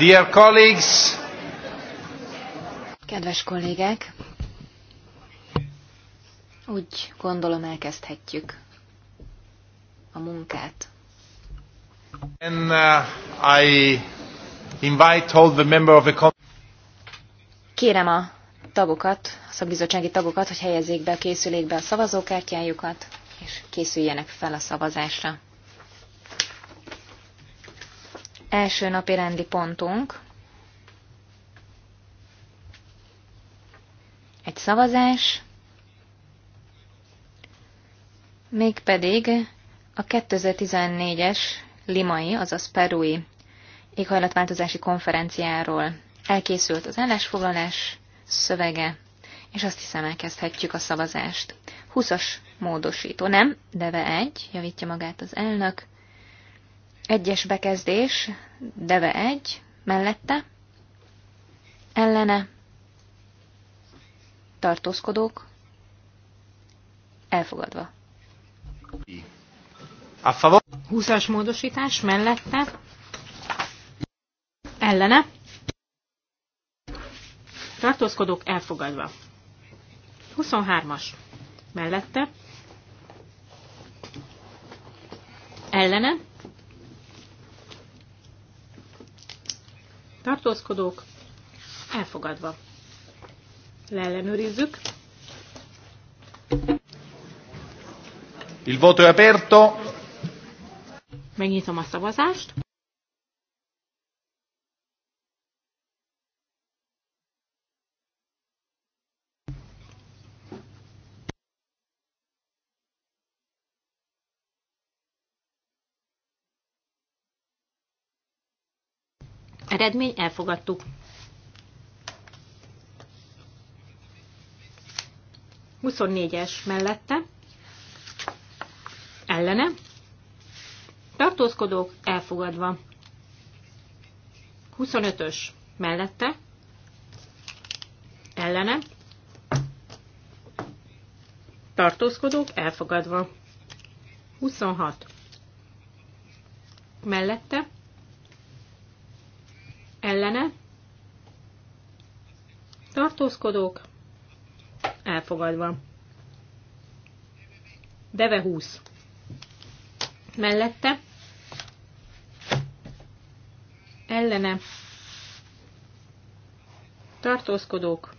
Dear colleagues, Kedves kollégák, úgy gondolom elkezdhetjük a munkát. And, uh, I invite all the member of the Kérem a tagokat, a szakbizottsági tagokat, hogy helyezzék be a készülékbe a szavazókártyájukat, és készüljenek fel a szavazásra első napi rendi pontunk egy szavazás, mégpedig a 2014-es limai, azaz perui éghajlatváltozási konferenciáról elkészült az állásfoglalás szövege, és azt hiszem elkezdhetjük a szavazást. 20-as módosító, nem, deve 1 javítja magát az elnök, egyes bekezdés, deve egy, mellette, ellene, tartózkodók, elfogadva. A favor. 20-as módosítás mellette, ellene, tartózkodók elfogadva. 23-as mellette, ellene, tartózkodók, elfogadva. Leellenőrizzük. Il voto è aperto. Megnyitom a szavazást. Eredmény elfogadtuk. 24-es mellette, ellene, tartózkodók elfogadva. 25-ös mellette, ellene, tartózkodók elfogadva. 26 mellette, ellene, tartózkodók, elfogadva. Deve 20. Mellette, ellene, tartózkodók,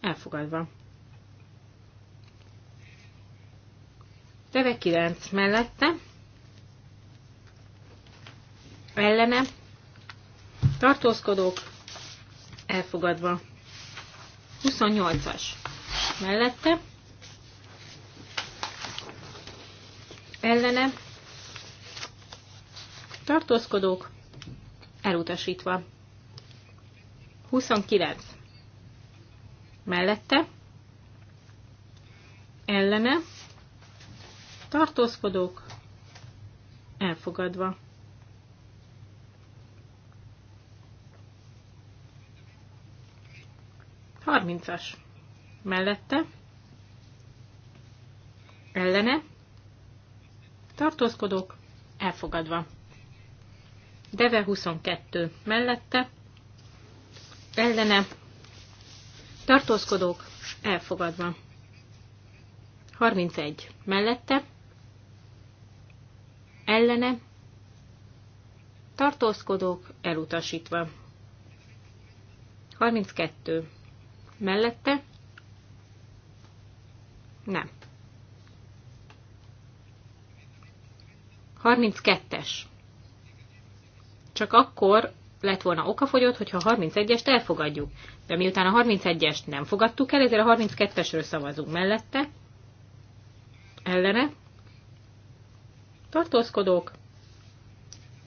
elfogadva. Deve 9 mellette, ellene, tartózkodók, elfogadva. 28-as mellette, ellene, tartózkodók, elutasítva. 29 mellette, ellene, tartózkodók, elfogadva. 30-as mellette ellene tartózkodók elfogadva. Deve 22 mellette ellene tartózkodók elfogadva. 31 mellette ellene tartózkodók elutasítva. 32 mellette. Nem. 32-es. Csak akkor lett volna okafogyott, hogyha a 31-est elfogadjuk. De miután a 31-est nem fogadtuk el, ezért a 32-esről szavazunk mellette. Ellene. Tartózkodók.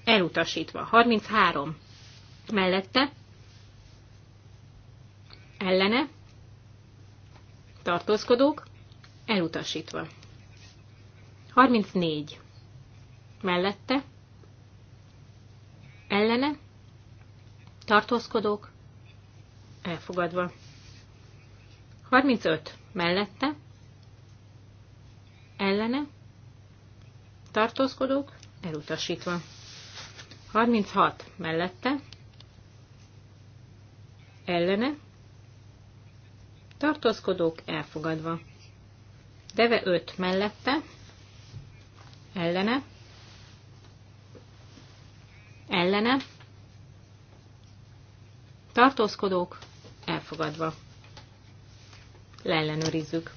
Elutasítva. 33. Mellette ellene, tartózkodók, elutasítva. 34. Mellette, ellene, tartózkodók, elfogadva. 35. Mellette, ellene, tartózkodók, elutasítva. 36. Mellette, ellene, tartózkodók elfogadva. Deve 5 mellette, ellene, ellene, tartózkodók elfogadva. Leellenőrizzük.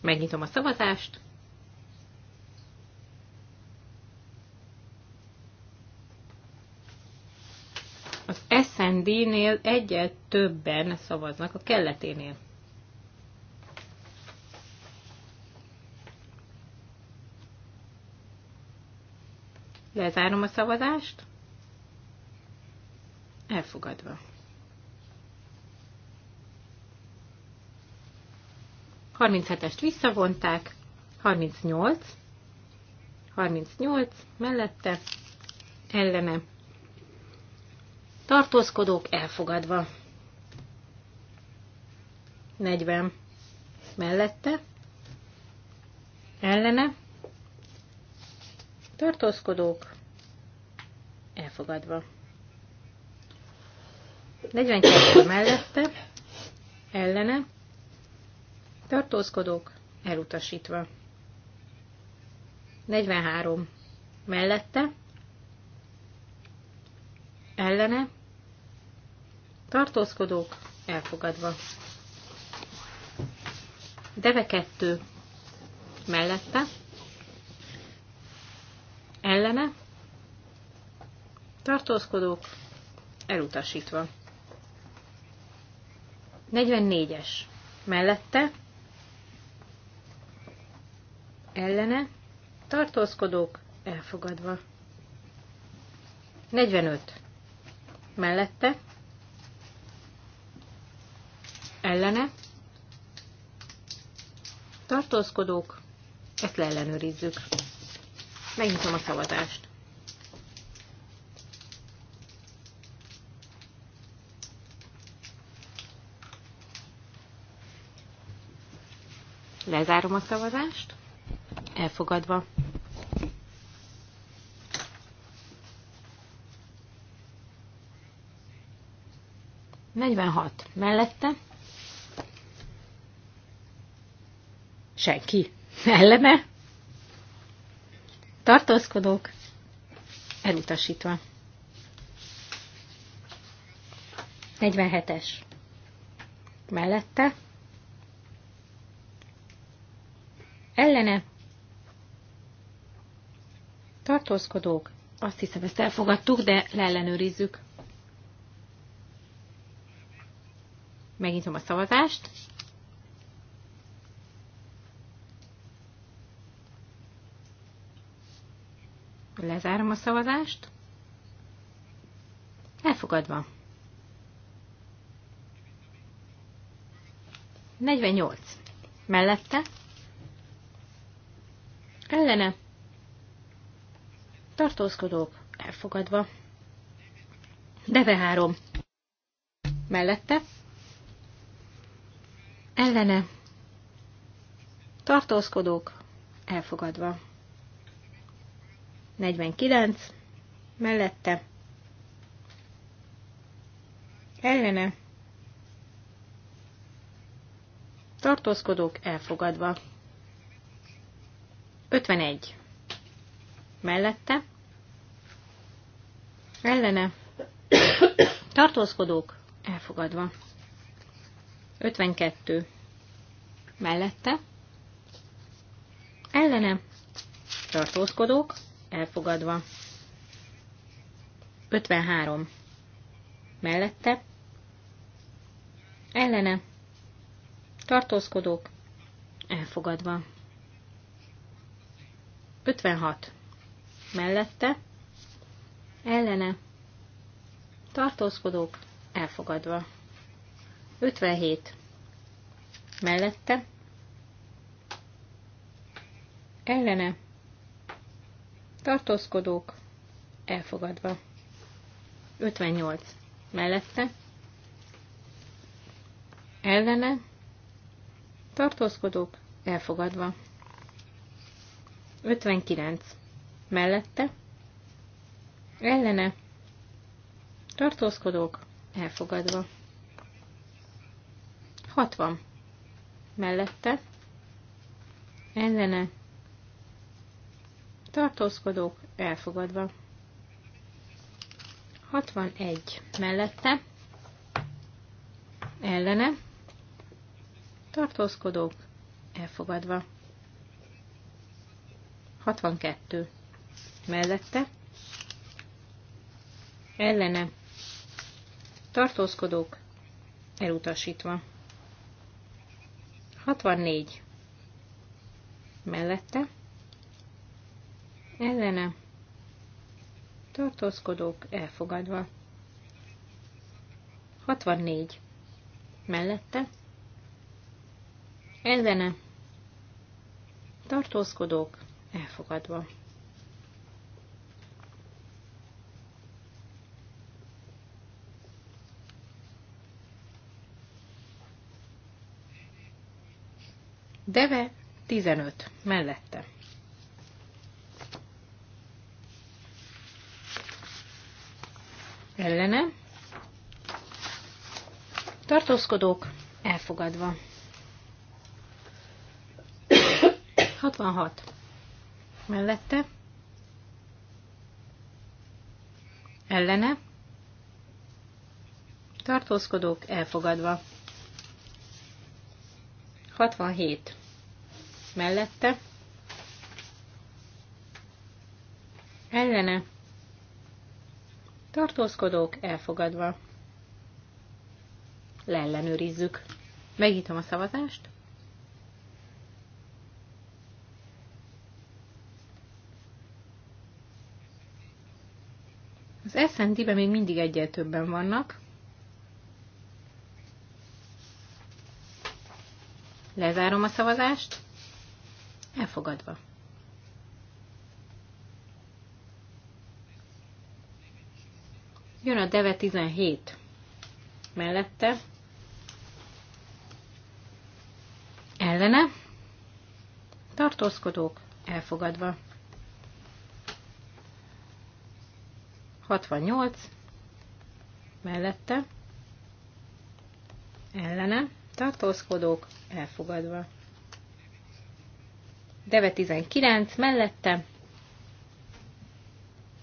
Megnyitom a szavazást. Az SND-nél egyet többen szavaznak a kelleténél. Lezárom a szavazást. Elfogadva. Harminc hetest visszavonták, 38, 38 mellette, ellene tartózkodók elfogadva. 40 mellette, ellene, tartózkodók elfogadva. 42 mellette, ellene, tartózkodók elutasítva. 43 mellette, ellene, tartózkodók, elfogadva. Deve 2 mellette, ellene, tartózkodók, elutasítva. 44-es mellette, ellene, tartózkodók, elfogadva. 45 mellette, ellene, tartózkodók, ezt leellenőrizzük. Megnyitom a szavazást. Lezárom a szavazást. Elfogadva. Negyvenhat mellette. Senki. Elleme? Tartózkodók? Elutasítva. 47-es. Mellette? Ellene? Tartózkodók? Azt hiszem, ezt elfogadtuk, de leellenőrizzük. Megnyitom a szavazást. Lezárom a szavazást. Elfogadva. 48. Mellette. Ellene. Tartózkodók. Elfogadva. Deve 3. Mellette. Ellene. Tartózkodók. Elfogadva. 49 mellette ellene tartózkodók elfogadva. 51 mellette ellene tartózkodók elfogadva. 52 mellette ellene tartózkodók elfogadva. 53. Mellette, ellene, tartózkodók, elfogadva. 56. Mellette, ellene, tartózkodók, elfogadva. 57. Mellette, ellene, tartózkodók, elfogadva. 58 mellette, ellene, tartózkodók, elfogadva. 59 mellette, ellene, tartózkodók, elfogadva. 60 mellette, ellene, tartózkodók elfogadva. 61 mellette, ellene, tartózkodók elfogadva. 62 mellette, ellene, tartózkodók elutasítva. 64 mellette, ellene tartózkodók elfogadva. 64 mellette ellene tartózkodók elfogadva. Deve 15 mellette ellene, tartózkodók elfogadva. 66 mellette, ellene, tartózkodók elfogadva. 67 mellette, ellene, tartózkodók elfogadva. Leellenőrizzük. megítom a szavazást. Az SND-ben még mindig egyel többen vannak. Lezárom a szavazást. Elfogadva. Jön a Deve 17 mellette, ellene, tartózkodók elfogadva. 68 mellette, ellene, tartózkodók elfogadva. Deve 19 mellette,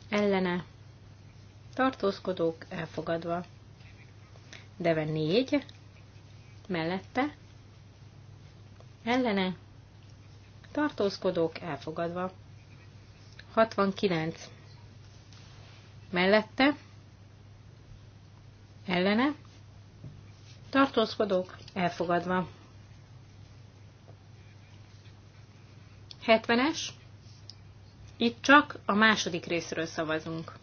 ellene, tartózkodók elfogadva. Deve négy, mellette, ellene, tartózkodók elfogadva. 69, mellette, ellene, tartózkodók elfogadva. 70-es, itt csak a második részről szavazunk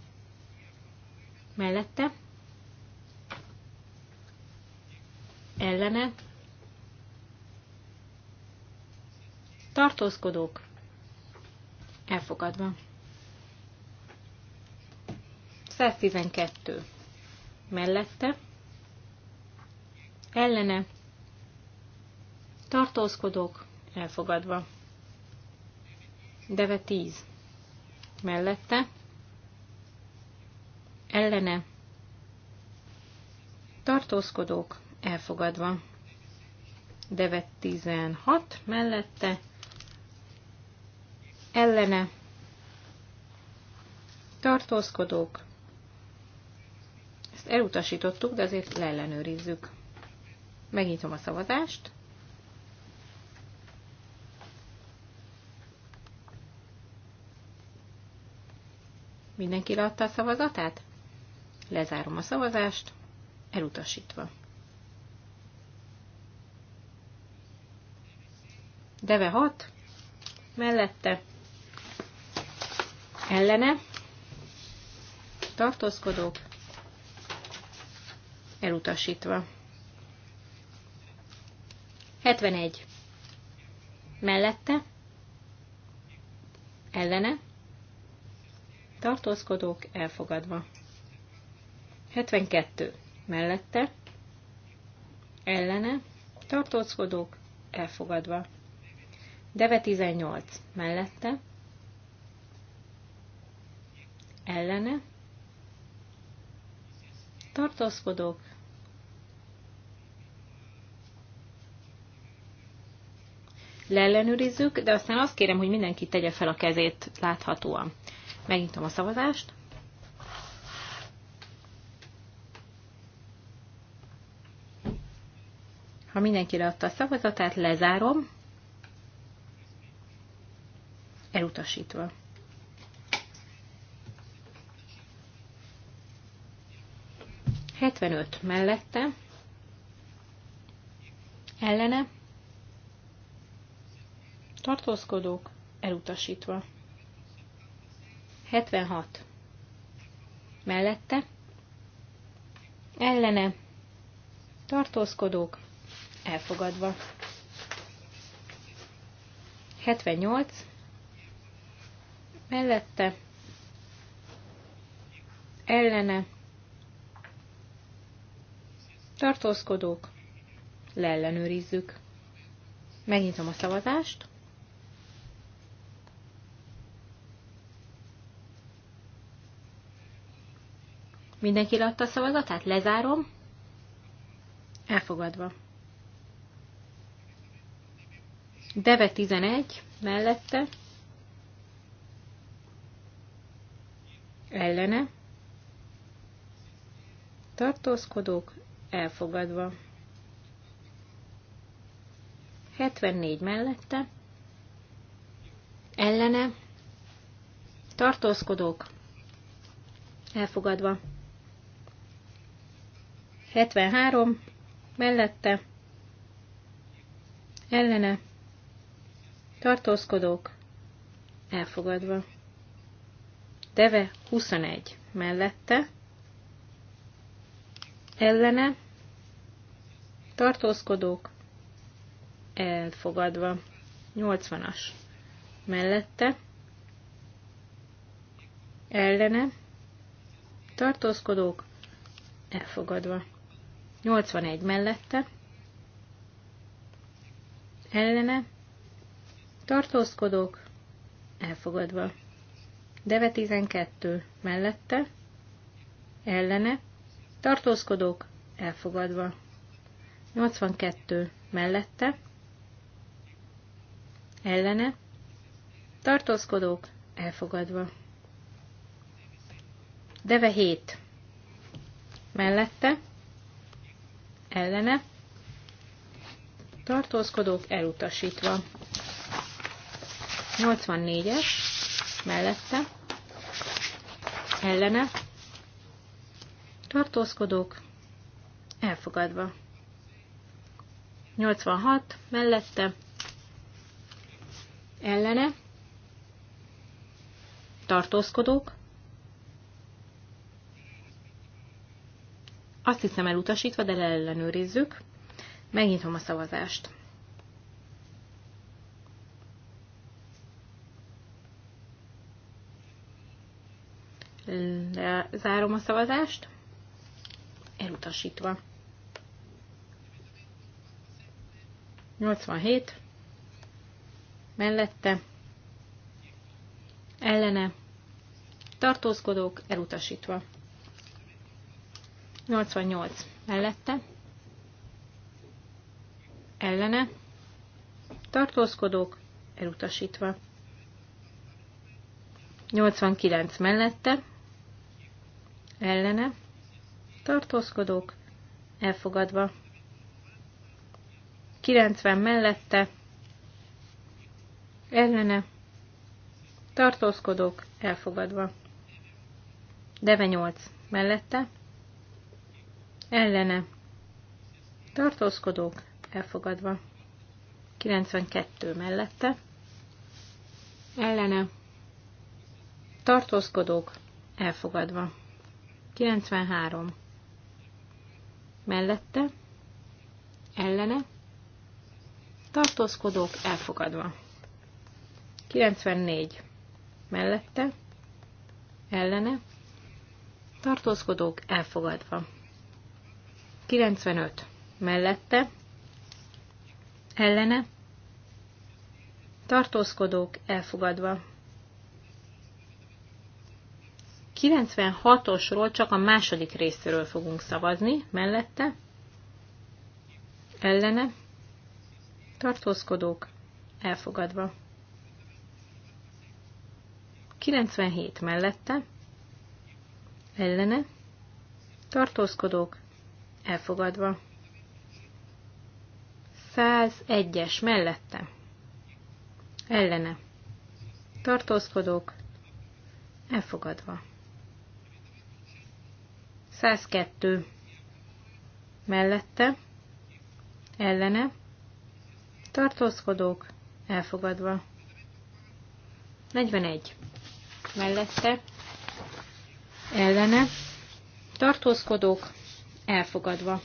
mellette, ellene, tartózkodók, elfogadva. 112 mellette, ellene, tartózkodók, elfogadva. Deve 10 mellette, ellene tartózkodók elfogadva. Devet 16 mellette ellene tartózkodók. Ezt elutasítottuk, de azért leellenőrizzük. Megnyitom a szavazást. Mindenki látta a szavazatát? Lezárom a szavazást, elutasítva. Deve 6, mellette, ellene, tartózkodók, elutasítva. 71. Mellette, ellene, tartózkodók elfogadva. 72 mellette, ellene, tartózkodók, elfogadva. Deve 18 mellette, ellene, tartózkodók, leellenőrizzük, de aztán azt kérem, hogy mindenki tegye fel a kezét láthatóan. Megnyitom a szavazást. Ha mindenki leadta a szavazatát, lezárom. Elutasítva. Hetvenöt mellette. Ellene. Tartózkodók. Elutasítva. 76. Mellette. Ellene. Tartózkodók elfogadva. 78 mellette ellene tartózkodók leellenőrizzük. Megnyitom a szavazást. Mindenki látta a szavazatát? Lezárom. Elfogadva. Deve 11 mellette, ellene, tartózkodók elfogadva. 74 mellette, ellene, tartózkodók elfogadva. 73 mellette, ellene, tartózkodók, elfogadva. Deve 21 mellette, ellene, tartózkodók, elfogadva. 80-as mellette, ellene, tartózkodók, elfogadva. 81 mellette, ellene, Tartózkodok, elfogadva. Deve 12 mellette, ellene, tartózkodok, elfogadva. 82 mellette, ellene, tartózkodok, elfogadva. Deve 7 mellette, ellene, tartózkodók, elutasítva. 84-es mellette ellene tartózkodók elfogadva. 86 mellette ellene tartózkodók azt hiszem elutasítva, de leellenőrizzük. Megnyitom a szavazást. Lezárom a szavazást. Elutasítva. 87. Mellette. Ellene. Tartózkodók elutasítva. 88. Mellette. Ellene. Tartózkodók elutasítva. 89 mellette, ellene, tartózkodók, elfogadva. 90 mellette, ellene, tartózkodók, elfogadva. Deve 8 mellette, ellene, tartózkodók, elfogadva. 92 mellette, ellene, tartózkodók, elfogadva. 93. Mellette, ellene, tartózkodók elfogadva. 94. Mellette, ellene, tartózkodók elfogadva. 95. Mellette, ellene, tartózkodók elfogadva. 96-osról csak a második részéről fogunk szavazni, mellette, ellene, tartózkodók, elfogadva. 97 mellette, ellene, tartózkodók, elfogadva. 101-es mellette, ellene, tartózkodók, elfogadva. 102 mellette, ellene, tartózkodók, elfogadva. 41 mellette, ellene, tartózkodók, elfogadva.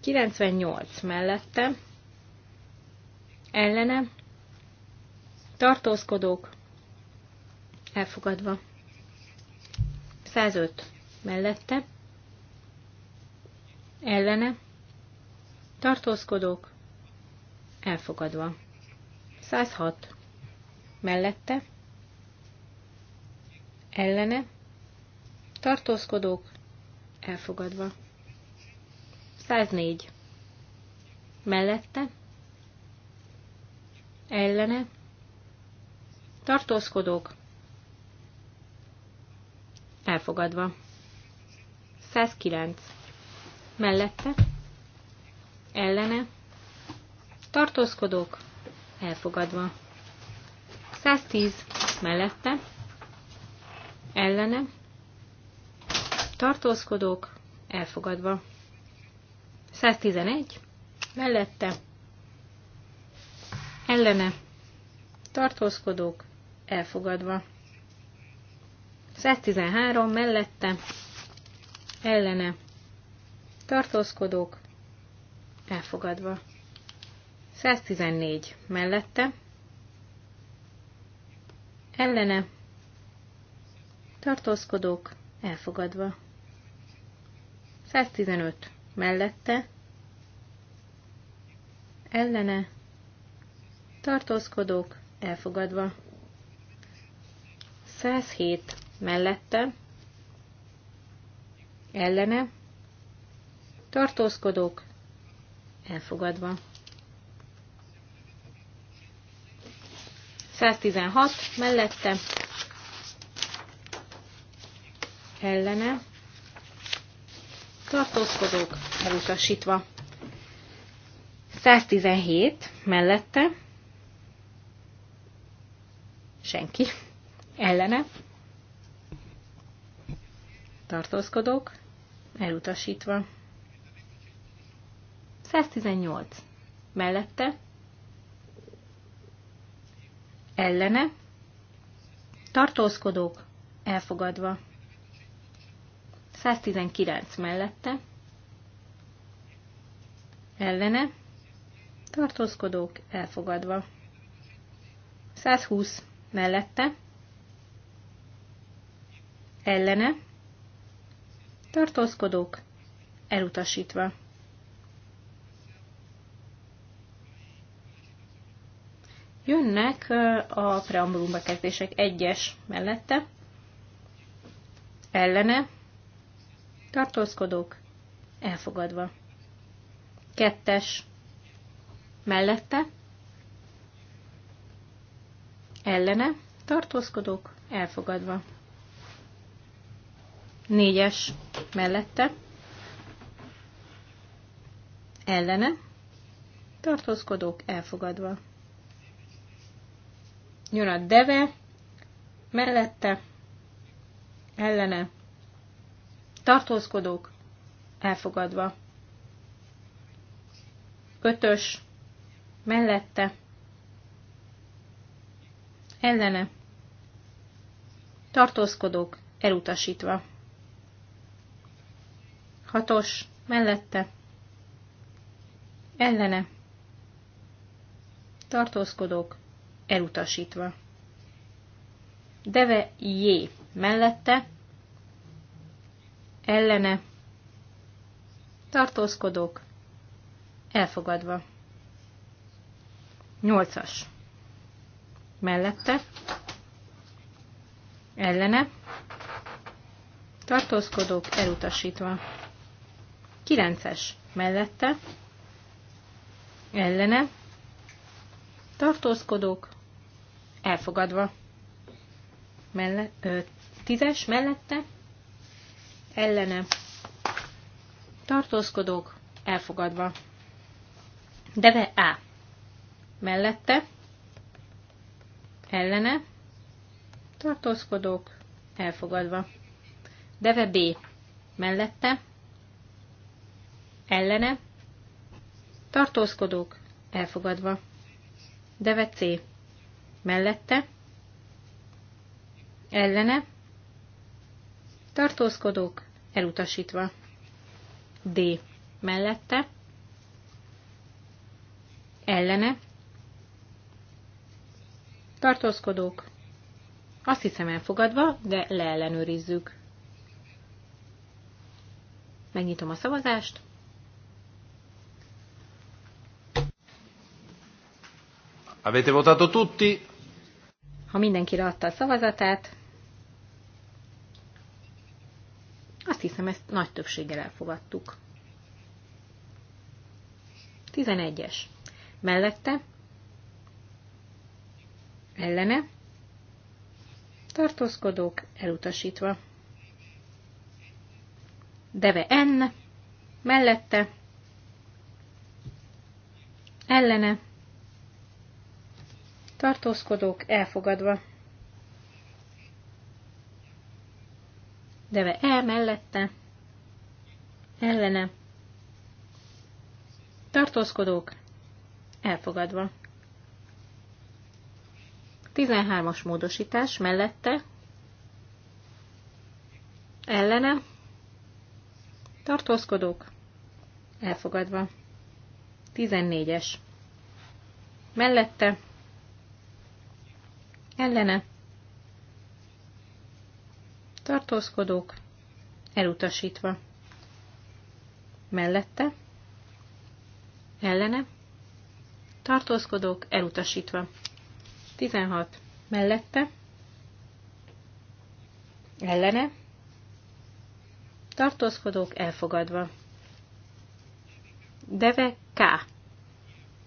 98 mellette, ellene, tartózkodók, elfogadva. 105 mellette, ellene, tartózkodók, elfogadva. 106 mellette, ellene, tartózkodók, elfogadva. 104 mellette, ellene, tartózkodók, Elfogadva. 109. Mellette. Ellene. Tartózkodók. Elfogadva. 110. Mellette. Ellene. Tartózkodók. Elfogadva. 111. Mellette. Ellene. Tartózkodók. Elfogadva. 113 mellette ellene tartózkodók elfogadva. 114 mellette ellene tartózkodók elfogadva. 115 mellette ellene tartózkodók elfogadva. 107 mellette, ellene, tartózkodók, elfogadva. 116 mellette, ellene, tartózkodók, elutasítva. 117 mellette, senki, ellene, tartózkodók, elutasítva. 118. Mellette, ellene, tartózkodók, elfogadva. 119 mellette, ellene, tartózkodók, elfogadva. 120 mellette, ellene, tartózkodók, elutasítva. Jönnek a preambulum bekezdések egyes mellette, ellene, tartózkodók, elfogadva. Kettes, mellette, ellene, tartózkodók, elfogadva négyes mellette, ellene, tartózkodók elfogadva. Jön a deve, mellette, ellene, tartózkodók elfogadva. Ötös, mellette, ellene, tartózkodók elutasítva. Hatos mellette ellene tartózkodók elutasítva. Deve J mellette ellene tartózkodók elfogadva. Nyolcas mellette ellene tartózkodók elutasítva. 9-es mellette ellene tartózkodók elfogadva. Melle, ö, 10-es mellette ellene tartózkodók elfogadva. Deve A mellette ellene tartózkodók elfogadva. Deve B mellette ellene, tartózkodók, elfogadva. Deve C, mellette, ellene, tartózkodók, elutasítva. D, mellette, ellene, tartózkodók, azt hiszem elfogadva, de leellenőrizzük. Megnyitom a szavazást. Avete votato tutti? Ha mindenki adta a szavazatát, azt hiszem, ezt nagy többséggel elfogadtuk. 11-es. Mellette, ellene, tartózkodók elutasítva. Deve N, mellette, ellene, tartózkodók elfogadva. Deve el mellette, ellene, tartózkodók elfogadva. 13-as módosítás mellette, ellene, tartózkodók elfogadva. 14-es mellette, ellene tartózkodók elutasítva. Mellette ellene tartózkodók elutasítva. 16. Mellette ellene tartózkodók elfogadva. Deve K.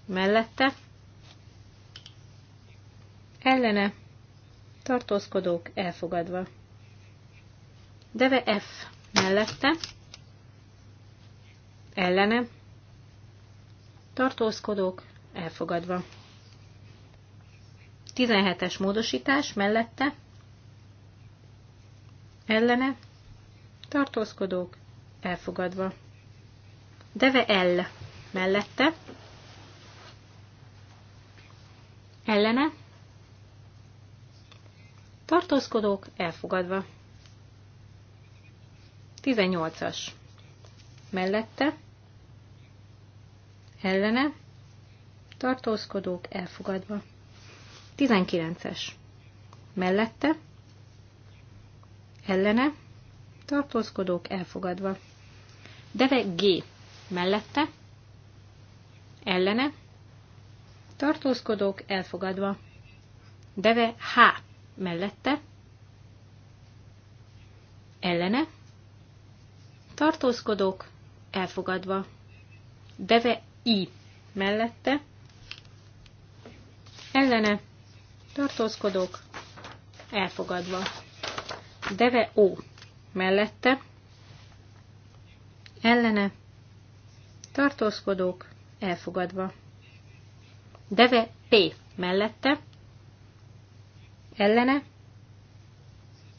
Mellette ellene tartózkodók elfogadva. Deve F mellette, ellene, tartózkodók elfogadva. 17-es módosítás mellette, ellene, tartózkodók elfogadva. Deve L mellette, ellene, tartózkodók elfogadva. 18-as mellette, ellene, tartózkodók elfogadva. 19-es mellette, ellene, tartózkodók elfogadva. Deve G mellette, ellene, tartózkodók elfogadva. Deve H mellette, ellene, tartózkodók, elfogadva, deve i mellette, ellene, tartózkodók, elfogadva, deve o mellette, ellene, tartózkodók, elfogadva, deve p mellette, ellene,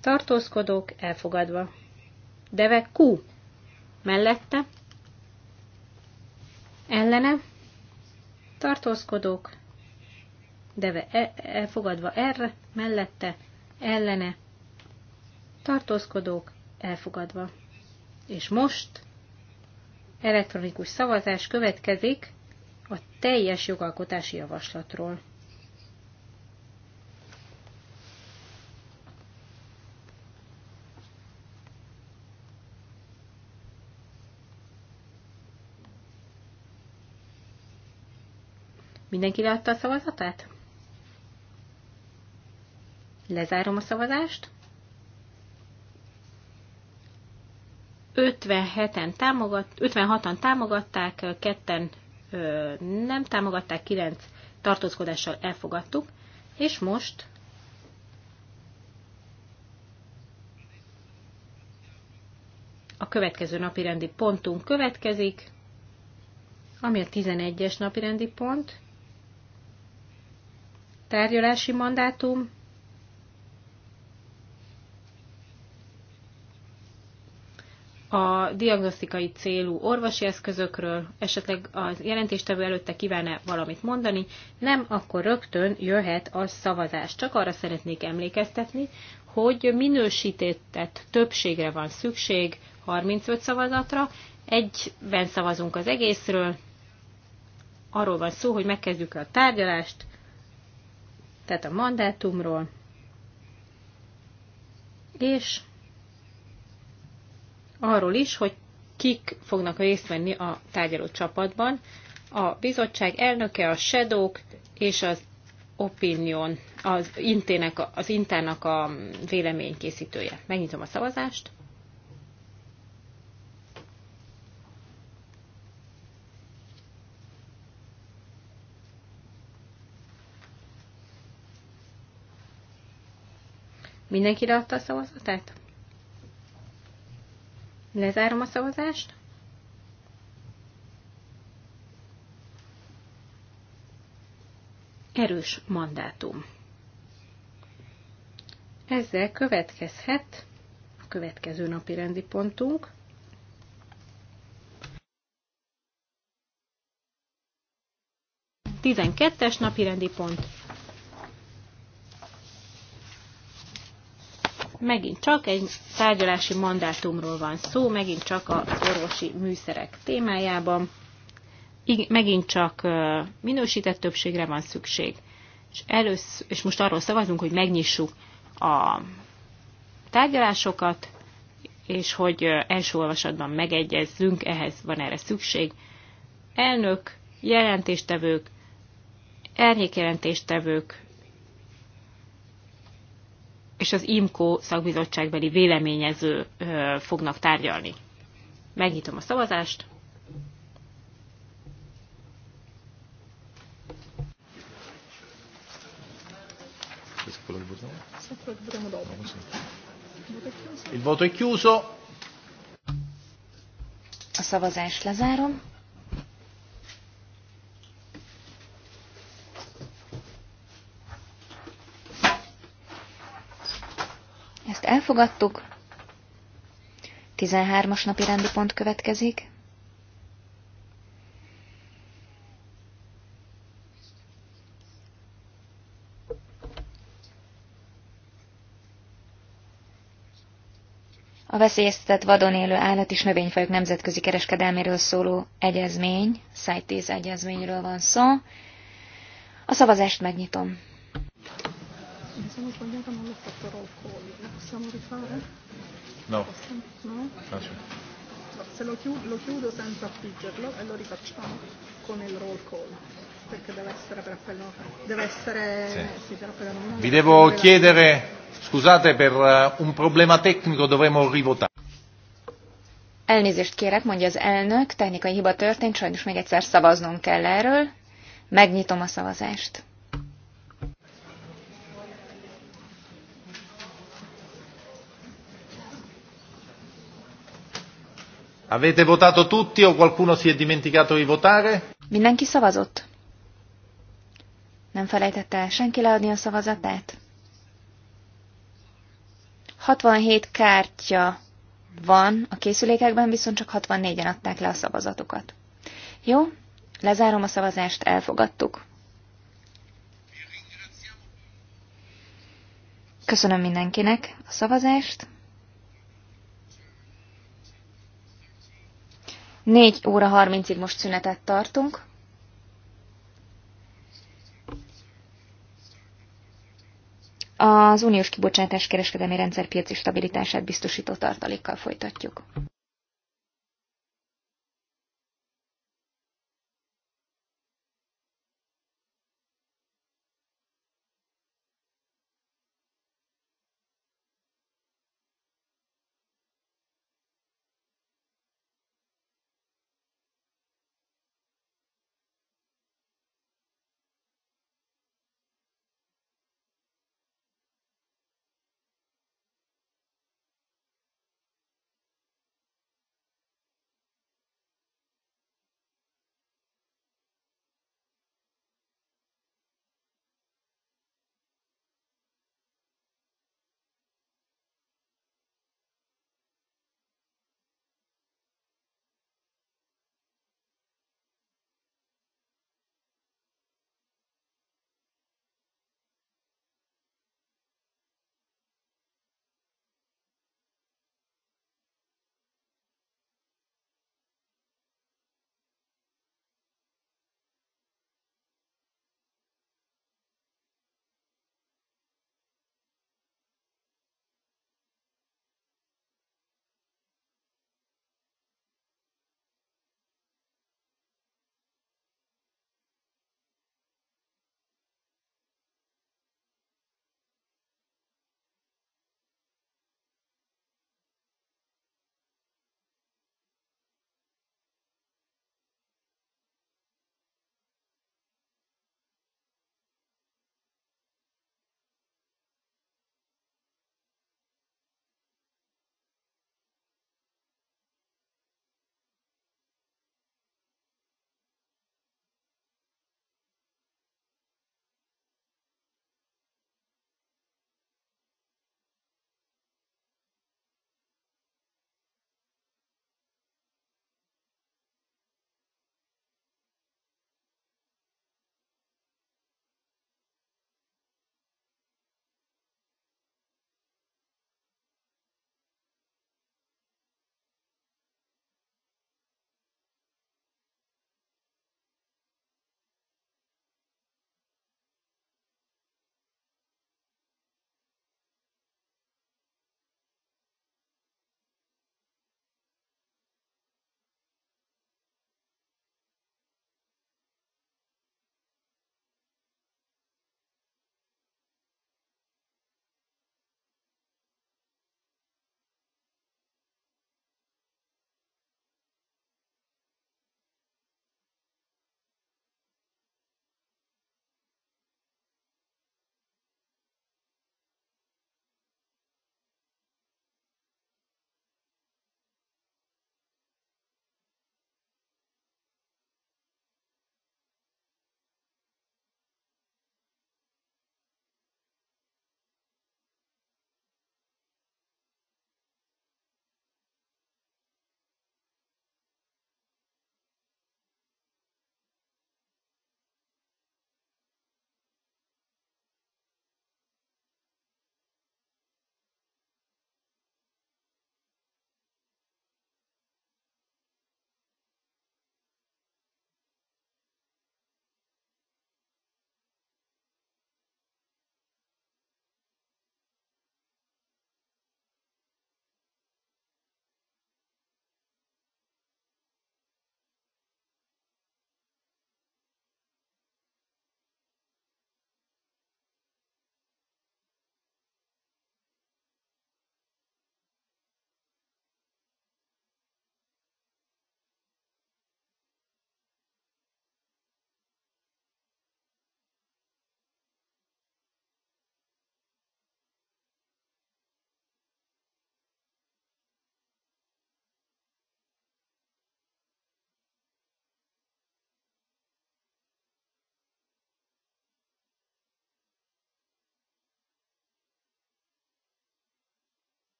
tartózkodók elfogadva. Deve Q mellette, ellene, tartózkodók, deve e, elfogadva R mellette, ellene, tartózkodók, elfogadva. És most elektronikus szavazás következik a teljes jogalkotási javaslatról. Mindenki leadta a szavazatát? Lezárom a szavazást. 57-en támogat, 56-an támogatták, ketten ö, nem támogatták, 9 tartózkodással elfogadtuk, és most a következő napirendi pontunk következik, ami a 11-es napirendi pont, tárgyalási mandátum, a diagnosztikai célú orvosi eszközökről, esetleg az jelentéstevő előtte kívánne valamit mondani, nem, akkor rögtön jöhet a szavazás. Csak arra szeretnék emlékeztetni, hogy minősített többségre van szükség, 35 szavazatra, egyben szavazunk az egészről, arról van szó, hogy megkezdjük a tárgyalást, tehát a mandátumról, és arról is, hogy kik fognak részt venni a tárgyaló csapatban, a bizottság elnöke, a shadow és az opinion, az intének, az intának a véleménykészítője. Megnyitom a szavazást. Mindenki leadta a szavazatát? Lezárom a szavazást. Erős mandátum. Ezzel következhet a következő napi rendi pontunk. Tizenkettes napi rendi pont. megint csak egy tárgyalási mandátumról van szó, megint csak az orvosi műszerek témájában, megint csak minősített többségre van szükség. És, elősz, és most arról szavazunk, hogy megnyissuk a tárgyalásokat, és hogy első olvasatban megegyezzünk, ehhez van erre szükség. Elnök, jelentéstevők, árnyékjelentéstevők és az IMCO szakbizottságbeli véleményező fognak tárgyalni. Megnyitom a szavazást. Il voto è chiuso. A szavazást lezárom. elfogadtuk. 13-as napi rendi pont következik. A veszélyeztetett vadon élő állat és növényfajok nemzetközi kereskedelméről szóló egyezmény, CITES egyezményről van szó. A szavazást megnyitom sono sbagliata non lo porterò fuori. Lo possiamo rifare? No. Possiamo? No? Ah, Se lo chiudo, lo chiudo senza affiggerlo e lo rifacciamo con il roll call perché deve essere per appello deve essere sì. Sì, per appello nominale. Vi devo chiedere la... scusate per uh, un problema tecnico dovremo rivotare. Elnézést kérek, mondja az elnök, technikai hiba történt, sajnos még egyszer szavaznunk kell erről. Megnyitom a szavazást. Avete votato tutti o qualcuno si è dimenticato di votare? Mindenki szavazott? Nem felejtette el senki leadni a szavazatát? 67 kártya van a készülékekben, viszont csak 64-en adták le a szavazatukat. Jó, lezárom a szavazást, elfogadtuk. Köszönöm mindenkinek a szavazást. 4 óra 30-ig most szünetet tartunk. Az uniós kibocsátás kereskedelmi rendszer piaci stabilitását biztosító tartalékkal folytatjuk.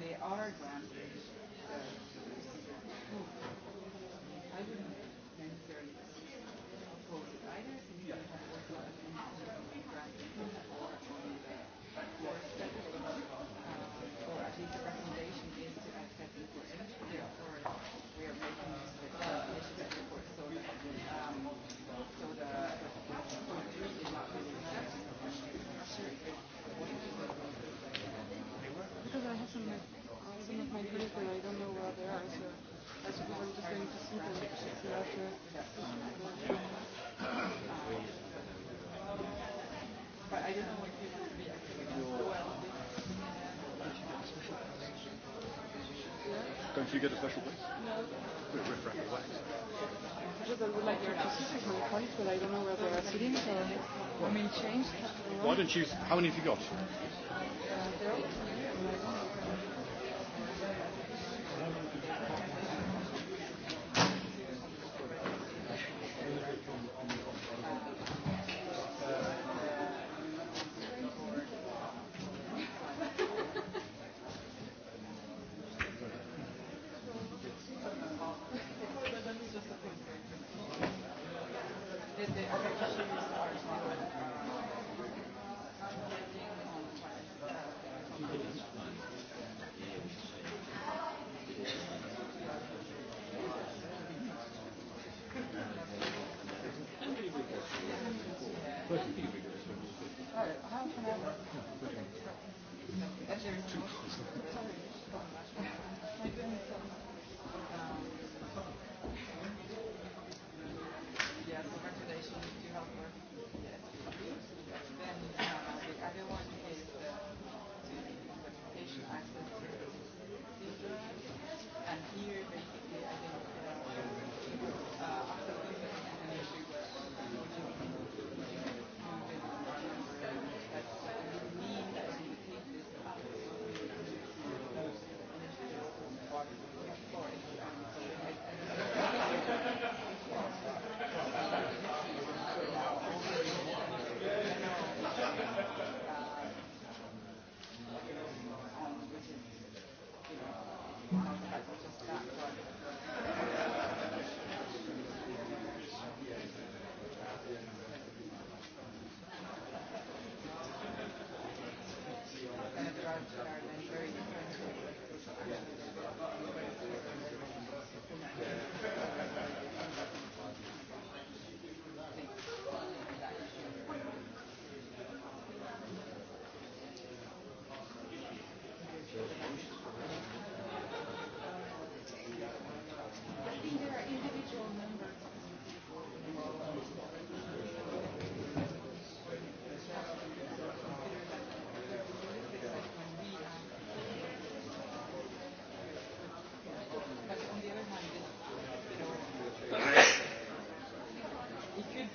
they are Don't you get a special place? No. With, with Frank Just I would like to sit in my colleagues, but I don't know where they are sitting, so I mean, change. Why don't you, how many have you got? Uh,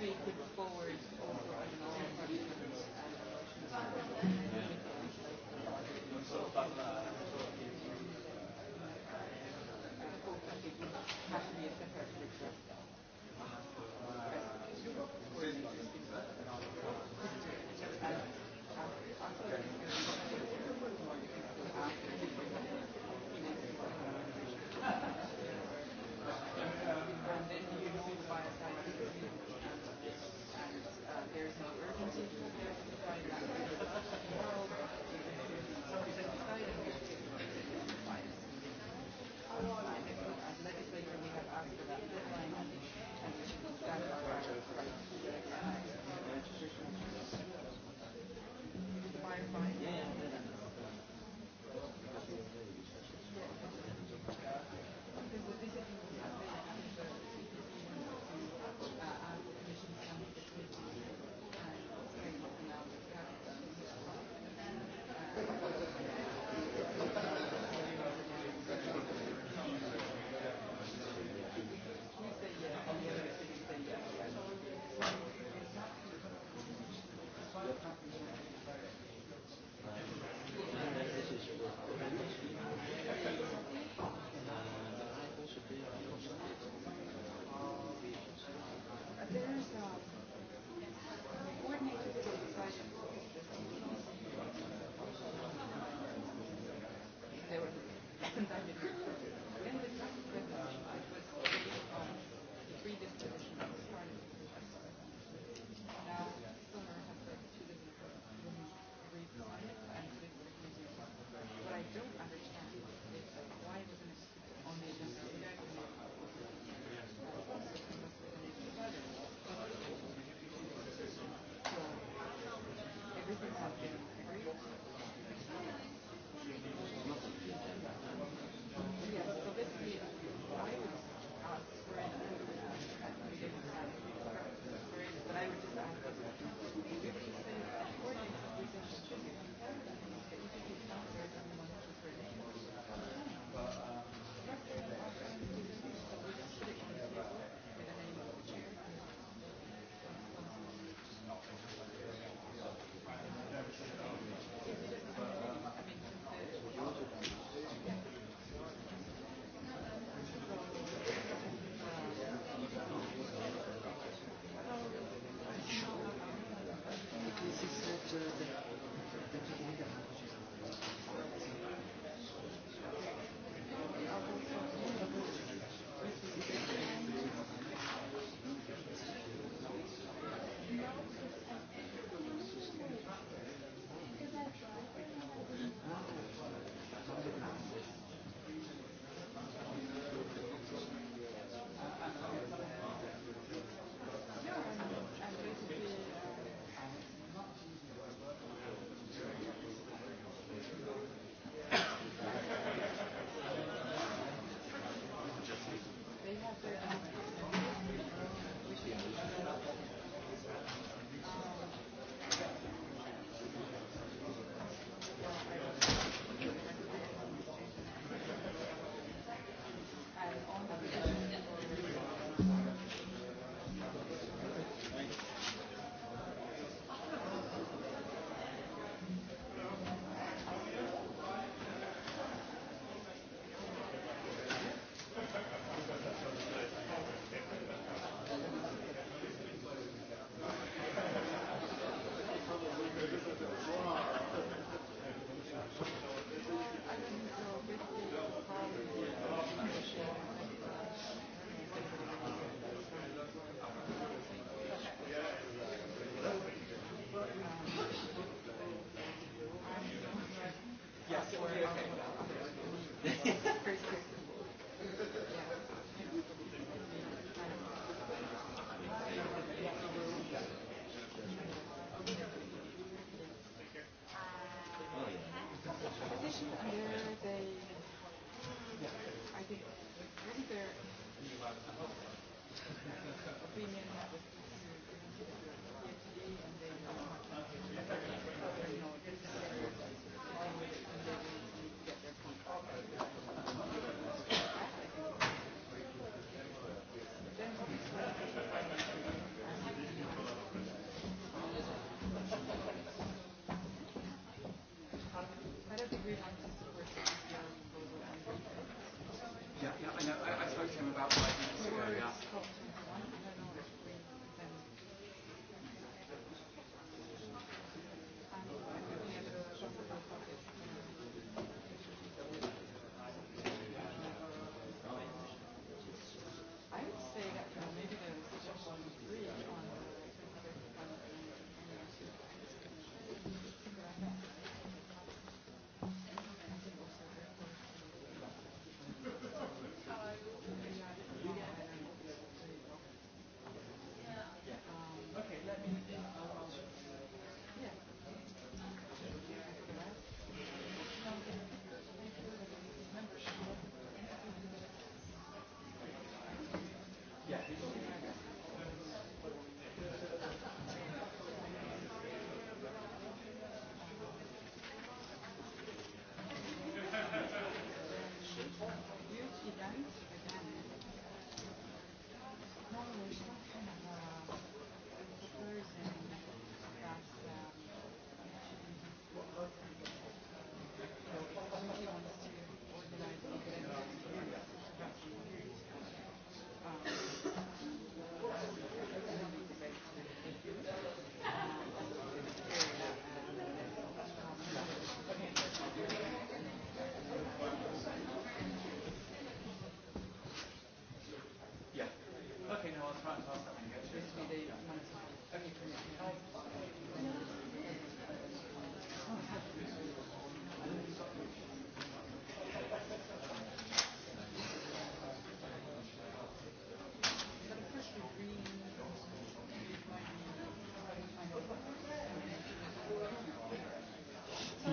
we could forward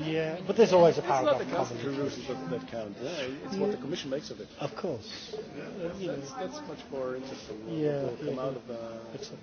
Yeah, but there's always a paragraph. It's not the council rules that, that count. Yeah, it's yeah. what the commission makes of it. Of course. Yeah, that's, yeah. that's, that's much more interesting. Yeah, will yeah, come yeah. out of Uh, Excellent.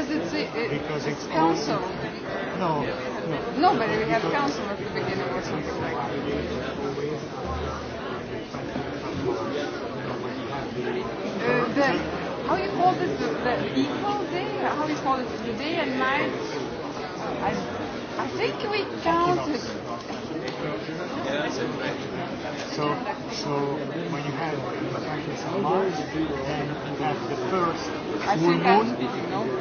because it's, it, because it's, it's council. All... No, no. No, but we have council at the beginning or something Uh, the, how you call this the, the equal day? How you call it the day and night? I, I think we counted. So, so when you have the Mars, then you have the first full moon.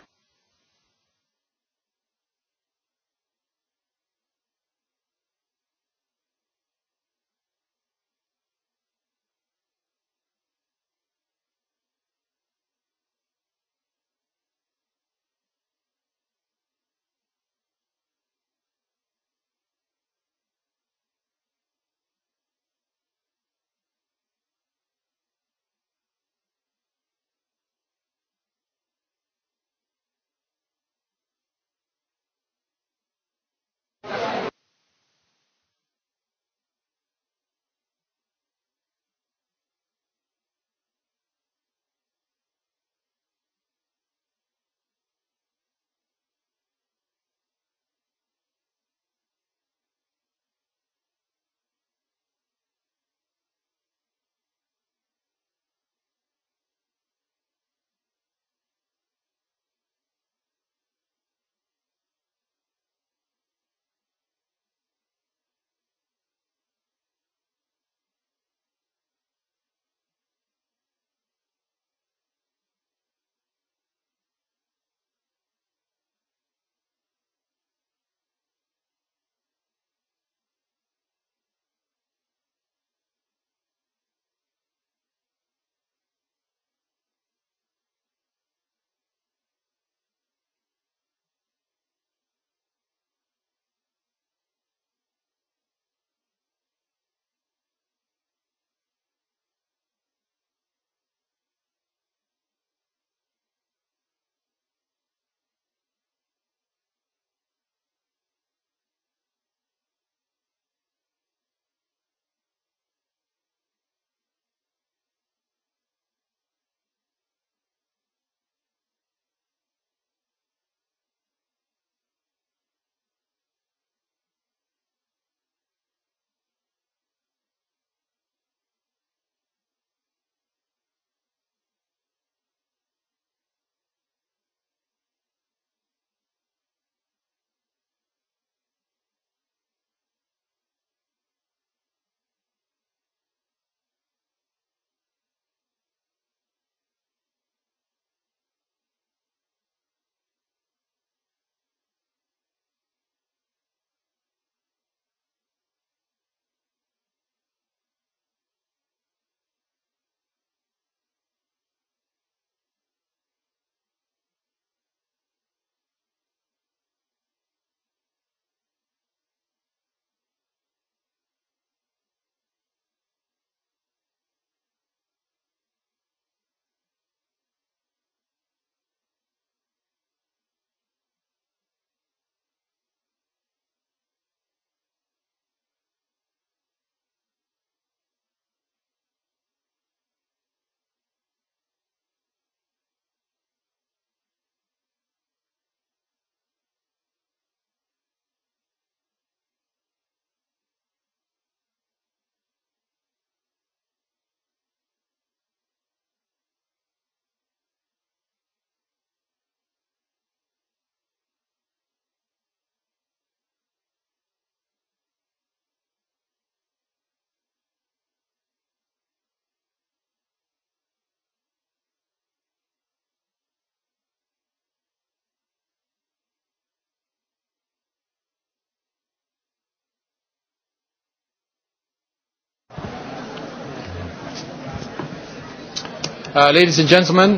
Uh, ladies and gentlemen,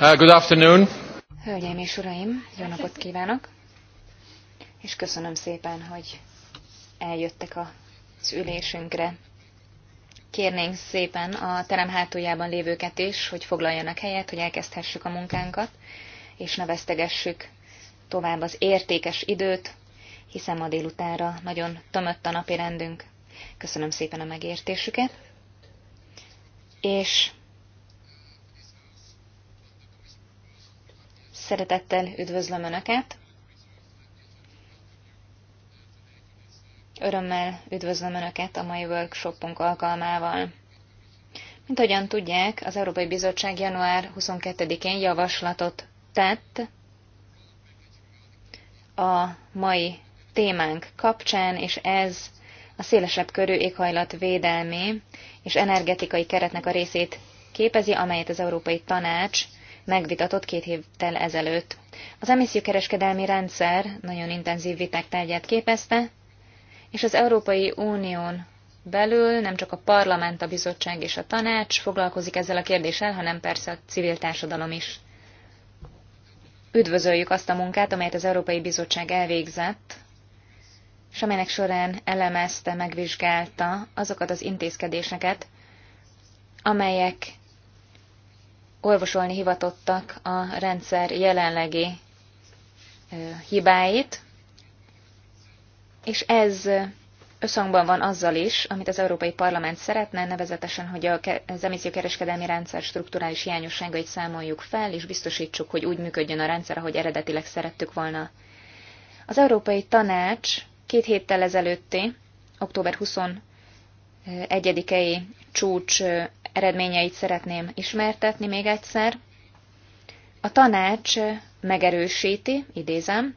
uh, good afternoon. Hölgyeim és uraim, jó napot kívánok, és köszönöm szépen, hogy eljöttek az ülésünkre. Kérnénk szépen a terem hátuljában lévőket is, hogy foglaljanak helyet, hogy elkezdhessük a munkánkat, és ne vesztegessük tovább az értékes időt, hiszen ma délutánra nagyon tömött a napi rendünk. Köszönöm szépen a megértésüket, és Szeretettel üdvözlöm Önöket! Örömmel üdvözlöm Önöket a mai workshopunk alkalmával. Mint ahogyan tudják, az Európai Bizottság január 22-én javaslatot tett a mai témánk kapcsán, és ez a szélesebb körű védelmi és energetikai keretnek a részét képezi, amelyet az Európai Tanács megvitatott két héttel ezelőtt. Az emissziókereskedelmi rendszer nagyon intenzív viták tárgyát képezte, és az Európai Unión belül nem csak a parlament, a bizottság és a tanács foglalkozik ezzel a kérdéssel, hanem persze a civil társadalom is. Üdvözöljük azt a munkát, amelyet az Európai Bizottság elvégzett, és amelynek során elemezte, megvizsgálta azokat az intézkedéseket, amelyek orvosolni hivatottak a rendszer jelenlegi hibáit, és ez összhangban van azzal is, amit az Európai Parlament szeretne, nevezetesen, hogy az emissziókereskedelmi rendszer strukturális hiányosságait számoljuk fel, és biztosítsuk, hogy úgy működjön a rendszer, ahogy eredetileg szerettük volna. Az Európai Tanács két héttel ezelőtti, október 21-i csúcs eredményeit szeretném ismertetni még egyszer. A tanács megerősíti, idézem,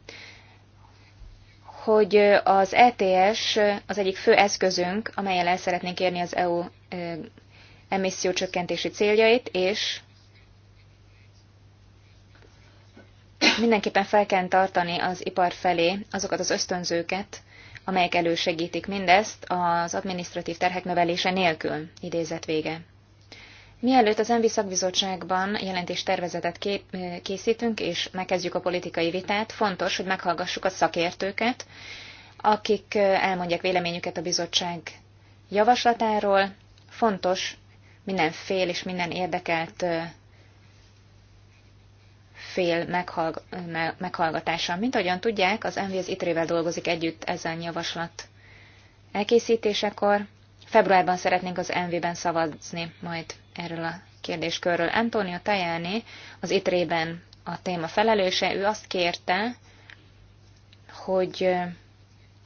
hogy az ETS az egyik fő eszközünk, amelyel el szeretnénk érni az EU emissziócsökkentési céljait, és mindenképpen fel kell tartani az ipar felé azokat az ösztönzőket, amelyek elősegítik mindezt az administratív terhek növelése nélkül, idézet vége. Mielőtt az ENVI szakbizottságban jelentés kép, készítünk és megkezdjük a politikai vitát, fontos, hogy meghallgassuk a szakértőket, akik elmondják véleményüket a bizottság javaslatáról. Fontos minden fél és minden érdekelt fél meghallg meghallgatása. Mint ahogyan tudják, az ENVI az ITRE-vel dolgozik együtt ezen javaslat elkészítésekor. Februárban szeretnénk az MV-ben szavazni majd erről a kérdéskörről. Antonio Tajani az ITRE-ben a téma felelőse, ő azt kérte, hogy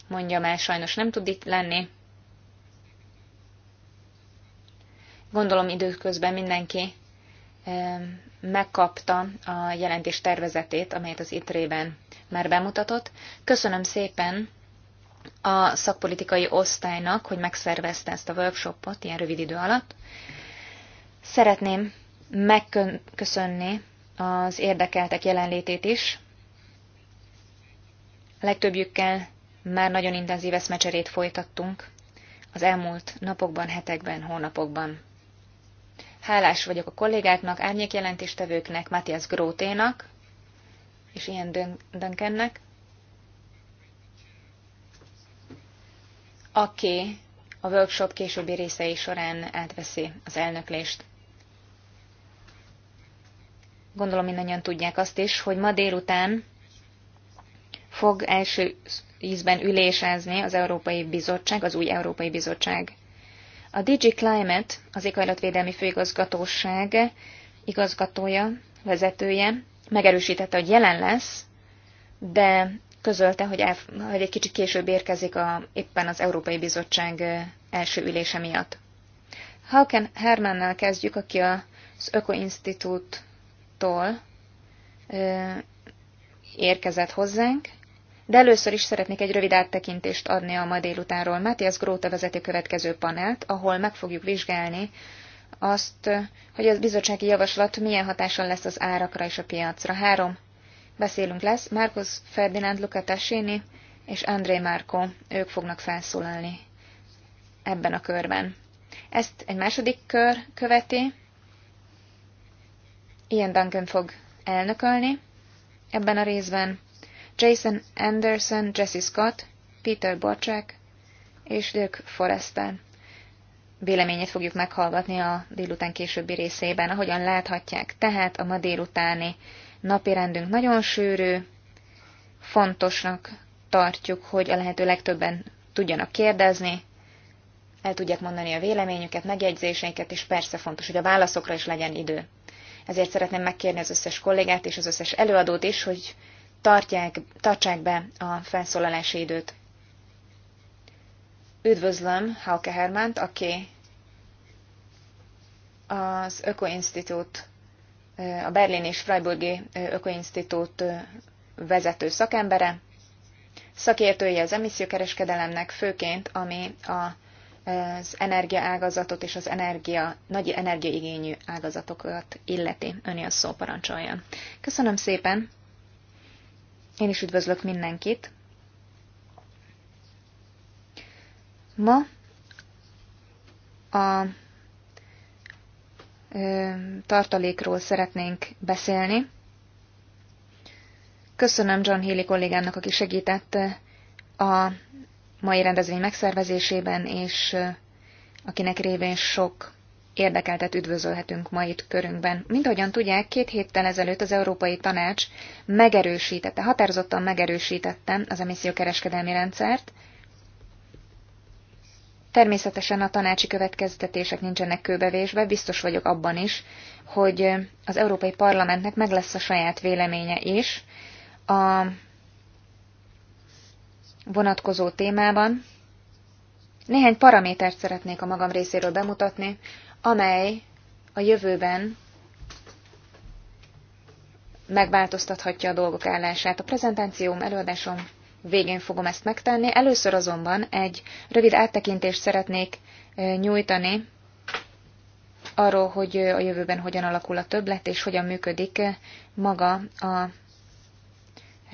mondja el, sajnos nem tud itt lenni. Gondolom időközben mindenki megkapta a jelentés tervezetét, amelyet az ITRE-ben már bemutatott. Köszönöm szépen a szakpolitikai osztálynak, hogy megszervezte ezt a workshopot ilyen rövid idő alatt. Szeretném megköszönni az érdekeltek jelenlétét is. Legtöbbjükkel már nagyon intenzív eszmecserét folytattunk az elmúlt napokban, hetekben, hónapokban. Hálás vagyok a kollégáknak, árnyékjelentéstevőknek, Matthias Gróténak és ilyen Duncannek, aki a workshop későbbi részei során átveszi az elnöklést. Gondolom mindannyian tudják azt is, hogy ma délután fog első ízben ülésezni az Európai Bizottság, az új Európai Bizottság. A DG Climate, az éghajlatvédelmi főigazgatóság igazgatója, vezetője megerősítette, hogy jelen lesz, de közölte, hogy, el, hogy egy kicsit később érkezik a, éppen az Európai Bizottság első ülése miatt. Hauken Hermannel kezdjük, aki az Ökoinstitúttól érkezett hozzánk, de először is szeretnék egy rövid áttekintést adni a ma délutánról. Matthias Gróta vezeti a következő panelt, ahol meg fogjuk vizsgálni azt, hogy a bizottsági javaslat milyen hatással lesz az árakra és a piacra. Három beszélünk lesz. Márkusz Ferdinánd Lukatasini és André Márko, ők fognak felszólalni ebben a körben. Ezt egy második kör követi. Ian Duncan fog elnökölni ebben a részben. Jason Anderson, Jesse Scott, Peter Bocsák és Dirk Forrester véleményét fogjuk meghallgatni a délután későbbi részében. Ahogyan láthatják, tehát a ma délutáni napirendünk nagyon sűrű, fontosnak tartjuk, hogy a lehető legtöbben tudjanak kérdezni, el tudják mondani a véleményüket, megjegyzéseiket, és persze fontos, hogy a válaszokra is legyen idő. Ezért szeretném megkérni az összes kollégát és az összes előadót is, hogy tartják, tartsák be a felszólalási időt. Üdvözlöm Hauke Hermánt, aki az Öko Institute a Berlin és Freiburgi Ökoinstitút vezető szakembere, szakértője az emissziókereskedelemnek, főként ami a az energiaágazatot és az energia, nagy energiaigényű ágazatokat illeti. Öni a szó parancsoljon. Köszönöm szépen. Én is üdvözlök mindenkit. Ma a tartalékról szeretnénk beszélni. Köszönöm John Healy kollégámnak, aki segített a mai rendezvény megszervezésében, és akinek révén sok érdekeltet üdvözölhetünk ma itt körünkben. Mint ahogyan tudják, két héttel ezelőtt az Európai Tanács megerősítette, határozottan megerősítette az emissziókereskedelmi rendszert, Természetesen a tanácsi következtetések nincsenek kőbevésbe, biztos vagyok abban is, hogy az Európai Parlamentnek meg lesz a saját véleménye is a vonatkozó témában. Néhány paramétert szeretnék a magam részéről bemutatni, amely a jövőben megváltoztathatja a dolgok állását. A prezentációm, előadásom végén fogom ezt megtenni. Először azonban egy rövid áttekintést szeretnék nyújtani arról, hogy a jövőben hogyan alakul a többlet, és hogyan működik maga a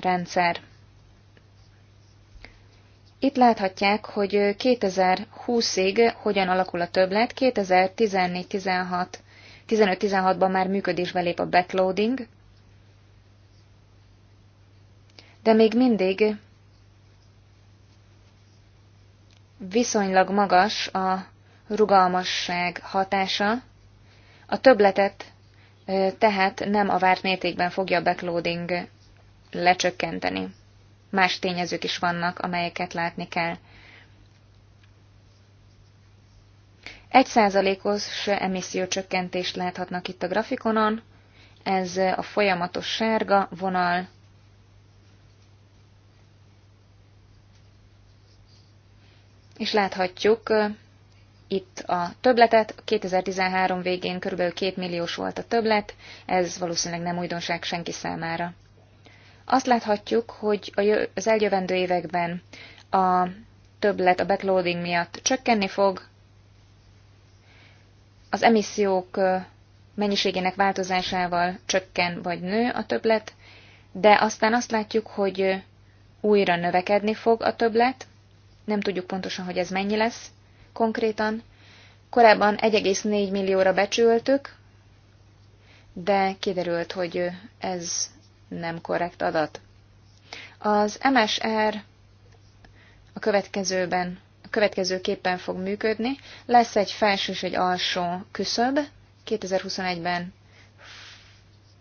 rendszer. Itt láthatják, hogy 2020-ig hogyan alakul a többlet, 2014-16, 15-16-ban már működésbe lép a backloading, de még mindig viszonylag magas a rugalmasság hatása, a töbletet tehát nem a várt mértékben fogja a backloading lecsökkenteni. Más tényezők is vannak, amelyeket látni kell. Egy százalékos emisszió csökkentést láthatnak itt a grafikonon, ez a folyamatos sárga vonal, és láthatjuk itt a töbletet. 2013 végén kb. 2 milliós volt a töblet, ez valószínűleg nem újdonság senki számára. Azt láthatjuk, hogy az eljövendő években a többlet a backloading miatt csökkenni fog, az emissziók mennyiségének változásával csökken vagy nő a többlet, de aztán azt látjuk, hogy újra növekedni fog a többlet, nem tudjuk pontosan, hogy ez mennyi lesz konkrétan. Korábban 1,4 millióra becsültük, de kiderült, hogy ez nem korrekt adat. Az MSR a következőben, a következőképpen fog működni. Lesz egy felső és egy alsó küszöb, 2021-ben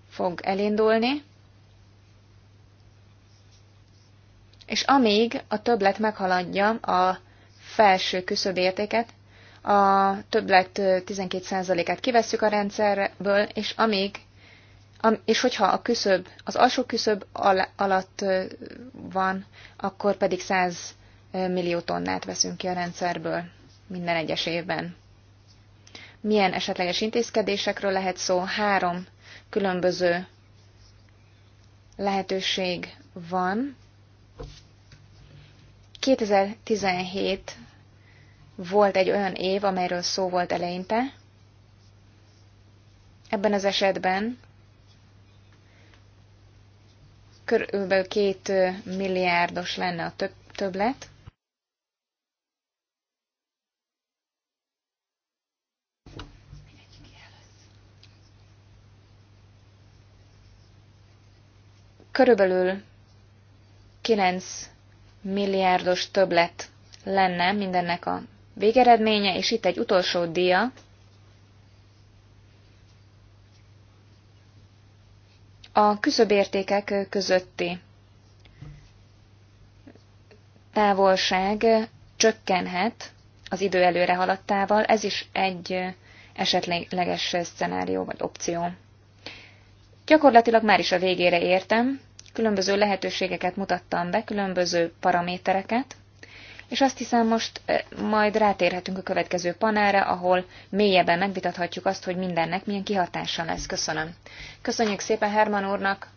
fog elindulni, és amíg a többlet meghaladja a felső küszöbértéket, a többlet 12%-át kivesszük a rendszerből, és amíg és hogyha a küszöb, az alsó küszöb alatt van, akkor pedig 100 millió tonnát veszünk ki a rendszerből minden egyes évben. Milyen esetleges intézkedésekről lehet szó? Három különböző lehetőség van. 2017 volt egy olyan év, amelyről szó volt eleinte. Ebben az esetben körülbelül két milliárdos lenne a töb- többlet. Körülbelül 9 milliárdos többlet lenne mindennek a végeredménye, és itt egy utolsó dia, a küszöbértékek közötti távolság csökkenhet az idő előre haladtával, ez is egy esetleges szenárió vagy opció. Gyakorlatilag már is a végére értem, különböző lehetőségeket mutattam be, különböző paramétereket, és azt hiszem most eh, majd rátérhetünk a következő panára, ahol mélyebben megvitathatjuk azt, hogy mindennek milyen kihatása lesz. Köszönöm. Köszönjük szépen Herman úrnak,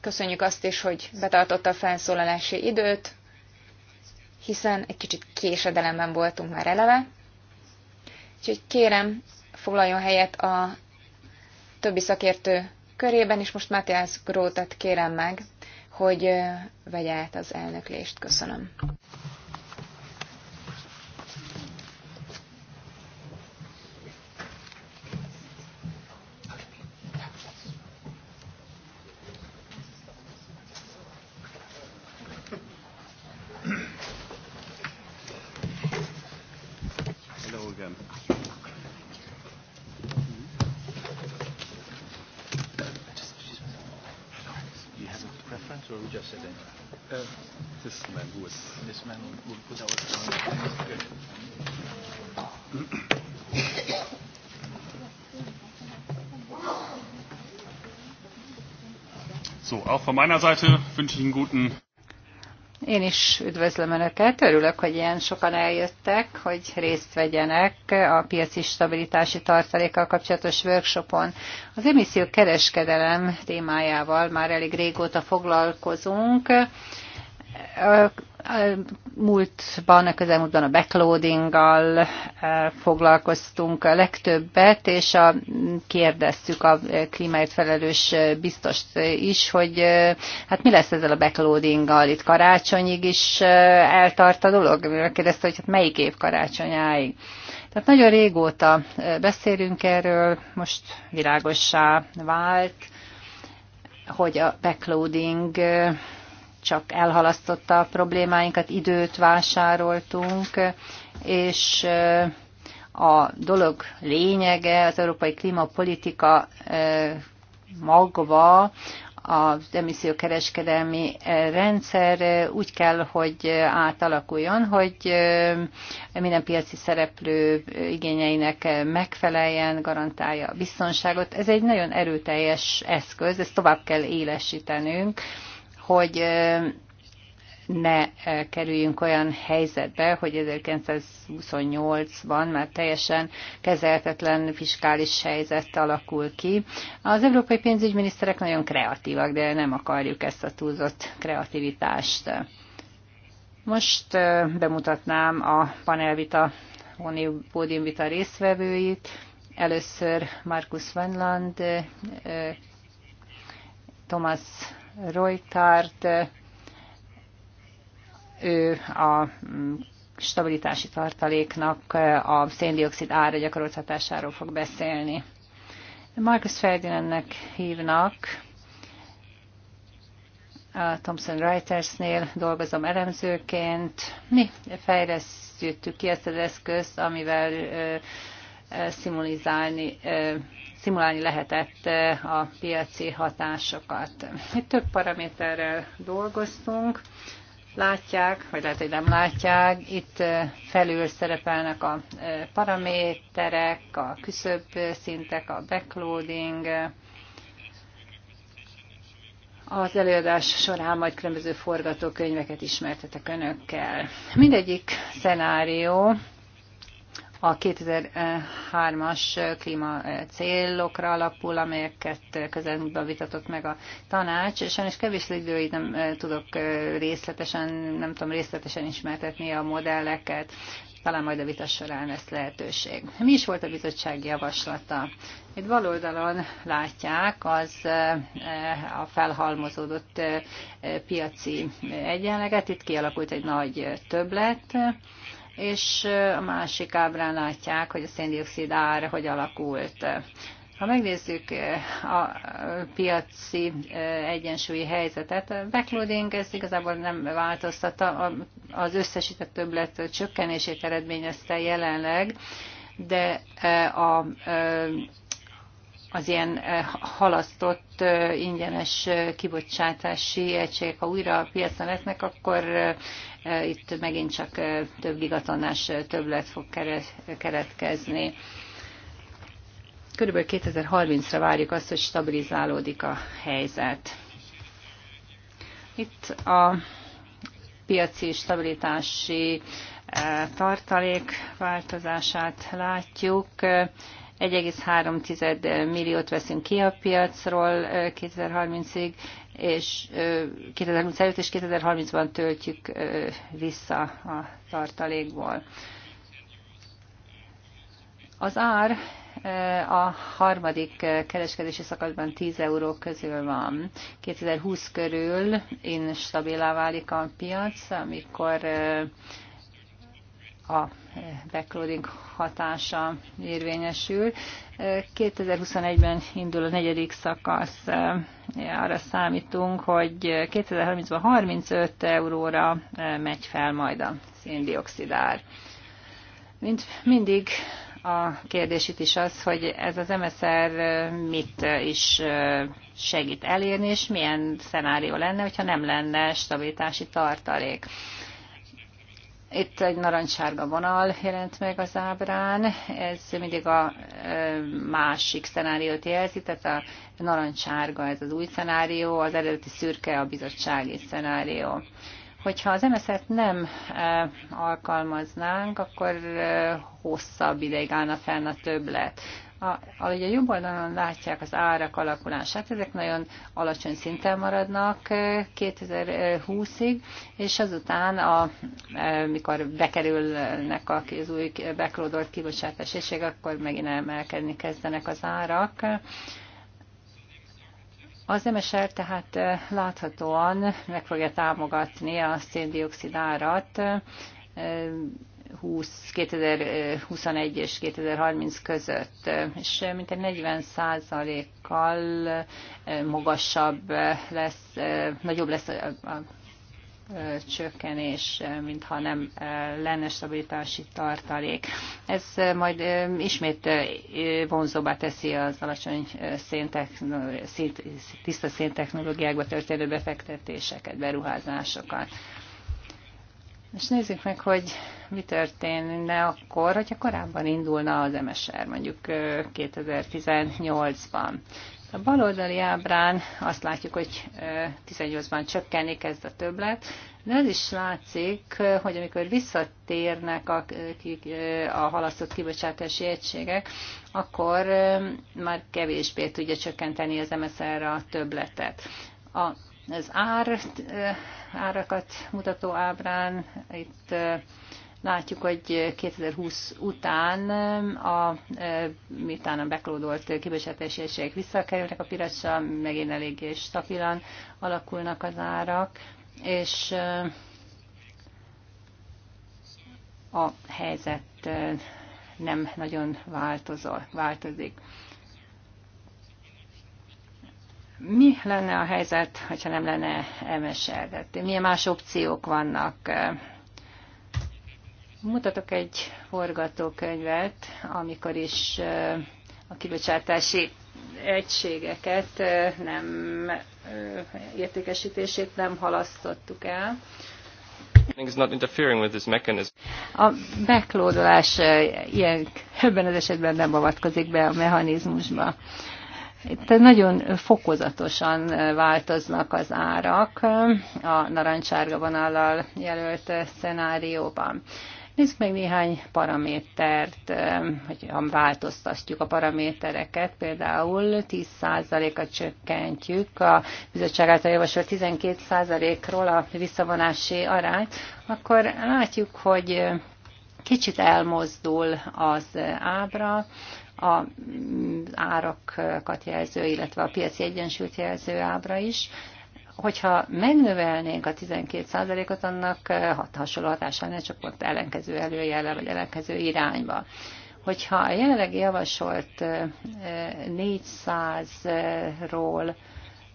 köszönjük azt is, hogy betartotta a felszólalási időt, hiszen egy kicsit késedelemben voltunk már eleve. Úgyhogy kérem, foglaljon helyet a többi szakértő körében, és most Matthias Grótet kérem meg, hogy vegye át az elnöklést. Köszönöm. Auch von meiner Seite wünsche ich einen guten én is üdvözlöm Önöket, örülök, hogy ilyen sokan eljöttek, hogy részt vegyenek a piaci stabilitási tartalékkal kapcsolatos workshopon. Az emisszió kereskedelem témájával már elég régóta foglalkozunk múltban, a közelmúltban a backloadinggal eh, foglalkoztunk a legtöbbet, és a, kérdeztük a eh, klímáért felelős eh, biztost is, hogy hát mi lesz ezzel a backloadinggal, itt karácsonyig is eltart a dolog? Kérdezte, hogy hát melyik év karácsonyáig? Tehát nagyon régóta beszélünk erről, most világossá vált, hogy a backloading csak elhalasztotta a problémáinkat, időt vásároltunk, és a dolog lényege, az európai klímapolitika magva, az emissziókereskedelmi rendszer úgy kell, hogy átalakuljon, hogy minden piaci szereplő igényeinek megfeleljen, garantálja a biztonságot. Ez egy nagyon erőteljes eszköz, ezt tovább kell élesítenünk hogy ne kerüljünk olyan helyzetbe, hogy 1928-ban már teljesen kezelhetetlen fiskális helyzet alakul ki. Az európai pénzügyminiszterek nagyon kreatívak, de nem akarjuk ezt a túlzott kreativitást. Most bemutatnám a panelvita, pódiumvita részvevőit. Először Markus Wendland, Thomas Rojtárt, ő a stabilitási tartaléknak a széndiokszid ára gyakorolt hatásáról fog beszélni. Marcus Ferdinandnek hívnak, a Thomson Reuters-nél dolgozom elemzőként. Mi fejlesztjük ki ezt az eszközt, amivel szimulizálni szimulálni lehetett eh, a piaci hatásokat. Itt több paraméterrel dolgoztunk, látják, vagy lehet, hogy nem látják, itt eh, felül szerepelnek a eh, paraméterek, a küszöbb szintek, a backloading, az előadás során majd különböző forgatókönyveket ismertetek önökkel. Mindegyik szenárió a 2003-as klíma célokra alapul, amelyeket közelmúltban vitatott meg a tanács. Sajnos kevés időig nem eh, tudok eh, részletesen, nem tudom részletesen ismertetni a modelleket, talán majd a vita során lesz lehetőség. Mi is volt a bizottság javaslata? Itt bal oldalon látják az eh, a felhalmozódott piaci egyenleget, itt kialakult egy nagy többlet, és a másik ábrán látják, hogy a széndiokszid ár hogy alakult. Ha megnézzük a piaci egyensúlyi helyzetet, a backloading ez igazából nem változtatta, az összesített többlet csökkenését eredményezte jelenleg, de a az ilyen halasztott ingyenes kibocsátási egységek, ha újra a piacon lesznek, akkor itt megint csak több gigatonnás többlet fog keretkezni. Körülbelül 2030-ra várjuk azt, hogy stabilizálódik a helyzet. Itt a piaci stabilitási tartalék változását látjuk. 1,3 milliót veszünk ki a piacról 2030-ig, és 2025 és 2030-ban töltjük vissza a tartalékból. Az ár a harmadik kereskedési szakaszban 10 euró közül van. 2020 körül instabilá válik a piac, amikor a backloading hatása érvényesül. 2021-ben indul a negyedik szakasz, arra számítunk, hogy 2030-ban 35 euróra megy fel majd a széndiokszidár. Mint mindig a kérdés itt is az, hogy ez az MSR mit is segít elérni, és milyen szenárió lenne, hogyha nem lenne stabilitási tartalék. Itt egy narancssárga vonal jelent meg az ábrán, ez mindig a másik szenáriót jelzi, tehát a narancssárga ez az új szenárió, az eredeti szürke a bizottsági szenárió. Hogyha az MSZ-et nem alkalmaznánk, akkor hosszabb ideig állna fenn a többlet a, a, a jobb oldalon látják az árak alakulását, ezek nagyon alacsony szinten maradnak 2020-ig, eh, és azután, a, eh, mikor bekerülnek az új backloadolt kibocsátás egység, akkor megint emelkedni kezdenek az árak. Az MSR tehát eh, láthatóan meg fogja támogatni a széndiokszid árat, 20, 2021 és 2030 között, és mintegy 40 kal eh, magasabb lesz, eh, nagyobb lesz a eh, csökkenés, mintha nem lenne stabilitási tartalék. Ez majd ismét vonzóbbá teszi az alacsony szintek, tiszta széntechnológiákba történő befektetéseket, beruházásokat. És nézzük meg, hogy mi történne akkor, hogyha korábban indulna az MSR, mondjuk 2018-ban. A baloldali ábrán azt látjuk, hogy 18-ban csökkenni kezd a többlet, de az is látszik, hogy amikor visszatérnek a, a halasztott kibocsátási egységek, akkor már kevésbé tudja csökkenteni az MSZR a többletet. A az ár, árakat mutató ábrán itt látjuk, hogy 2020 után a, miután a beklódolt kibocsátási egységek visszakerülnek a piacra, megint eléggé stabilan alakulnak az árak, és a helyzet nem nagyon változó, változik. Mi lenne a helyzet, ha nem lenne MSR? Milyen más opciók vannak? Mutatok egy forgatókönyvet, amikor is eh, a kibocsátási egységeket eh, nem eh, értékesítését nem halasztottuk el. A backloadolás ilyen, ebben az esetben nem avatkozik be a mechanizmusba. Itt nagyon fokozatosan változnak az árak a narancsárga vonallal jelölt szenárióban. Nézzük meg néhány paramétert, hogyha változtatjuk a paramétereket, például 10%-a csökkentjük a bizottság által javasolt 12%-ról a visszavonási arányt, akkor látjuk, hogy kicsit elmozdul az ábra, az árakat jelző, illetve a piaci egyensúlyt jelző ábra is. Hogyha megnövelnénk a 12%-ot, annak eh, hat hasonló hatása lenne, csak ott ellenkező előjele, vagy ellenkező irányba hogyha a jelenleg javasolt 400-ról,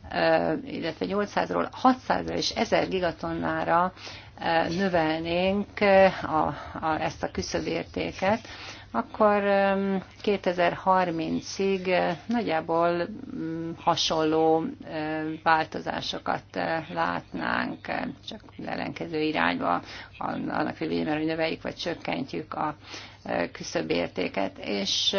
eh, eh, illetve 800-ról 600-ra és 1000 gigatonnára növelnénk a, a, ezt a küszöbértéket, akkor 2030-ig nagyjából hasonló változásokat látnánk, csak ellenkező irányba, annak függvényében, hogy növeljük vagy csökkentjük a küszöbértéket, és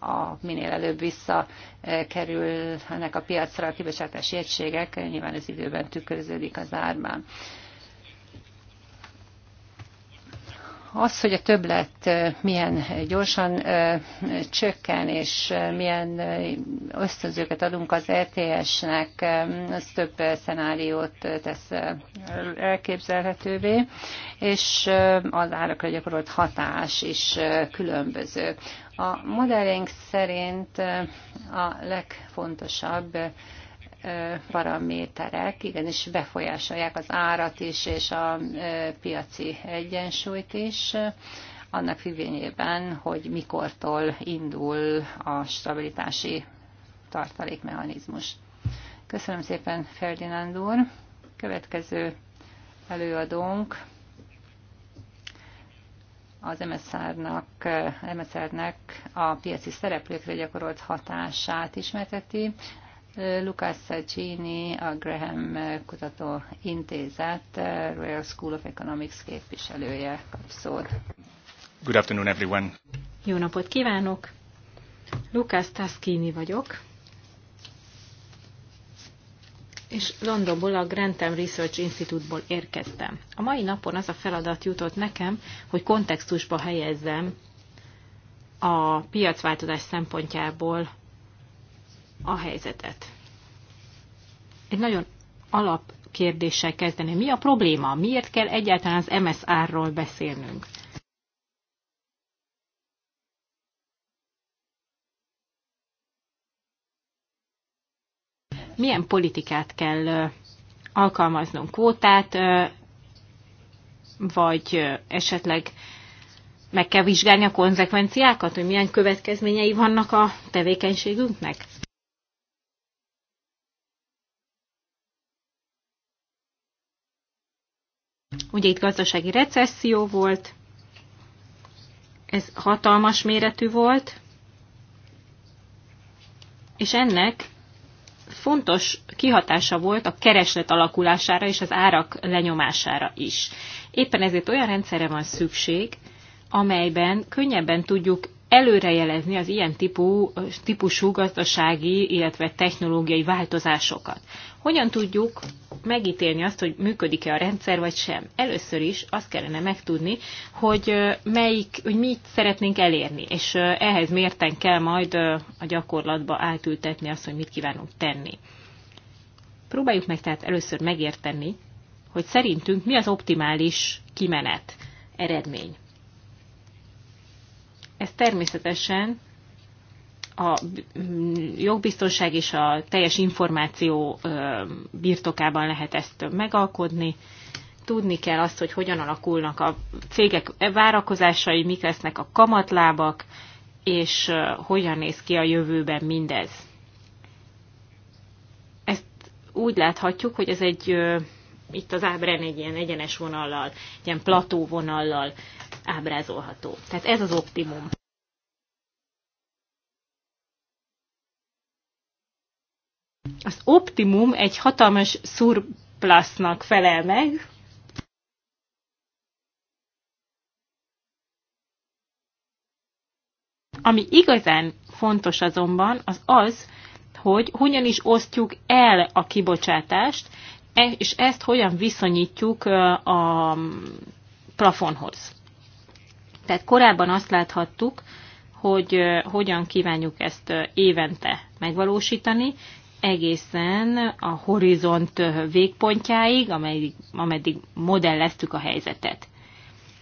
a minél előbb visszakerülnek a piacra a kibocsátási egységek, nyilván ez időben tükröződik az árban. az, hogy a többlet milyen gyorsan csökken, és milyen ösztönzőket adunk az RTS-nek, e az több szenáriót tesz elképzelhetővé, és az árakra gyakorolt hatás is különböző. A modellénk szerint a legfontosabb paraméterek igenis befolyásolják az árat is, és a piaci egyensúlyt is, annak függvényében, hogy mikortól indul a stabilitási tartalékmechanizmus. Köszönöm szépen, Ferdinand úr. Következő előadónk az MSZR-nak, MSZR-nek a piaci szereplőkre gyakorolt hatását ismerteti. Lukács Cini, a Graham Kutató Intézet, Royal School of Economics képviselője kap szót. Good afternoon, everyone. Jó napot kívánok! Lukács Taschini vagyok, és Londonból a Grantham Research Institute-ból érkeztem. A mai napon az a feladat jutott nekem, hogy kontextusba helyezzem a piacváltozás szempontjából a helyzetet. Egy nagyon alap kérdéssel kezdeni. Mi a probléma? Miért kell egyáltalán az MSR-ról beszélnünk? Milyen politikát kell alkalmaznunk? Kvótát, vagy esetleg meg kell vizsgálni a konzekvenciákat, hogy milyen következményei vannak a tevékenységünknek? Ugye itt gazdasági recesszió volt, ez hatalmas méretű volt, és ennek fontos kihatása volt a kereslet alakulására és az árak lenyomására is. Éppen ezért olyan rendszerre van szükség, amelyben könnyebben tudjuk előrejelezni az ilyen típusú gazdasági, illetve technológiai változásokat. Hogyan tudjuk megítélni azt, hogy működik-e a rendszer, vagy sem. Először is azt kellene megtudni, hogy, melyik, hogy mit szeretnénk elérni, és ehhez mérten kell majd a gyakorlatba átültetni azt, hogy mit kívánunk tenni. Próbáljuk meg tehát először megérteni, hogy szerintünk mi az optimális kimenet, eredmény. Ez természetesen a jogbiztonság és a teljes információ birtokában lehet ezt megalkodni. Tudni kell azt, hogy hogyan alakulnak a cégek várakozásai, mik lesznek a kamatlábak, és hogyan néz ki a jövőben mindez. Ezt úgy láthatjuk, hogy ez egy, itt az ábrán egy ilyen egyenes vonallal, egy ilyen plató vonallal ábrázolható. Tehát ez az optimum. az optimum egy hatalmas surplusnak felel meg, Ami igazán fontos azonban, az az, hogy hogyan is osztjuk el a kibocsátást, e- és ezt hogyan viszonyítjuk a plafonhoz. Tehát korábban azt láthattuk, hogy hogyan kívánjuk ezt évente megvalósítani, egészen a horizont végpontjáig, ameddig, ameddig modelleztük a helyzetet.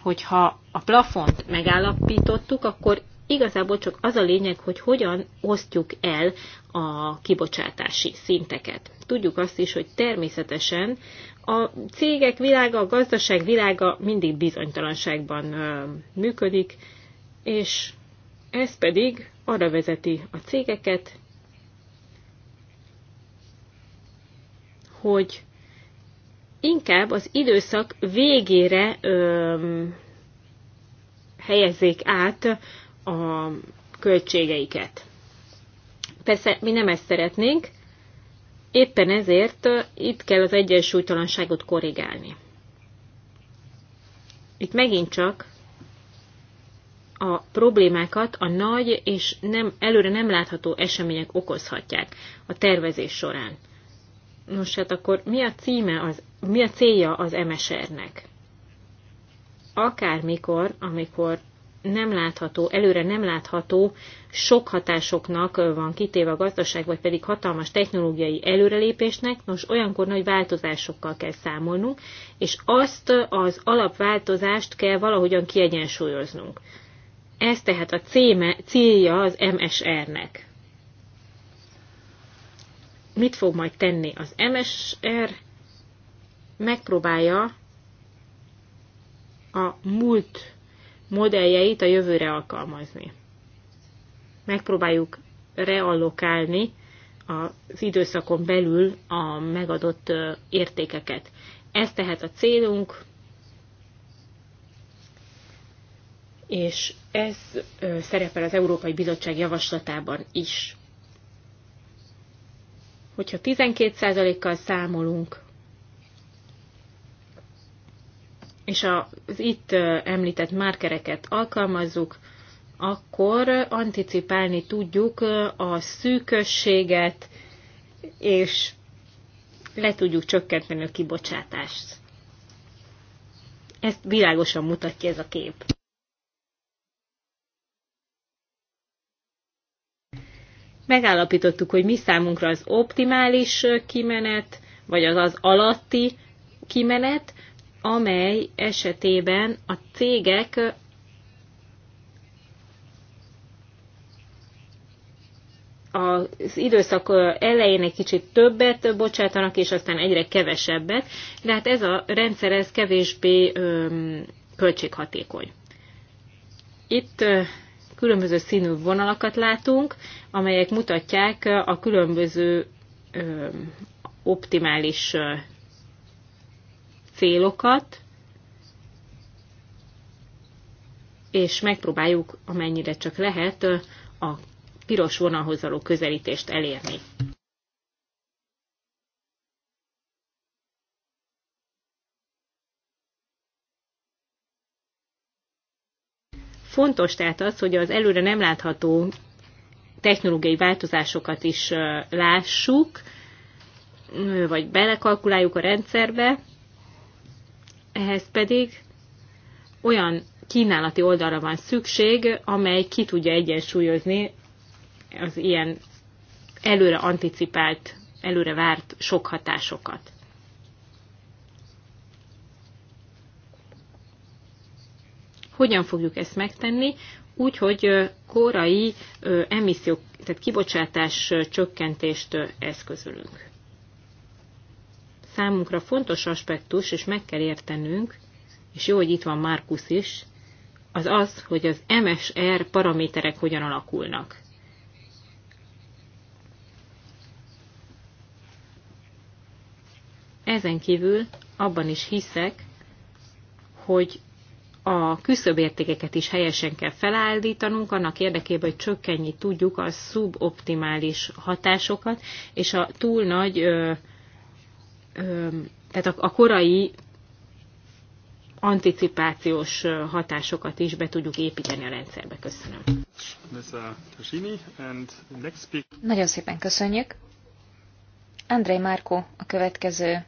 Hogyha a plafont megállapítottuk, akkor igazából csak az a lényeg, hogy hogyan osztjuk el a kibocsátási szinteket. Tudjuk azt is, hogy természetesen a cégek világa, a gazdaság világa mindig bizonytalanságban működik, és ez pedig arra vezeti a cégeket, hogy inkább az időszak végére öm, helyezzék át a költségeiket. Persze mi nem ezt szeretnénk, éppen ezért itt kell az egyensúlytalanságot korrigálni. Itt megint csak a problémákat a nagy és nem, előre nem látható események okozhatják a tervezés során. Nos, hát akkor mi a címe, az, mi a célja az MSR-nek? Akármikor, amikor nem látható, előre nem látható sok hatásoknak van kitéve a gazdaság, vagy pedig hatalmas technológiai előrelépésnek, nos olyankor nagy változásokkal kell számolnunk, és azt az alapváltozást kell valahogyan kiegyensúlyoznunk. Ez tehát a céme, célja az MSR-nek mit fog majd tenni? Az MSR megpróbálja a múlt modelljeit a jövőre alkalmazni. Megpróbáljuk reallokálni az időszakon belül a megadott értékeket. Ez tehát a célunk, és ez szerepel az Európai Bizottság javaslatában is hogyha 12%-kal számolunk, és az itt említett márkereket alkalmazzuk, akkor anticipálni tudjuk a szűkösséget, és le tudjuk csökkenteni a kibocsátást. Ezt világosan mutatja ez a kép. megállapítottuk, hogy mi számunkra az optimális kimenet, vagy az az alatti kimenet, amely esetében a cégek az időszak elején egy kicsit többet bocsátanak, és aztán egyre kevesebbet, de hát ez a rendszer ez kevésbé öm, költséghatékony. Itt különböző színű vonalakat látunk, amelyek mutatják a különböző optimális célokat, és megpróbáljuk, amennyire csak lehet, a piros vonalhoz való közelítést elérni. Fontos tehát az, hogy az előre nem látható technológiai változásokat is lássuk, vagy belekalkuláljuk a rendszerbe, ehhez pedig olyan kínálati oldalra van szükség, amely ki tudja egyensúlyozni az ilyen előre anticipált, előre várt sok hatásokat. Hogyan fogjuk ezt megtenni? Úgy, hogy korai emissziók, tehát kibocsátás csökkentést eszközölünk. Számunkra fontos aspektus, és meg kell értenünk, és jó, hogy itt van Markus is, az az, hogy az MSR paraméterek hogyan alakulnak. Ezen kívül abban is hiszek, hogy a küszöbértékeket is helyesen kell felállítanunk, annak érdekében, hogy csökkenni tudjuk a szuboptimális hatásokat, és a túl nagy, ö, ö, tehát a, a korai anticipációs hatásokat is be tudjuk építeni a rendszerbe. Köszönöm. Nagyon szépen köszönjük. Andrei Márko a következő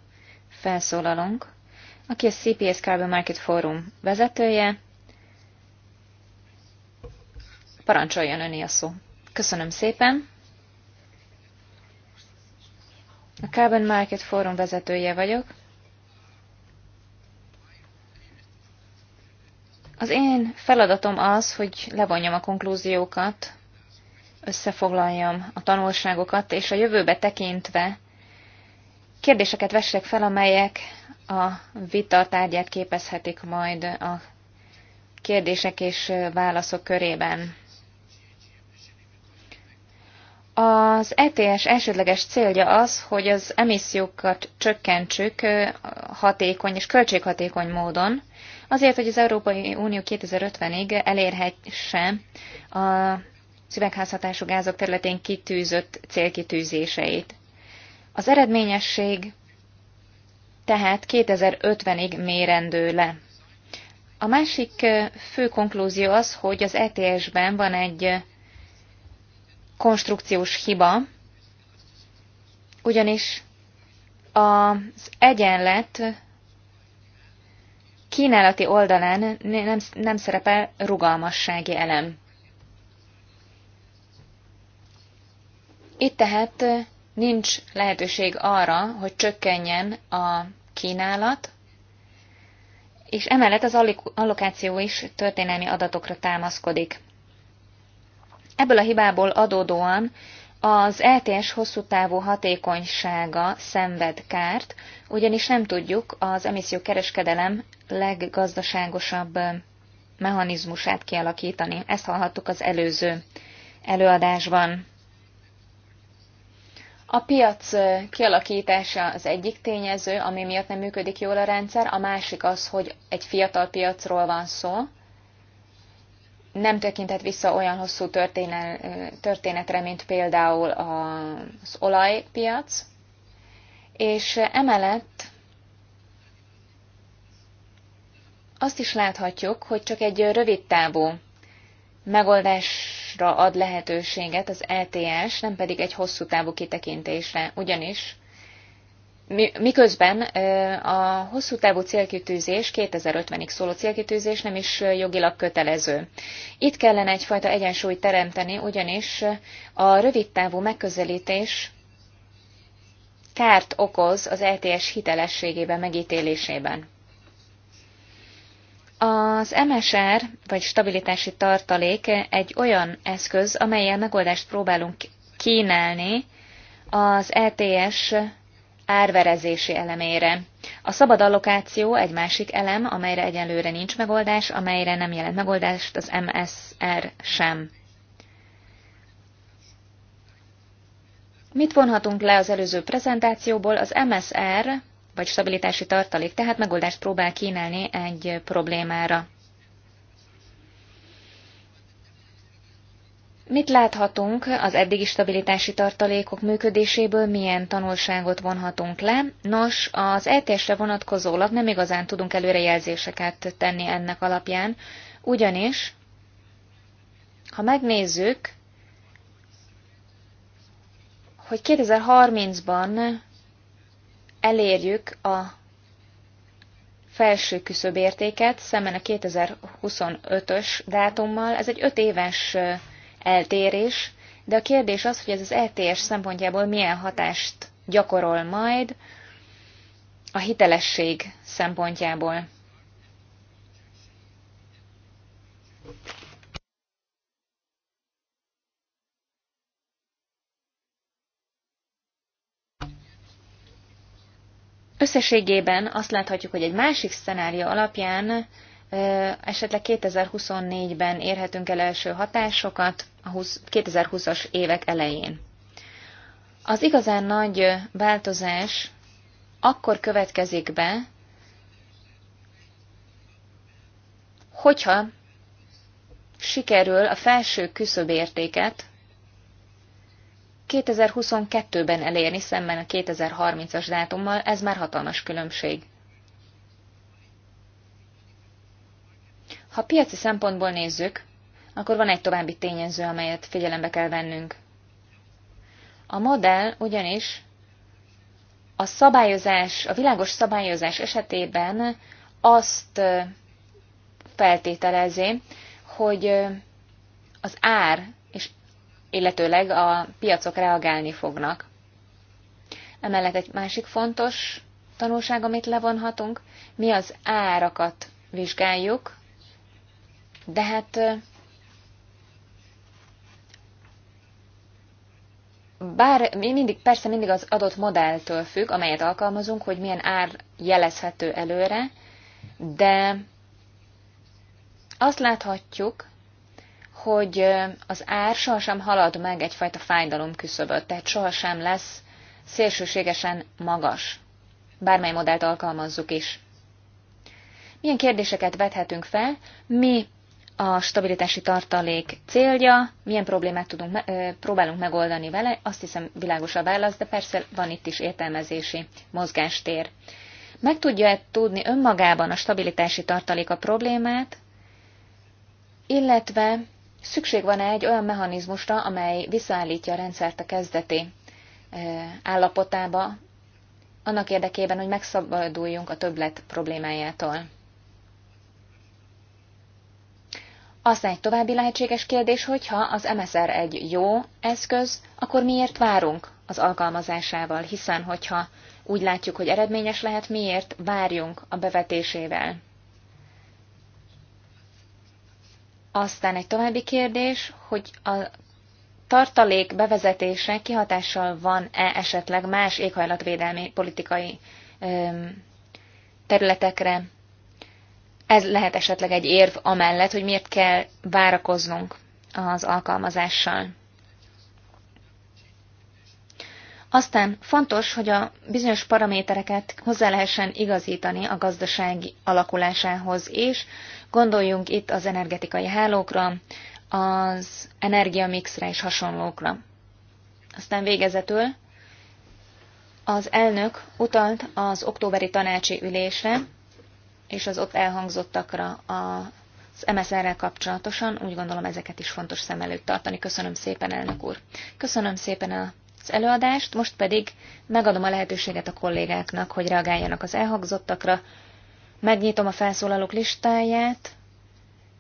felszólalónk aki a CPS Carbon Market Forum vezetője. Parancsoljon öné a szó. Köszönöm szépen. A Carbon Market Forum vezetője vagyok. Az én feladatom az, hogy levonjam a konklúziókat, összefoglaljam a tanulságokat, és a jövőbe tekintve kérdéseket vessek fel, amelyek a vita tárgyát képezhetik majd a kérdések és válaszok körében. Az ETS elsődleges célja az, hogy az emissziókat csökkentsük hatékony és költséghatékony módon, azért, hogy az Európai Unió 2050-ig elérhesse a szüvegházhatású gázok területén kitűzött célkitűzéseit. Az eredményesség tehát 2050-ig mérendő le. A másik fő konklúzió az, hogy az ETS-ben van egy konstrukciós hiba, ugyanis az egyenlet kínálati oldalán nem, nem szerepel rugalmassági elem. Itt tehát nincs lehetőség arra, hogy csökkenjen a kínálat, és emellett az allokáció is történelmi adatokra támaszkodik. Ebből a hibából adódóan az LTS e hosszú távú hatékonysága szenved kárt, ugyanis nem tudjuk az emissziókereskedelem leggazdaságosabb mechanizmusát kialakítani. Ezt hallhattuk az előző előadásban. A piac kialakítása az egyik tényező, ami miatt nem működik jól a rendszer, a másik az, hogy egy fiatal piacról van szó, nem tekinthet vissza olyan hosszú történetre, mint például az olajpiac, és emellett azt is láthatjuk, hogy csak egy rövid távú megoldás kitekintésre ad lehetőséget az ETS, nem pedig egy hosszú távú kitekintésre, ugyanis miközben a hosszú távú célkitűzés, 2050-ig szóló célkitűzés nem is jogilag kötelező. Itt kellene egyfajta egyensúlyt teremteni, ugyanis a rövid távú megközelítés kárt okoz az LTS e hitelességében, megítélésében. Az MSR, vagy stabilitási tartalék egy olyan eszköz, amelyel megoldást próbálunk kínálni az ETS árverezési elemére. A szabad allokáció egy másik elem, amelyre egyelőre nincs megoldás, amelyre nem jelent megoldást az MSR sem. Mit vonhatunk le az előző prezentációból? Az MSR vagy stabilitási tartalék, tehát megoldást próbál kínálni egy problémára. Mit láthatunk az eddigi stabilitási tartalékok működéséből, milyen tanulságot vonhatunk le? Nos, az ETS-re vonatkozólag nem igazán tudunk előrejelzéseket tenni ennek alapján, ugyanis, ha megnézzük, hogy 2030-ban elérjük a felső küszöbértéket szemben a 2025-ös dátummal. Ez egy öt éves eltérés, de a kérdés az, hogy ez az eltérés szempontjából milyen hatást gyakorol majd a hitelesség szempontjából. Összességében azt láthatjuk, hogy egy másik szenárió alapján esetleg 2024-ben érhetünk el első hatásokat a 2020-as évek elején. Az igazán nagy változás akkor következik be, hogyha sikerül a felső küszöbértéket 2022-ben elérni szemben a 2030-as dátummal, ez már hatalmas különbség. Ha piaci szempontból nézzük, akkor van egy további tényező, amelyet figyelembe kell vennünk. A modell ugyanis a szabályozás, a világos szabályozás esetében azt feltételezi, hogy az ár illetőleg a piacok reagálni fognak. Emellett egy másik fontos tanulság, amit levonhatunk, mi az árakat vizsgáljuk, de hát bár mi mindig, persze mindig az adott modelltől függ, amelyet alkalmazunk, hogy milyen ár jelezhető előre, de azt láthatjuk, hogy az ár sohasem halad meg egyfajta fájdalom küszöböt, tehát sohasem lesz szélsőségesen magas, bármely modellt alkalmazzuk is. Milyen kérdéseket vethetünk fel, mi a stabilitási tartalék célja, milyen problémát tudunk, próbálunk megoldani vele, azt hiszem világos a válasz, de persze van itt is értelmezési mozgástér. Meg tudja-e tudni önmagában a stabilitási tartalék a problémát, illetve szükség van egy olyan mechanizmusra, amely visszaállítja a rendszert a kezdeti e, állapotába, annak érdekében, hogy megszabaduljunk a többlet problémájától. Aztán egy további lehetséges kérdés, hogyha az MSR egy jó eszköz, akkor miért várunk az alkalmazásával, hiszen hogyha úgy látjuk, hogy eredményes lehet, miért várjunk a bevetésével. Aztán egy további kérdés, hogy a tartalék bevezetése kihatással van-e esetleg más éghajlatvédelmi politikai öm, területekre? Ez lehet esetleg egy érv amellett, hogy miért kell várakoznunk az alkalmazással. Aztán fontos, hogy a bizonyos paramétereket hozzá lehessen igazítani a gazdaság alakulásához és Gondoljunk itt az energetikai hálókra, az energiamixre és hasonlókra. Aztán végezetül az elnök utalt az októberi tanácsi ülésre, és az ott elhangzottakra az MSZR-rel kapcsolatosan, úgy gondolom ezeket is fontos szem előtt tartani. Köszönöm szépen, elnök úr. Köszönöm szépen a előadást, most pedig megadom a lehetőséget a kollégáknak, hogy reagáljanak az elhangzottakra. Megnyitom a felszólalók listáját.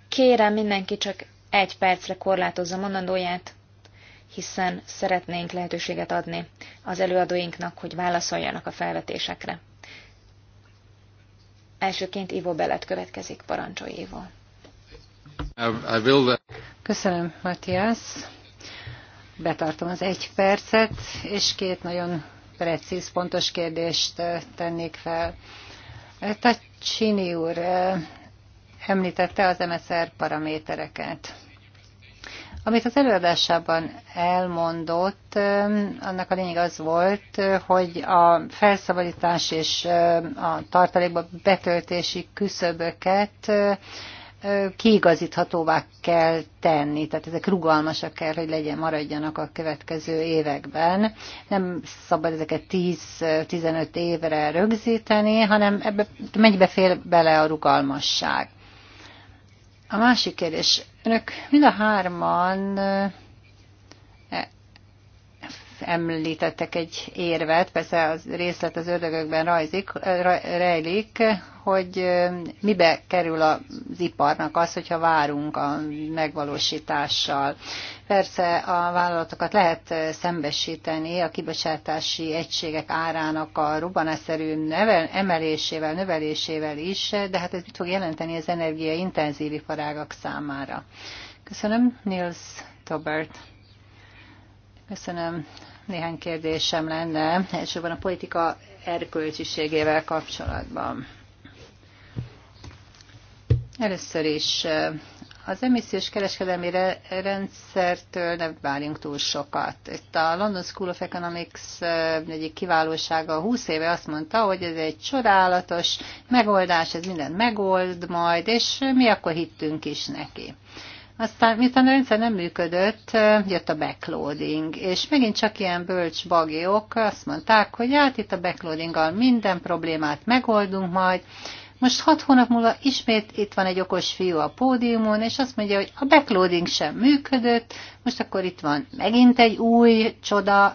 Kérem mindenki csak egy percre korlátozza mondandóját, hiszen szeretnénk lehetőséget adni az előadóinknak, hogy válaszoljanak a felvetésekre. Elsőként Ivo Belet következik, parancsolj Ivo. Köszönöm, Matthias betartom az egy percet, és két nagyon precíz, pontos kérdést tennék fel. Tacsini úr említette az MSR paramétereket. Amit az előadásában elmondott, annak a lényeg az volt, hogy a felszabadítás és a tartalékba betöltési küszöböket kiigazíthatóvá kell tenni, tehát ezek rugalmasak kell, hogy legyen, maradjanak a következő években. Nem szabad ezeket 10-15 évre rögzíteni, hanem ebbe mennyibe fél bele a rugalmasság. A másik kérdés, önök mind a hárman említettek egy érvet, persze az részlet az ördögökben rajzik, rejlik, hogy mibe kerül az iparnak az, hogyha várunk a megvalósítással. Persze a vállalatokat lehet szembesíteni a kibocsátási egységek árának a rubanásszerű nevel, emelésével, növelésével is, de hát ez mit fog jelenteni az energiaintenzív iparágak számára? Köszönöm, Nils Tobert. Köszönöm. Néhány kérdésem lenne, elsősorban a politika erkölcsiségével kapcsolatban. Először is az emissziós kereskedelmi rendszertől nem várjunk túl sokat. Itt a London School of Economics egyik kiválósága 20 éve azt mondta, hogy ez egy csodálatos megoldás, ez mindent megold majd, és mi akkor hittünk is neki. Aztán miután a rendszer nem működött, jött a backloading, és megint csak ilyen bölcs bagyok azt mondták, hogy hát itt a backloadinggal minden problémát megoldunk majd, most hat hónap múlva ismét itt van egy okos fiú a pódiumon, és azt mondja, hogy a backloading sem működött, most akkor itt van megint egy új csoda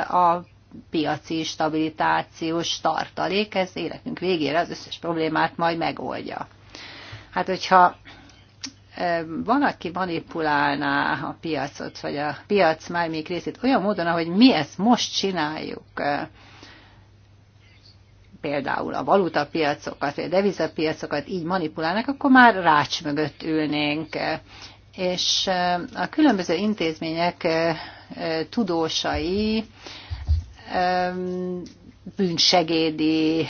a piaci stabilitációs tartalék, ez életünk végére az összes problémát majd megoldja. Hát, hogyha van, aki manipulálná a piacot, vagy a piac még részét olyan módon, ahogy mi ezt most csináljuk például a valutapiacokat, vagy a devizapiacokat így manipulálnak, akkor már rács mögött ülnénk. És eh, a különböző intézmények eh, eh, tudósai, bűnsegédi,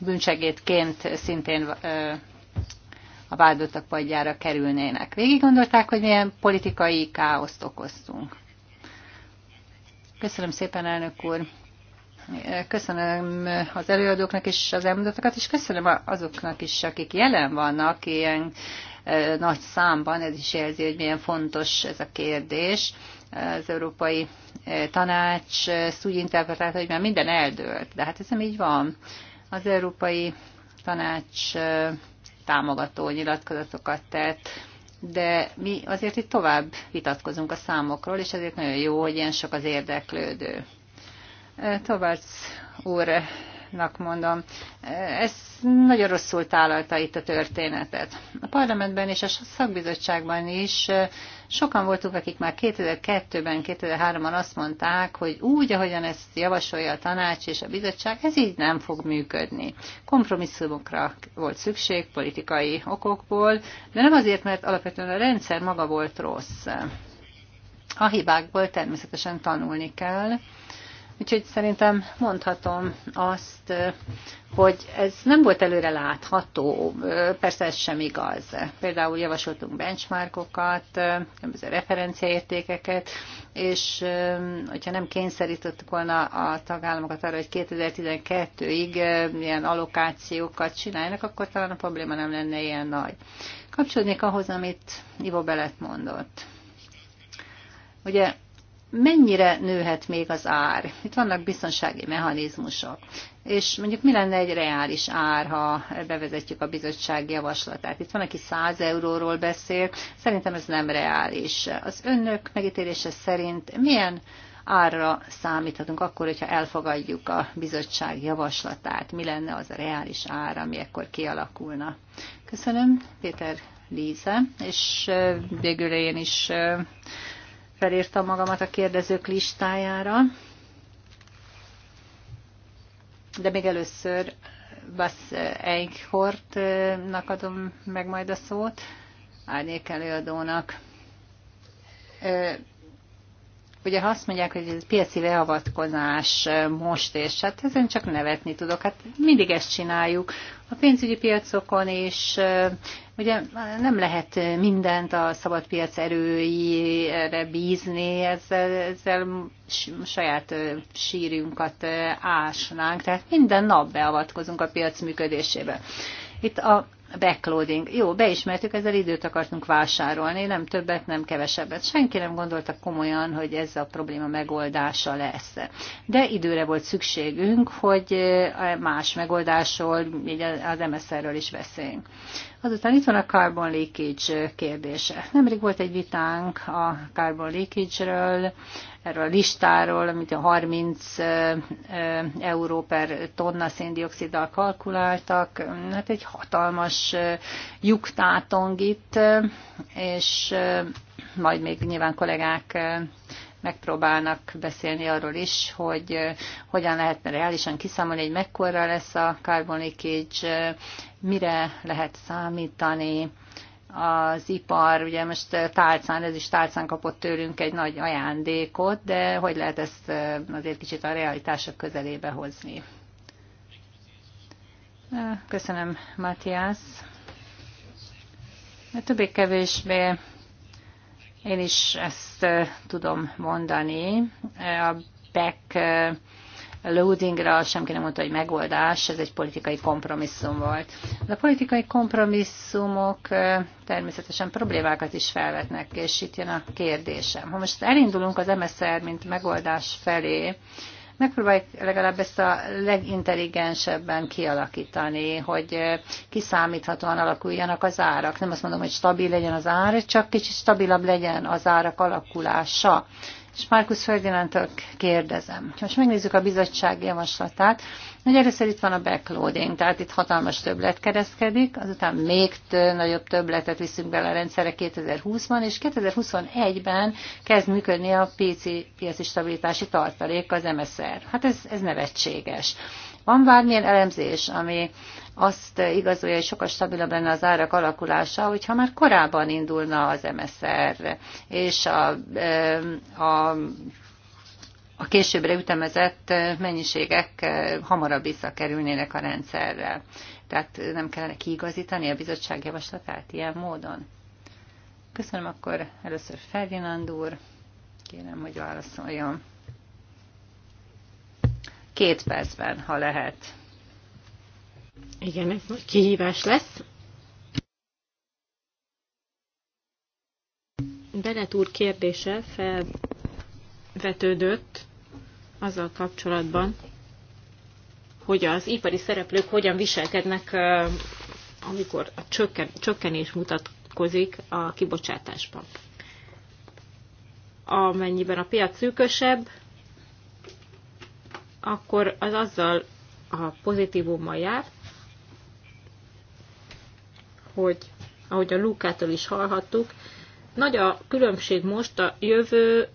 bűnsegédként szintén a vádottak padjára kerülnének. Végig gondolták, hogy milyen politikai káoszt okoztunk. Köszönöm szépen, elnök úr! Köszönöm az előadóknak és az elmondottakat, és köszönöm azoknak is, akik jelen vannak ilyen e, nagy számban. Ez is jelzi, hogy milyen fontos ez a kérdés. Az Európai e, Tanács ezt úgy interpretálta, hogy már minden eldőlt, de hát ez nem így van. Az Európai Tanács e, támogató nyilatkozatokat tett, de mi azért itt tovább vitatkozunk a számokról, és ezért nagyon jó, hogy ilyen sok az érdeklődő. Tovább úr fontosnak mondom. Ez nagyon rosszul tálalta itt a történetet. A parlamentben és a szakbizottságban is sokan voltunk, akik már 2002-ben, 2003-ban azt mondták, hogy úgy, ahogyan ezt javasolja a tanács és a bizottság, ez így nem fog működni. Kompromisszumokra volt szükség politikai okokból, de nem azért, mert alapvetően a rendszer maga volt rossz. A hibákból természetesen tanulni kell, Úgyhogy szerintem mondhatom azt, hogy ez nem volt előre látható, persze ez sem igaz. Például javasoltunk benchmarkokat, különböző referenciaértékeket, és hogyha nem kényszerítettük volna a tagállamokat arra, hogy 2012-ig ilyen allokációkat csináljanak, akkor talán a probléma nem lenne ilyen nagy. Kapcsolódnék ahhoz, amit Ivo Belet mondott. Ugye mennyire nőhet még az ár? Itt vannak biztonsági mechanizmusok. És mondjuk mi lenne egy reális ár, ha bevezetjük a bizottság javaslatát? Itt van, aki 100 euróról beszél, szerintem ez nem reális. Az önök megítélése szerint milyen árra számíthatunk akkor, hogyha elfogadjuk a bizottság javaslatát? Mi lenne az a reális ár, ami ekkor kialakulna? Köszönöm, Péter Líze, és végül én is felírtam magamat a kérdezők listájára. De még először Bass Eichhortnak adom meg majd a szót, árnyék előadónak. Ugye ha azt mondják, hogy ez piaci beavatkozás most, és hát ezen csak nevetni tudok. Hát mindig ezt csináljuk. A pénzügyi piacokon is ugye nem lehet mindent a szabad piac erőire bízni, ezzel, ezzel saját sírjunkat ásnánk, tehát minden nap beavatkozunk a piac működésébe. Itt a backloading. Jó, beismertük, ezzel időt akartunk vásárolni, nem többet, nem kevesebbet. Senki nem gondolta komolyan, hogy ez a probléma megoldása lesz. De időre volt szükségünk, hogy eh, más megoldásról, így az MSZ-ről is beszéljünk. Azután itt van a carbon leakage kérdése. Nemrég volt egy vitánk a carbon leakage-ről, erről a listáról, amit a 30 euró per tonna széndioksziddal kalkuláltak. Hát egy hatalmas lyuk tátong itt, és majd még nyilván kollégák megpróbálnak beszélni arról is, hogy hogyan lehetne reálisan kiszámolni, hogy mekkora lesz a carbon leakage, mire lehet számítani, az ipar, ugye most eh, tálcán, ez is tálcán kapott tőlünk egy nagy ajándékot, de hogy lehet ezt eh, azért kicsit a realitások közelébe hozni? Eh, köszönöm, Matthias. Többé-kevésbé én is ezt tudom mondani. A back loadingra senki nem mondta, hogy megoldás, ez egy politikai kompromisszum volt. De a politikai kompromisszumok természetesen problémákat is felvetnek, és itt jön a kérdésem. Ha most elindulunk az MSZR, mint megoldás felé, megpróbáljuk legalább ezt a legintelligensebben kialakítani, hogy kiszámíthatóan alakuljanak az árak. Nem azt mondom, hogy stabil legyen az ár, csak kicsit stabilabb legyen az árak alakulása és Markus Ferdinántól kérdezem. Most megnézzük a bizottság javaslatát. Nagy először itt van a backloading, tehát itt hatalmas többlet kereskedik, azután még nagyobb többletet viszünk bele a rendszerre 2020-ban, és 2021-ben kezd működni a PC piaci stabilitási tartalék, az MSR. Hát ez, ez nevetséges. Van bármilyen elemzés, ami azt igazolja, hogy sokkal stabilabb lenne az árak alakulása, hogyha már korábban indulna az MSR, és a, eh, a a későbbre ütemezett mennyiségek eh, hamarabb visszakerülnének a rendszerre. Tehát nem kellene kiigazítani a bizottság javaslatát ilyen módon. Köszönöm akkor először Ferdinand úr, kérem, hogy válaszoljon. Két percben, ha lehet. Igen, ez nagy kihívás lesz. Benet úr kérdése felvetődött azzal kapcsolatban, hogy az ipari szereplők hogyan viselkednek, amikor a csökken, csökkenés mutatkozik a kibocsátásban. Amennyiben a piac szűkösebb, akkor az azzal a pozitívummal jár, hogy ahogy a Lukától is hallhattuk, nagy a különbség most a jövő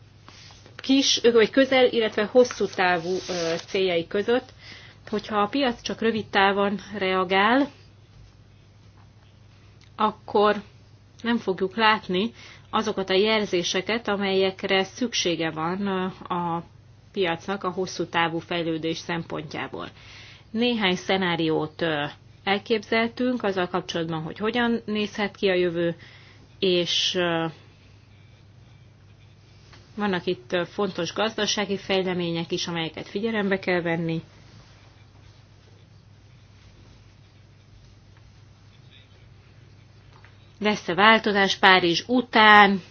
kis, vagy közel, illetve hosszú távú céljai között, hogyha a piac csak rövid távon reagál, akkor nem fogjuk látni azokat a jelzéseket, amelyekre szüksége van a piacnak a hosszú távú fejlődés szempontjából. Néhány szenáriót elképzeltünk azzal kapcsolatban, hogy hogyan nézhet ki a jövő, és vannak itt fontos gazdasági fejlemények is, amelyeket figyelembe kell venni. lesz a változás Párizs után,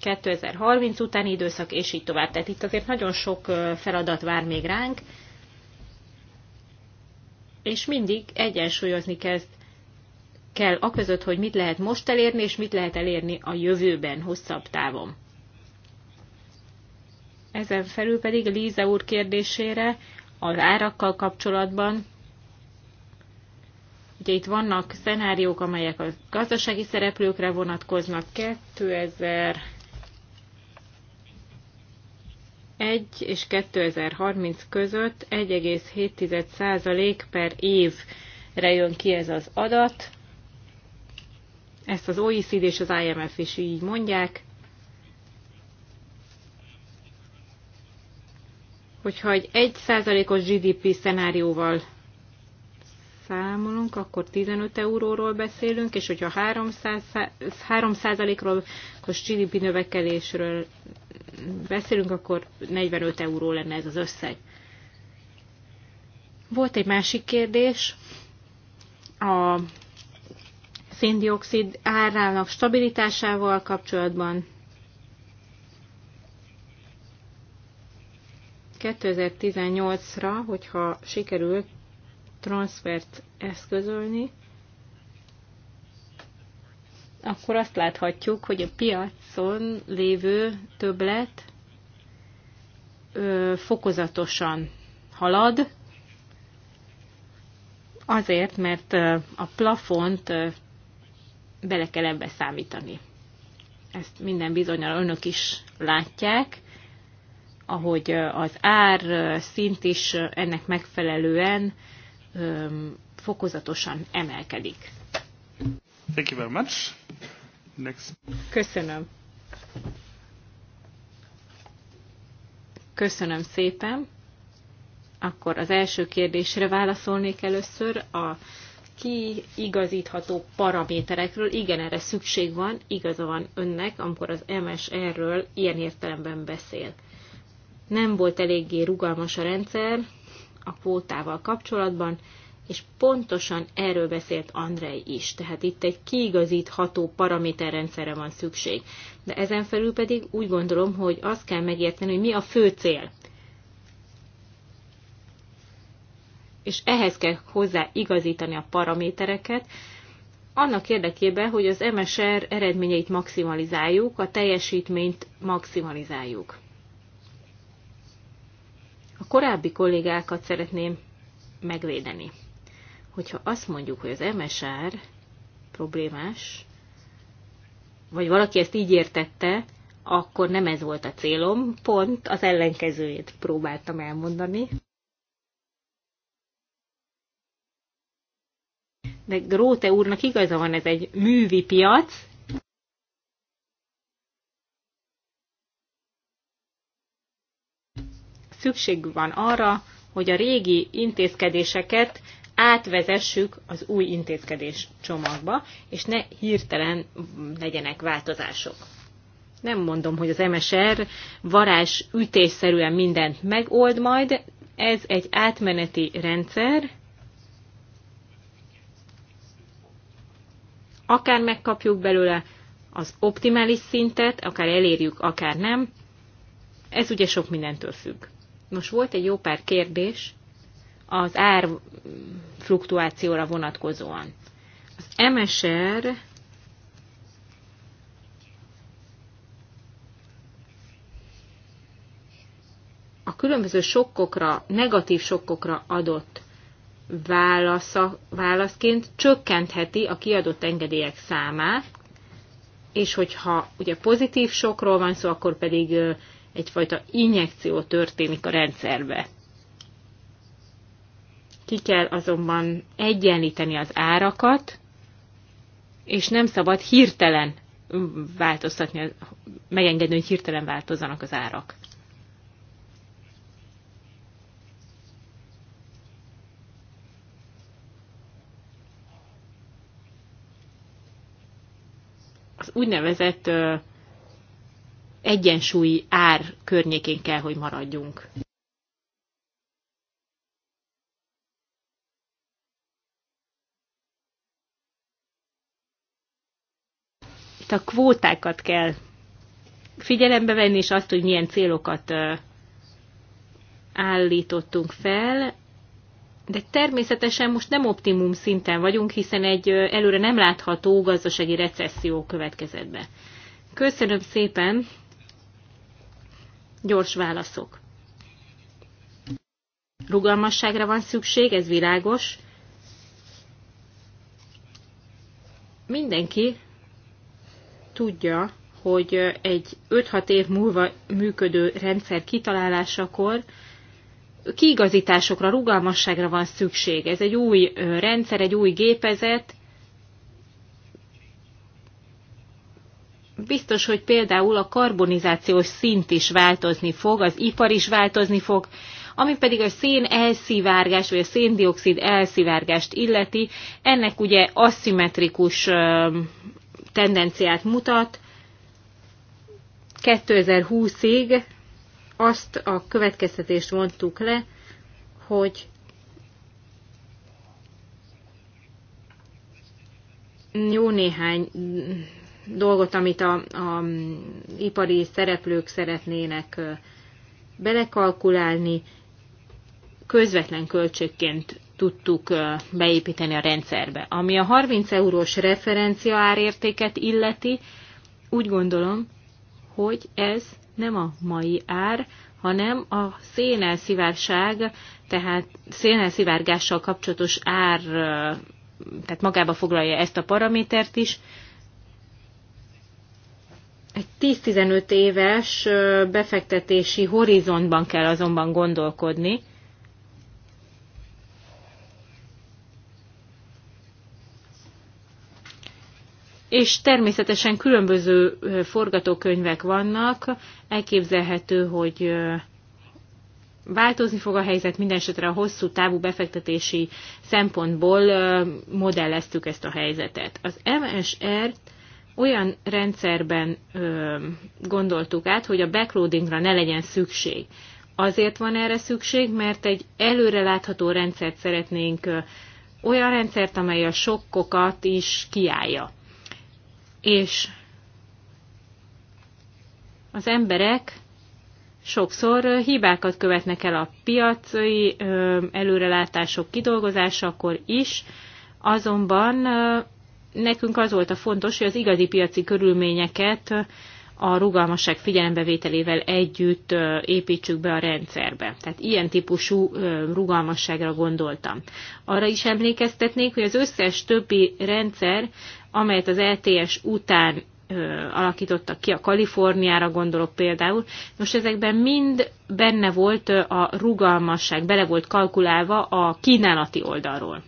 2030 utáni időszak, és így tovább. Tehát itt azért nagyon sok feladat vár még ránk, és mindig egyensúlyozni kezd kell a között, hogy mit lehet most elérni, és mit lehet elérni a jövőben, hosszabb távon. Ezen felül pedig Líza úr kérdésére az árakkal kapcsolatban. Ugye itt vannak szenáriók, amelyek a gazdasági szereplőkre vonatkoznak. 2000 2001 és 2030 között 1,7% per évre jön ki ez az adat. Ezt az OECD és az IMF is így mondják. Hogyha egy 1%-os GDP szenárióval számolunk, akkor 15 euróról beszélünk, és hogyha 3 os GDP növekedésről beszélünk, akkor 45 euró lenne ez az összeg. Volt egy másik kérdés, a széndiokszid árának stabilitásával kapcsolatban. 2018-ra, hogyha sikerül transfert eszközölni, akkor azt láthatjuk, hogy a piacon lévő többlet ö, fokozatosan halad, azért, mert a plafont bele kell ebbe számítani. Ezt minden bizonyal önök is látják, ahogy az ár szint is ennek megfelelően fokozatosan emelkedik. Thank you very much. Next. Köszönöm. Köszönöm szépen. Akkor az első kérdésre válaszolnék először a kiigazítható paraméterekről. Igen, erre szükség van, igaza van önnek, amikor az MSR-ről ilyen értelemben beszél. Nem volt eléggé rugalmas a rendszer a kvótával kapcsolatban, és pontosan erről beszélt Andrei is, tehát itt egy kiigazítható paraméterrendszerre van szükség. De ezen felül pedig úgy gondolom, hogy azt kell megérteni, hogy mi a fő cél. És ehhez kell hozzá igazítani a paramétereket, annak érdekében, hogy az MSR eredményeit maximalizáljuk, a teljesítményt maximalizáljuk. A korábbi kollégákat szeretném megvédeni hogyha azt mondjuk, hogy az MSR problémás, vagy valaki ezt így értette, akkor nem ez volt a célom, pont az ellenkezőjét próbáltam elmondani. De Gróte úrnak igaza van, ez egy művi piac, szükség van arra, hogy a régi intézkedéseket átvezessük az új intézkedés csomagba, és ne hirtelen legyenek változások. Nem mondom, hogy az MSR varázs ütésszerűen mindent megold majd, ez egy átmeneti rendszer, akár megkapjuk belőle az optimális szintet, akár elérjük, akár nem, ez ugye sok mindentől függ. Most volt egy jó pár kérdés az ár fluktuációra vonatkozóan. Az MSR a különböző sokkokra, negatív sokkokra adott válasza, válaszként csökkentheti a kiadott engedélyek számát, és hogyha ugye pozitív sokról van szó, akkor pedig egyfajta injekció történik a rendszerbe. Ki kell azonban egyenlíteni az árakat, és nem szabad hirtelen változtatni, megengedni, hogy hirtelen változzanak az árak. Az úgynevezett egyensúlyi ár környékén kell, hogy maradjunk. a kvótákat kell figyelembe venni, és azt, hogy milyen célokat állítottunk fel, de természetesen most nem optimum szinten vagyunk, hiszen egy előre nem látható gazdasági recesszió következett be. Köszönöm szépen! Gyors válaszok. Rugalmasságra van szükség, ez világos. Mindenki tudja, hogy egy 5-6 év múlva működő rendszer kitalálásakor kiigazításokra, rugalmasságra van szükség. Ez egy új rendszer, egy új gépezet. Biztos, hogy például a karbonizációs szint is változni fog, az ipar is változni fog, ami pedig a szén elszivárgás, vagy a széndiokszid elszivárgást illeti, ennek ugye aszimmetrikus tendenciát mutat. 2020-ig azt a következtetést vontuk le, hogy jó néhány dolgot, amit a, a ipari szereplők szeretnének belekalkulálni, közvetlen költségként tudtuk beépíteni a rendszerbe. Ami a 30 eurós referencia árértéket illeti, úgy gondolom, hogy ez nem a mai ár, hanem a szénelszivárság, tehát szénelszivárgással kapcsolatos ár, tehát magába foglalja ezt a paramétert is. Egy 10-15 éves befektetési horizontban kell azonban gondolkodni, és természetesen különböző forgatókönyvek vannak, elképzelhető, hogy változni fog a helyzet, minden esetre a hosszú távú befektetési szempontból modelleztük ezt a helyzetet. Az MSR olyan rendszerben gondoltuk át, hogy a backloadingra ne legyen szükség. Azért van erre szükség, mert egy előrelátható rendszert szeretnénk, olyan rendszert, amely a sokkokat is kiállja és az emberek sokszor hibákat követnek el a piaci előrelátások kidolgozásakor is, azonban nekünk az volt a fontos, hogy az igazi piaci körülményeket a rugalmasság figyelembevételével együtt építsük be a rendszerbe. Tehát ilyen típusú rugalmasságra gondoltam. Arra is emlékeztetnék, hogy az összes többi rendszer amelyet az LTS e után alakítottak ki, a Kaliforniára gondolok például. Most ezekben mind benne volt a rugalmasság, bele volt kalkulálva a kínálati oldalról.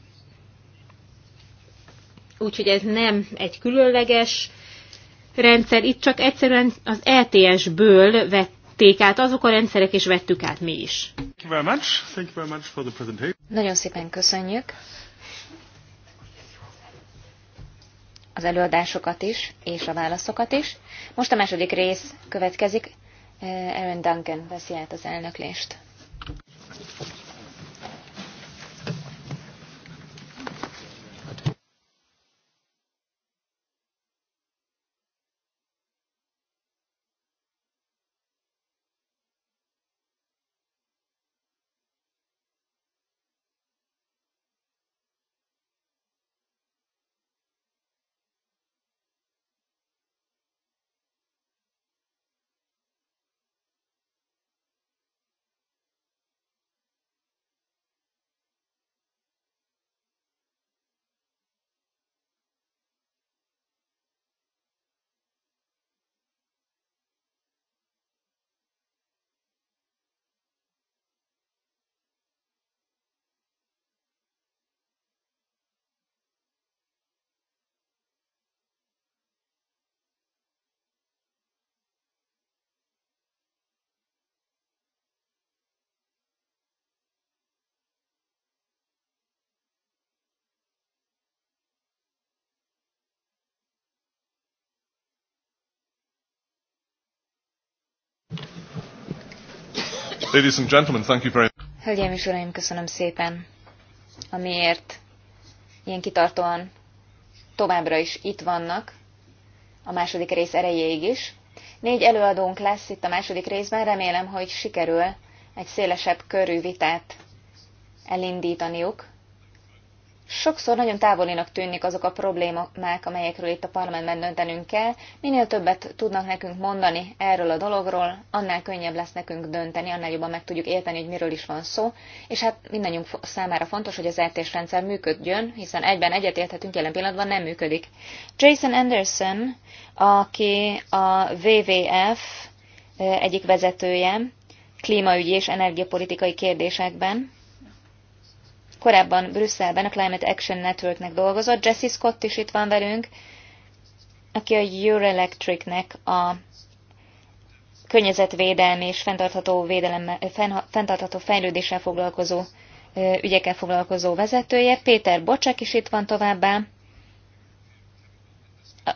Úgyhogy ez nem egy különleges rendszer, itt csak egyszerűen az LTS-ből e vették át azok a rendszerek, és vettük át mi is. Nagyon szépen köszönjük az előadásokat is, és a válaszokat is. Most a második rész következik. Aaron Duncan veszi át az elnöklést. Ladies and gentlemen, thank you very much. Hölgyeim és uraim, köszönöm szépen, amiért ilyen kitartóan továbbra is itt vannak, a második rész erejéig is. Négy előadónk lesz itt a második részben, remélem, hogy sikerül egy szélesebb körű vitát elindítaniuk sokszor nagyon távolinak tűnik azok a problémák, amelyekről itt a parlamentben döntenünk kell. Minél többet tudnak nekünk mondani erről a dologról, annál könnyebb lesz nekünk dönteni, annál jobban meg tudjuk érteni, hogy miről is van szó. És hát mindannyiunk számára fontos, hogy az eltés rendszer működjön, hiszen egyben egyetérthetünk, jelen pillanatban nem működik. Jason Anderson, aki a WWF eh, egyik vezetője, klímaügyi és energiapolitikai kérdésekben, korábban Brüsszelben a Climate Action Networknek dolgozott, Jesse Scott is itt van velünk, aki a Euroelectricnek a környezetvédelmi és fenntartható, védelem, fenntartható fejlődéssel foglalkozó ügyekkel foglalkozó vezetője. Péter Bocsek is itt van továbbá,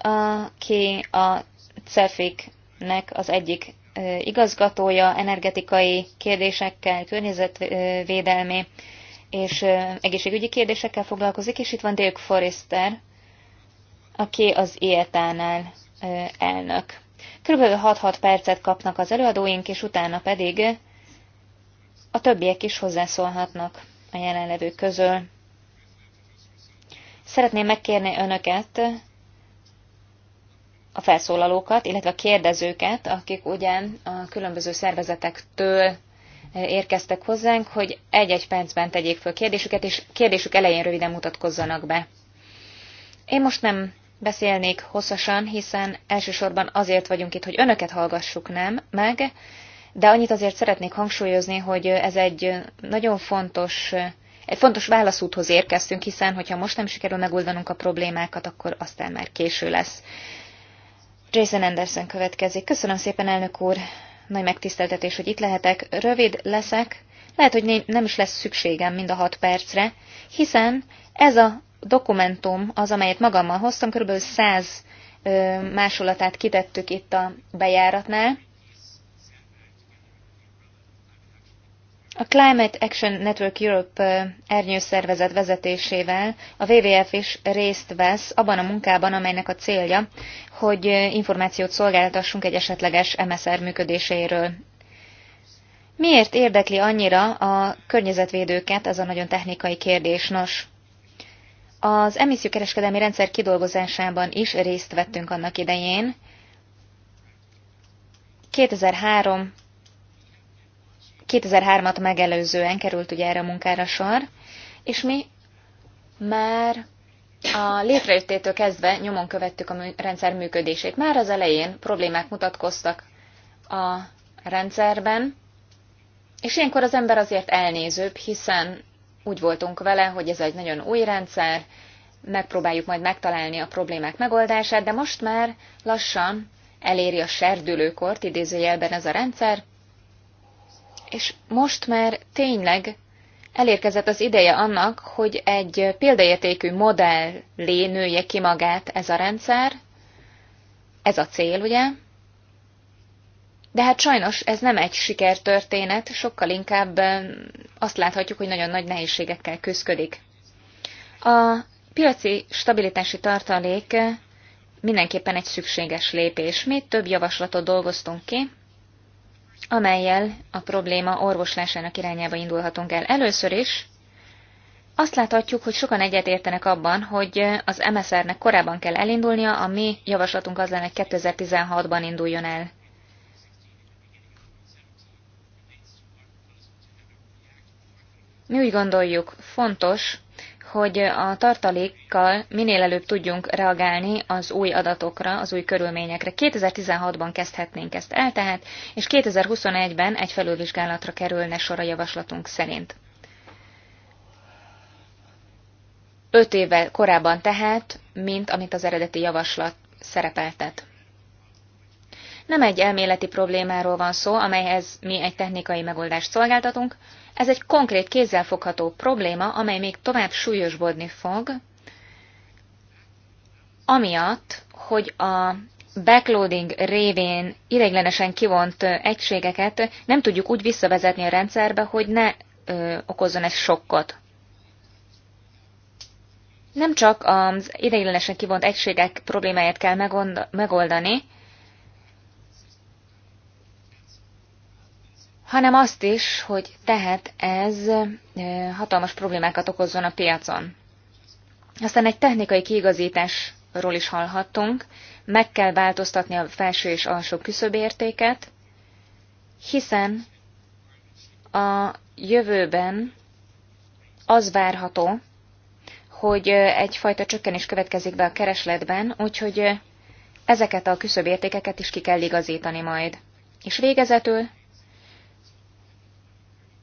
aki a CEFIC-nek az egyik igazgatója energetikai kérdésekkel, környezetvédelmi és egészségügyi kérdésekkel foglalkozik, és itt van Dirk Forrester, aki az IETA-nál elnök. Körülbelül 6-6 percet kapnak az előadóink, és utána pedig a többiek is hozzászólhatnak a jelenlevők közül. Szeretném megkérni önöket, a felszólalókat, illetve a kérdezőket, akik ugye a különböző szervezetektől érkeztek hozzánk, hogy egy-egy percben tegyék föl kérdésüket, és kérdésük elején röviden mutatkozzanak be. Én most nem beszélnék hosszasan, hiszen elsősorban azért vagyunk itt, hogy önöket hallgassuk nem meg, de annyit azért szeretnék hangsúlyozni, hogy ez egy nagyon fontos, egy fontos válaszúthoz érkeztünk, hiszen hogyha most nem sikerül megoldanunk a problémákat, akkor aztán már késő lesz. Jason Anderson következik. Köszönöm szépen, elnök úr! nagy megtiszteltetés, hogy itt lehetek. Rövid leszek, lehet, hogy nem is lesz szükségem mind a hat percre, hiszen ez a dokumentum az, amelyet magammal hoztam, kb. 100 másolatát kitettük itt a bejáratnál, A Climate Action Network Europe ernyőszervezet vezetésével a WWF is részt vesz abban a munkában, amelynek a célja, hogy információt szolgáltassunk egy esetleges MSR működéséről. Miért érdekli annyira a környezetvédőket ez a nagyon technikai kérdés? Nos, az emissziókereskedelmi rendszer kidolgozásában is részt vettünk annak idején. 2003 2003-at megelőzően került ugye erre a munkára sor, és mi már a létrejöttétől kezdve nyomon követtük a rendszer működését. Már az elején problémák mutatkoztak a rendszerben, és ilyenkor az ember azért elnézőbb, hiszen úgy voltunk vele, hogy ez egy nagyon új rendszer, megpróbáljuk majd megtalálni a problémák megoldását, de most már lassan eléri a serdülőkort, idézőjelben ez a rendszer, és most már tényleg elérkezett az ideje annak, hogy egy példaértékű modell lénője ki magát ez a rendszer, ez a cél, ugye? De hát sajnos ez nem egy sikertörténet, sokkal inkább azt láthatjuk, hogy nagyon nagy nehézségekkel küzdik. A piaci stabilitási tartalék eh, mindenképpen egy szükséges lépés. Mi több javaslatot dolgoztunk ki, amelyel a probléma orvoslásának irányába indulhatunk el. Először is azt láthatjuk, hogy sokan egyetértenek abban, hogy az mszr nek korábban kell elindulnia, a mi javaslatunk az lenne, hogy 2016-ban induljon el. Mi úgy gondoljuk, fontos, hogy a tartalékkal minél előbb tudjunk reagálni az új adatokra, az új körülményekre. 2016-ban kezdhetnénk ezt el tehát, és 2021-ben egy felülvizsgálatra kerülne sor a javaslatunk szerint. Öt évvel korábban tehát, mint amit az eredeti javaslat szerepeltet. Nem egy elméleti problémáról van szó, amelyhez mi egy technikai megoldást szolgáltatunk, ez egy konkrét kézzelfogható probléma, amely még tovább súlyosbodni fog, amiatt, hogy a backloading révén ideiglenesen kivont egységeket nem tudjuk úgy visszavezetni a rendszerbe, hogy ne ö, okozzon ez sokkot. Nem csak az ideiglenesen kivont egységek problémáját kell megoldani, hanem azt is, hogy tehet ez hatalmas problémákat okozzon a piacon. Aztán egy technikai kiigazításról is hallhattunk, meg kell változtatni a felső és alsó küszöbértéket, hiszen a jövőben az várható, hogy egyfajta csökkenés következik be a keresletben, úgyhogy ezeket a küszöbértékeket is ki kell igazítani majd. És végezetül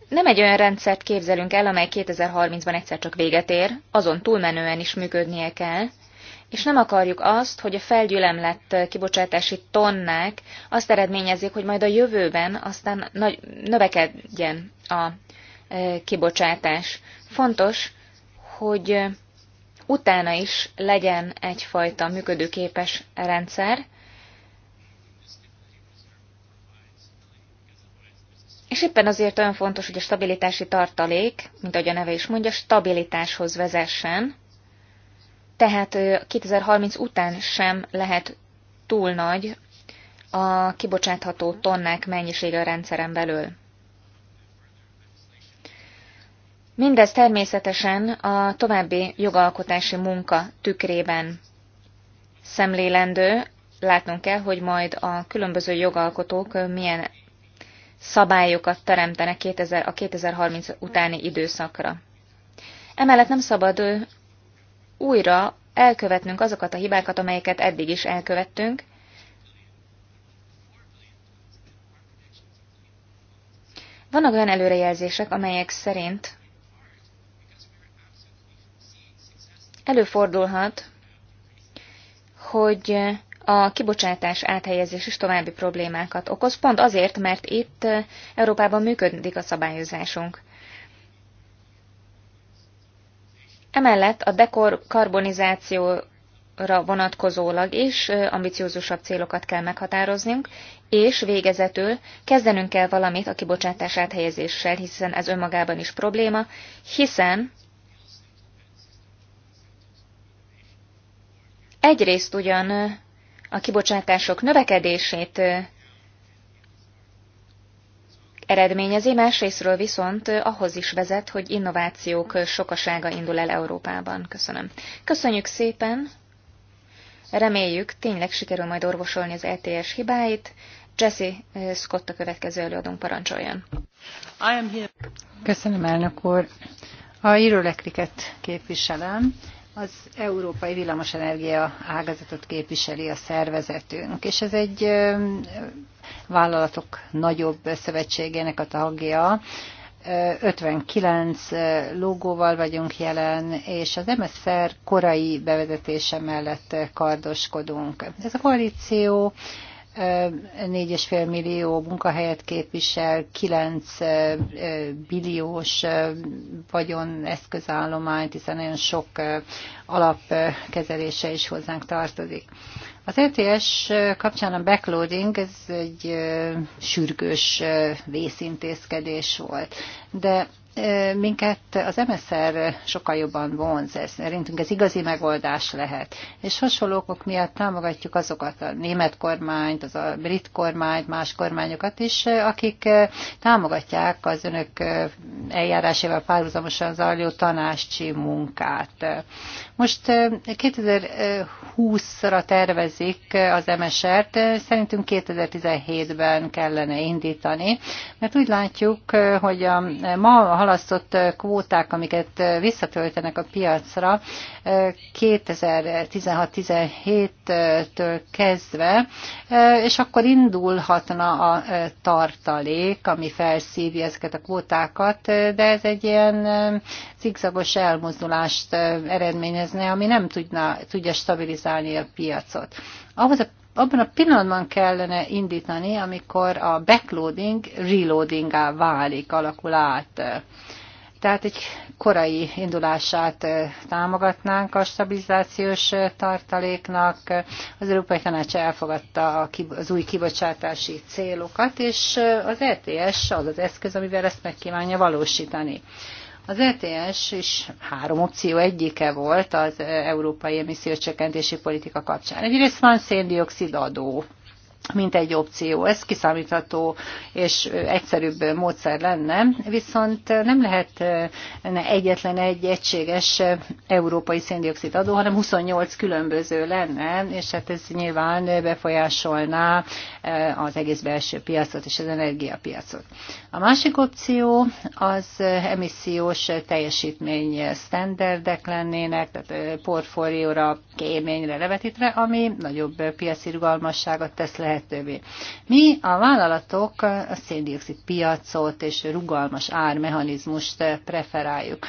nem egy olyan rendszert képzelünk el, amely 2030-ban egyszer csak véget ér, azon túlmenően is működnie kell, és nem akarjuk azt, hogy a felgyülemlett kibocsátási tonnák azt eredményezik, hogy majd a jövőben aztán nagy, növekedjen a e, kibocsátás. Fontos, hogy e, utána is legyen egyfajta működőképes rendszer, És éppen azért olyan fontos, hogy a stabilitási tartalék, mint ahogy a neve is mondja, stabilitáshoz vezessen, tehát 2030 után sem lehet túl nagy a kibocsátható tonnák mennyisége a rendszeren belül. Mindez természetesen a további jogalkotási munka tükrében szemlélendő, látnunk kell, hogy majd a különböző jogalkotók milyen szabályokat teremtenek 2000, a 2030 utáni időszakra. Emellett nem szabad újra elkövetnünk azokat a hibákat, amelyeket eddig is elkövettünk, Vannak olyan előrejelzések, amelyek szerint előfordulhat, hogy a kibocsátás áthelyezés is további problémákat okoz, pont azért, mert itt Európában működik a szabályozásunk. Emellett a dekarbonizációra vonatkozólag is ambiciózusabb célokat kell meghatároznunk, és végezetül kezdenünk kell valamit a kibocsátás áthelyezéssel, hiszen ez önmagában is probléma, hiszen egyrészt ugyan a kibocsátások növekedését eredményezi, másrésztről viszont ahhoz is vezet, hogy innovációk sokasága indul el Európában. Köszönöm. Köszönjük szépen! Reméljük, tényleg sikerül majd orvosolni az ETS hibáit. Jesse Scott a következő előadónk parancsoljon. Köszönöm, elnök úr. A írólekriket képviselem, az Európai Villamosenergia ágazatot képviseli a szervezetünk, és ez egy vállalatok nagyobb szövetségének a tagja. 59 logóval vagyunk jelen, és az MSZR korai bevezetése mellett kardoskodunk. Ez a koalíció 4,5 millió munkahelyet képvisel, 9 billiós vagyon eszközállományt, hiszen nagyon sok alapkezelése is hozzánk tartozik. Az ETS kapcsán a backloading ez egy sürgős vészintézkedés volt, de minket az MSR sokkal jobban vonz, ez, szerintünk ez igazi megoldás lehet. És hasonlókok miatt támogatjuk azokat a német kormányt, az a brit kormányt, más kormányokat is, akik támogatják az önök eljárásával párhuzamosan zajló tanácsi munkát. Most 2020-ra tervezik az MSR-t, szerintünk 2017-ben kellene indítani, mert úgy látjuk, hogy a ma halasztott kvóták, amiket visszatöltenek a piacra 2016-17-től kezdve, és akkor indulhatna a tartalék, ami felszívja ezeket a kvótákat, de ez egy ilyen zigzagos elmozdulást eredményez eszközne, ami nem tudna, tudja stabilizálni a piacot. Ahhoz a abban a pillanatban kellene indítani, amikor a backloading reloading válik, alakul át. Tehát egy korai indulását támogatnánk a stabilizációs tartaléknak. Az Európai Tanács elfogadta az új kibocsátási célokat, és az ETS az az eszköz, amivel ezt meg kívánja valósítani. Az ETS is három opció egyike volt az európai emissziócsökkentési politika kapcsán. Egyrészt van széndiokszid adó, mint egy opció. Ez kiszámítható és egyszerűbb módszer lenne, viszont nem lehet egyetlen egy egységes európai széndiokszid adó, hanem 28 különböző lenne, és hát ez nyilván befolyásolná az egész belső piacot és az energiapiacot. A másik opció az emissziós teljesítmény standardek lennének, tehát portfólióra, kéményre, levetítve, ami nagyobb piaci rugalmasságot tesz lehet lehetővé. Mi a vállalatok a széndiokszid piacot és rugalmas ármechanizmust preferáljuk.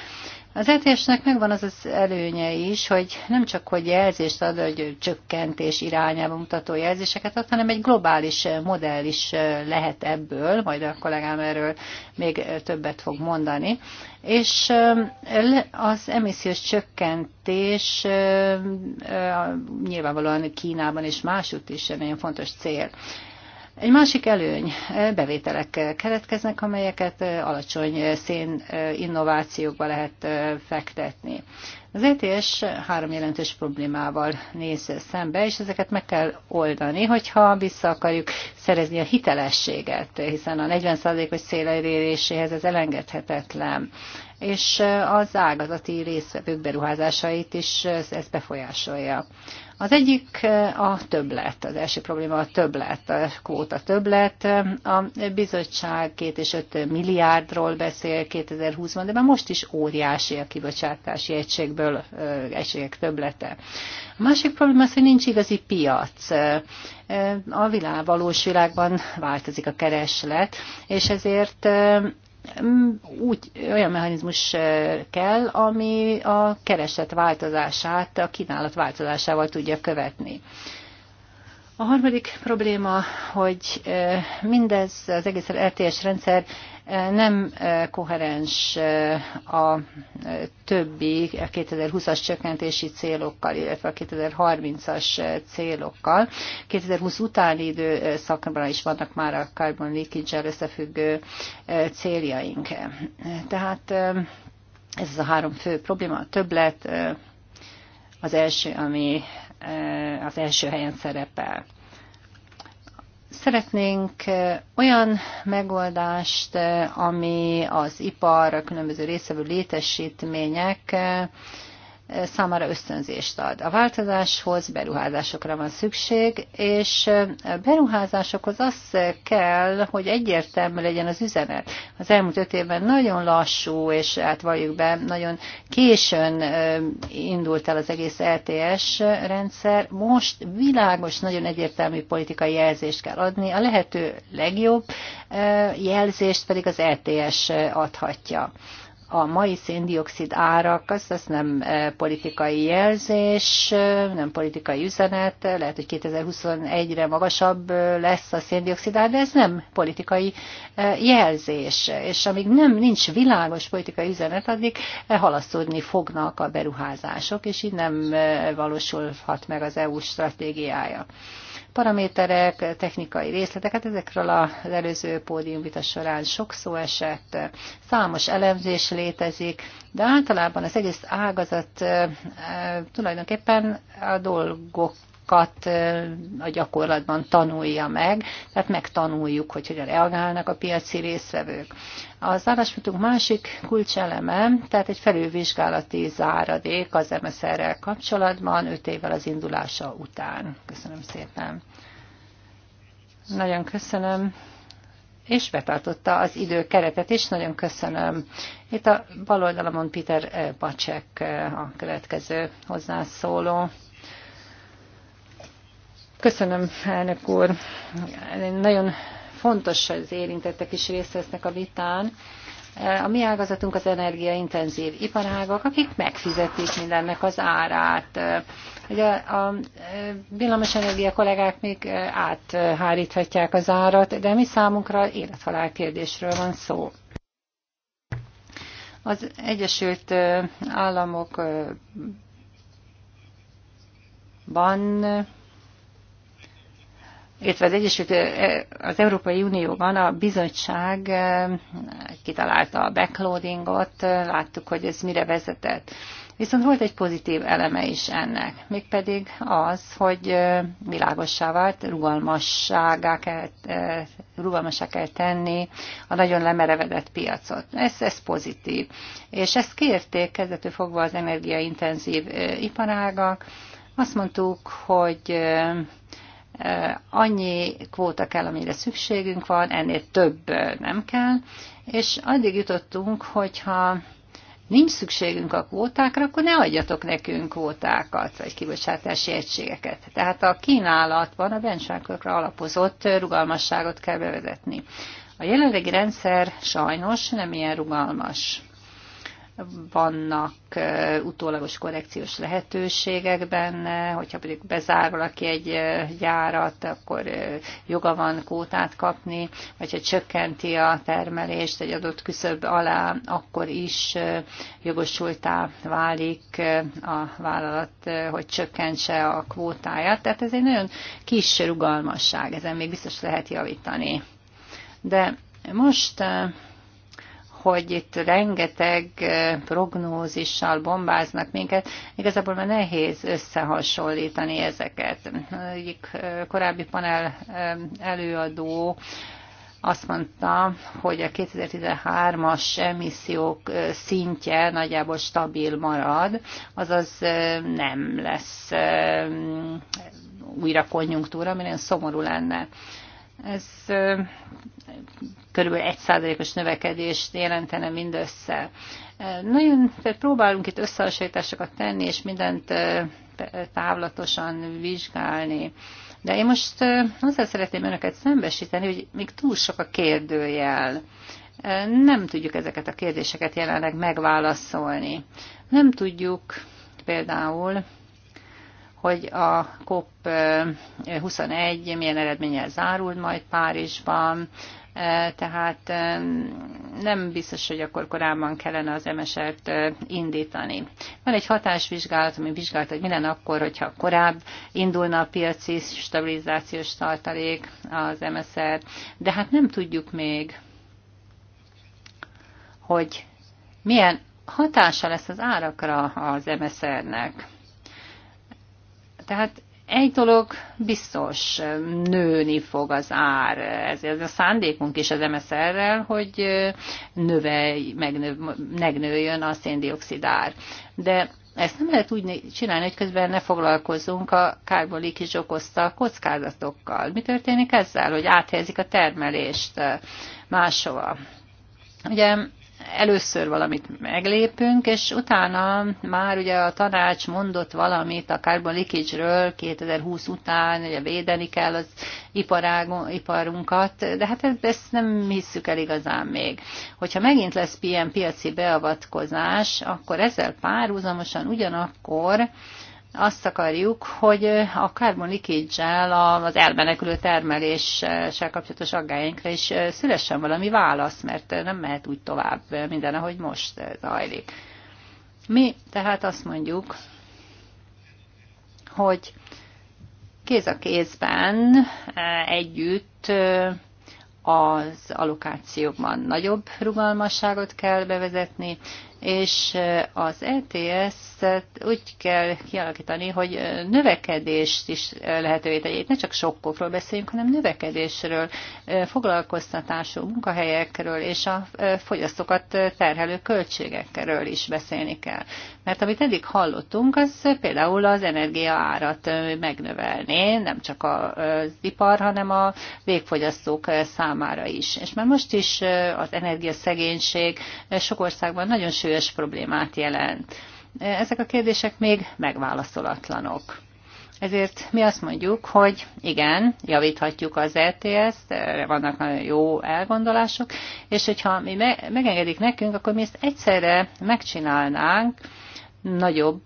Az ETS-nek megvan az az előnye is, hogy nem csak hogy jelzést ad, hogy csökkentés irányába mutató jelzéseket ad, hanem egy globális modell is lehet ebből, majd a kollégám erről még többet fog mondani. És um, az emissziós csökkentés um, nyilvánvalóan Kínában és másutt is egy nagyon fontos cél. Egy másik előny, bevételek keletkeznek, amelyeket alacsony szén innovációkba lehet fektetni. Az ETS három jelentős problémával néz szembe, és ezeket meg kell oldani, hogyha vissza akarjuk szerezni a hitelességet, hiszen a 40%-os cél eléréséhez ez elengedhetetlen és az ágazati részvevők beruházásait is ez befolyásolja. Az egyik eh, a többlet, az első probléma a többlet, a kvóta többlet. A bizottság két és öt milliárdról beszél 2020-ban, de már most is óriási a kibocsátási egységből, eh, egységek többlete. A másik probléma az, hogy nincs igazi piac. Eh, a világ, valós világban változik a kereslet, és ezért Mm, úgy, olyan mechanizmus eh, kell, ami a kereset változását, a kínálat változásával tudja követni. A harmadik probléma, hogy eh, mindez az egész RTS rendszer nem eh, koherens eh, a eh, többi a 2020-as csökkentési célokkal, illetve a 2030-as célokkal. 2020 utáni időszakban is vannak már a carbon leakage összefüggő céljaink. Tehát ez az a három fő probléma, a többlet, az első, ami az első helyen szerepel. Szeretnénk olyan megoldást, ami az ipar, a különböző részevő létesítmények számára ösztönzést ad. A változáshoz beruházásokra van szükség, és beruházásokhoz az kell, hogy egyértelmű legyen az üzenet. Az elmúlt öt évben nagyon lassú, és hát valljuk be, nagyon későn indult el az egész LTS e rendszer. Most világos, nagyon egyértelmű politikai jelzést kell adni, a lehető legjobb jelzést pedig az LTS e adhatja a mai széndiokszid árak, az, az nem e, politikai jelzés, e, nem politikai üzenet, lehet, hogy 2021-re magasabb e, lesz a széndiokszid ár, de ez nem politikai jelzés. És amíg nem nincs világos politikai üzenet, addig halasztódni fognak a beruházások, és így nem valósulhat meg az EU stratégiája paraméterek, technikai részleteket, ezekről az előző pódiumvita során sok szó esett, számos elemzés létezik, de általában az egész ágazat eh, tulajdonképpen a dolgok dolgokat a gyakorlatban tanulja meg, tehát megtanuljuk, hogy hogyan reagálnak a piaci részvevők. Az álláspontunk másik kulcseleme, tehát egy felülvizsgálati záradék az MSZR-rel kapcsolatban 5 évvel az indulása után. Köszönöm szépen. Nagyon köszönöm és betartotta az időkeretet is. Nagyon köszönöm. Itt a bal oldalamon Peter Pacek a következő hozzászóló. Köszönöm, elnök úr. Nagyon fontos az érintettek is részt vesznek a vitán. A mi ágazatunk az energiaintenzív iparágak, akik megfizetik mindennek az árát. Ugye a villamos energia kollégák még átháríthatják az árat, de mi számunkra élethalál kérdésről van szó. Az Egyesült Államokban illetve az Egyesült, eh, az Európai Unióban a bizottság eh, kitalálta a backloadingot, eh, láttuk, hogy ez mire vezetett. Viszont volt egy pozitív eleme is ennek, mégpedig az, hogy világossá vált, rugalmasságá kell, rugalmassá kell tenni a nagyon lemerevedett piacot. Ez, ez pozitív. És ezt kérték kezdető fogva az energiaintenzív iparágak. Azt mondtuk, hogy annyi kvóta kell, amire szükségünk van, ennél több nem kell, és addig jutottunk, hogyha nincs szükségünk a kvótákra, akkor ne adjatok nekünk kvótákat, vagy kibocsátási egységeket. Tehát a kínálatban a benchmarkokra alapozott rugalmasságot kell bevezetni. A jelenlegi rendszer sajnos nem ilyen rugalmas vannak utólagos korrekciós lehetőségek benne, hogyha pedig bezár valaki egy gyárat, akkor joga van kótát kapni, vagy ha csökkenti a termelést egy adott küszöb alá, akkor is jogosultá válik a vállalat, hogy csökkentse a kvótáját. Tehát ez egy nagyon kis rugalmasság, ezen még biztos lehet javítani. De most hogy itt rengeteg prognózissal bombáznak minket, igazából már nehéz összehasonlítani ezeket. Egyik korábbi panel előadó azt mondta, hogy a 2013-as emissziók szintje nagyjából stabil marad, azaz nem lesz újra konjunktúra, mert szomorú lenne. Ez körülbelül egy százalékos növekedést jelentene mindössze. Nagyon tehát próbálunk itt összehasonlításokat tenni, és mindent távlatosan vizsgálni. De én most hozzá szeretném önöket szembesíteni, hogy még túl sok a kérdőjel. Nem tudjuk ezeket a kérdéseket jelenleg megválaszolni. Nem tudjuk például, hogy a COP21 eh, milyen eredménnyel zárult majd Párizsban, eh, tehát eh, nem biztos, hogy akkor korábban kellene az MSR-t indítani. Van egy hatásvizsgálat, ami vizsgálta, hogy mi lenne akkor, hogyha korább indulna a piaci stabilizációs tartalék az MSR, de hát nem tudjuk még, hogy milyen hatása lesz az árakra az MSR-nek. Tehát egy dolog biztos, nőni fog az ár. Ez, ez a szándékunk is az MSZR-rel, hogy növelj, megnő, megnőjön a széndiokszid ár. De ezt nem lehet úgy csinálni, hogy közben ne foglalkozunk a kárbolik is okozta kockázatokkal. Mi történik ezzel, hogy áthelyezik a termelést máshova? Ugye először valamit meglépünk, és utána már ugye a tanács mondott valamit a carbon leakage-ről 2020 után, ugye védeni kell az iparág, iparunkat, de hát ezt nem hisszük el igazán még. Hogyha megint lesz ilyen piaci beavatkozás, akkor ezzel párhuzamosan ugyanakkor azt akarjuk, hogy a carbon leakage az elmenekülő termeléssel kapcsolatos aggájainkra is szülessen valami válasz, mert nem mehet úgy tovább minden, ahogy most zajlik. Mi tehát azt mondjuk, hogy kéz a kézben együtt az allokációkban nagyobb rugalmasságot kell bevezetni, és az ETS-et úgy kell kialakítani, hogy növekedést is lehetővé tegye. Itt ne csak sokkokról beszéljünk, hanem növekedésről, foglalkoztatású munkahelyekről és a fogyasztókat terhelő költségekről is beszélni kell. Mert amit eddig hallottunk, az például az energia árat megnövelné, nem csak az ipar, hanem a végfogyasztók számára is. És már most is az energiaszegénység sok országban nagyon sűrű súlyos problémát jelent. Ezek a kérdések még megválaszolatlanok. Ezért mi azt mondjuk, hogy igen, javíthatjuk az ETS-t, erre vannak nagyon jó elgondolások, és hogyha mi megengedik nekünk, akkor mi ezt egyszerre megcsinálnánk nagyobb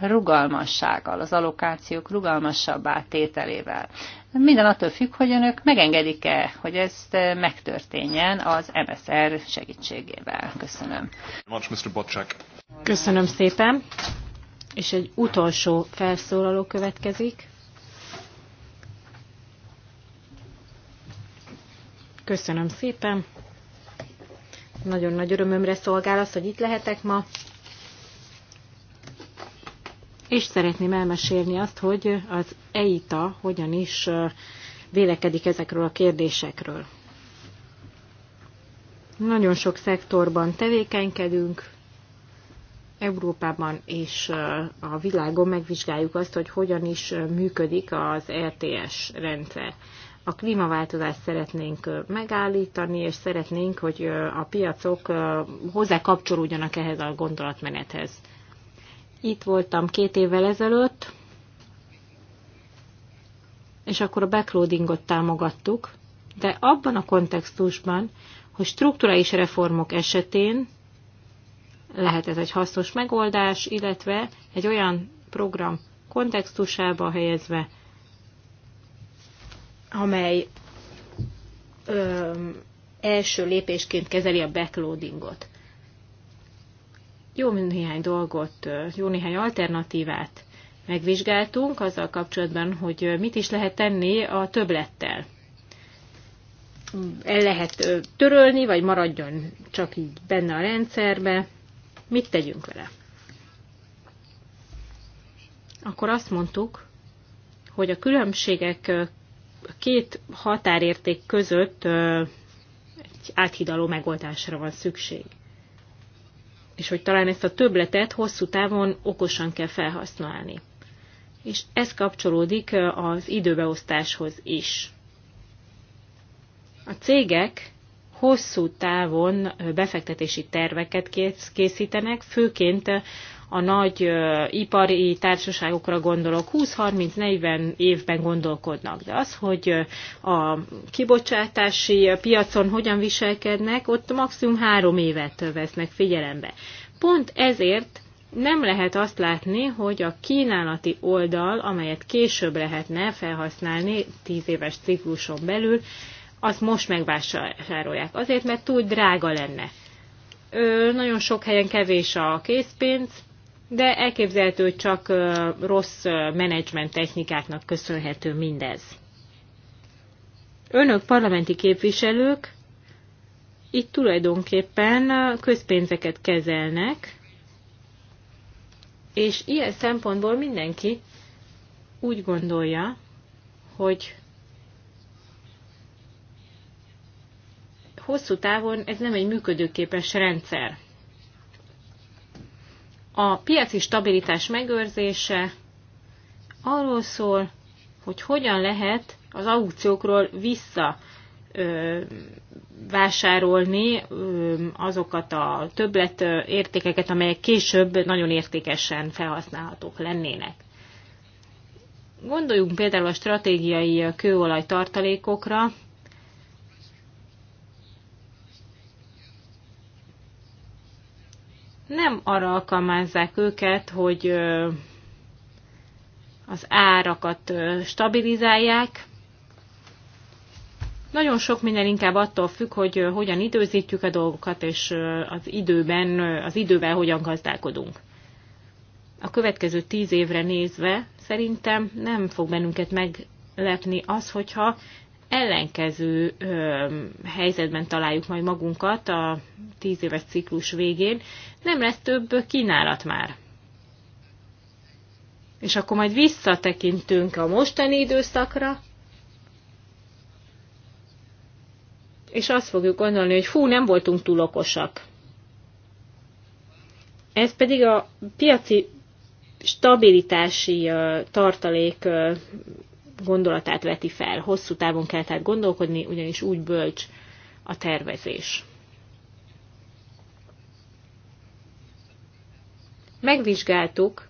rugalmassággal, az allokációk rugalmasabbá tételével. Minden attól függ, hogy önök megengedik-e, hogy ezt megtörténjen az MSR segítségével. Köszönöm. Köszönöm szépen. És egy utolsó felszólaló következik. Köszönöm szépen. Nagyon nagy örömömre szolgál az, hogy itt lehetek ma és szeretném elmesélni azt, hogy az EITA hogyan is vélekedik ezekről a kérdésekről. Nagyon sok szektorban tevékenykedünk, Európában és a világon megvizsgáljuk azt, hogy hogyan is működik az RTS er rendszer. A klímaváltozást szeretnénk megállítani, és szeretnénk, hogy a piacok hozzá kapcsolódjanak ehhez a gondolatmenethez. Itt voltam két évvel ezelőtt, és akkor a backloadingot támogattuk, de abban a kontextusban, hogy strukturális reformok esetén lehet ez egy hasznos megoldás, illetve egy olyan program kontextusába helyezve, amely ö, első lépésként kezeli a backloadingot jó néhány dolgot, jó néhány alternatívát megvizsgáltunk azzal kapcsolatban, hogy mit is lehet tenni a töblettel. El lehet törölni, vagy maradjon csak így benne a rendszerbe. Mit tegyünk vele? Akkor azt mondtuk, hogy a különbségek két határérték között egy áthidaló megoldásra van szükség és hogy talán ezt a töbletet hosszú távon okosan kell felhasználni. És ez kapcsolódik az időbeosztáshoz is. A cégek hosszú távon befektetési terveket készítenek, főként a nagy ipari társaságokra gondolok, 20-30-40 évben gondolkodnak. De az, hogy a kibocsátási piacon hogyan viselkednek, ott maximum három évet vesznek figyelembe. Pont ezért nem lehet azt látni, hogy a kínálati oldal, amelyet később lehetne felhasználni 10 éves cikluson belül, azt most megvásárolják. Azért, mert túl drága lenne. Ö, nagyon sok helyen kevés a készpénz, de elképzelhető, hogy csak rossz menedzsment technikáknak köszönhető mindez. Önök parlamenti képviselők itt tulajdonképpen közpénzeket kezelnek, és ilyen szempontból mindenki úgy gondolja, hogy hosszú távon ez nem egy működőképes rendszer. A piaci stabilitás megőrzése arról szól, hogy hogyan lehet az aukciókról vissza ö, vásárolni ö, azokat a többlet értékeket, amelyek később nagyon értékesen felhasználhatók lennének. Gondoljunk például a stratégiai kőolaj tartalékokra, nem arra alkalmazzák őket, hogy az árakat stabilizálják. Nagyon sok minden inkább attól függ, hogy hogyan időzítjük a dolgokat, és az időben, az idővel hogyan gazdálkodunk. A következő tíz évre nézve szerintem nem fog bennünket meglepni az, hogyha ellenkező ö, helyzetben találjuk majd magunkat a tíz éves ciklus végén, nem lesz több kínálat már. És akkor majd visszatekintünk a mostani időszakra, és azt fogjuk gondolni, hogy fú, nem voltunk túl okosak. Ez pedig a piaci stabilitási tartalék gondolatát veti fel. Hosszú távon kell tehát gondolkodni, ugyanis úgy bölcs a tervezés. Megvizsgáltuk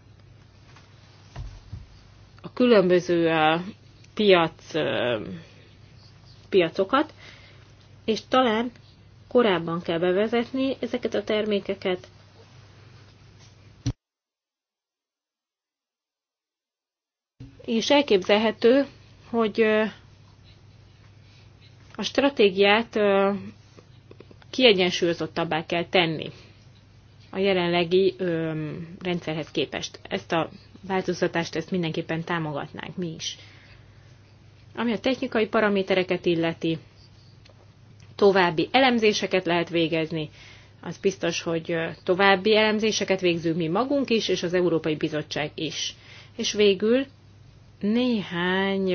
a különböző piac, piacokat, és talán korábban kell bevezetni ezeket a termékeket, és elképzelhető, hogy a stratégiát kiegyensúlyozottabbá kell tenni a jelenlegi rendszerhez képest. Ezt a változtatást ezt mindenképpen támogatnánk mi is. Ami a technikai paramétereket illeti, további elemzéseket lehet végezni, az biztos, hogy további elemzéseket végzünk mi magunk is, és az Európai Bizottság is. És végül néhány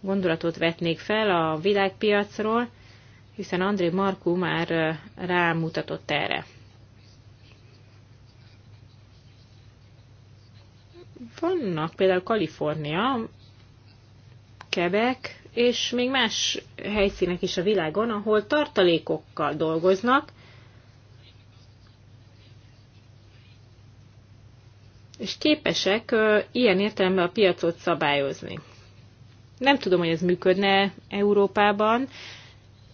gondolatot vetnék fel a világpiacról, hiszen André Markú már rámutatott erre. Vannak például Kalifornia, Quebec, és még más helyszínek is a világon, ahol tartalékokkal dolgoznak, és képesek ilyen értelemben a piacot szabályozni. Nem tudom, hogy ez működne Európában,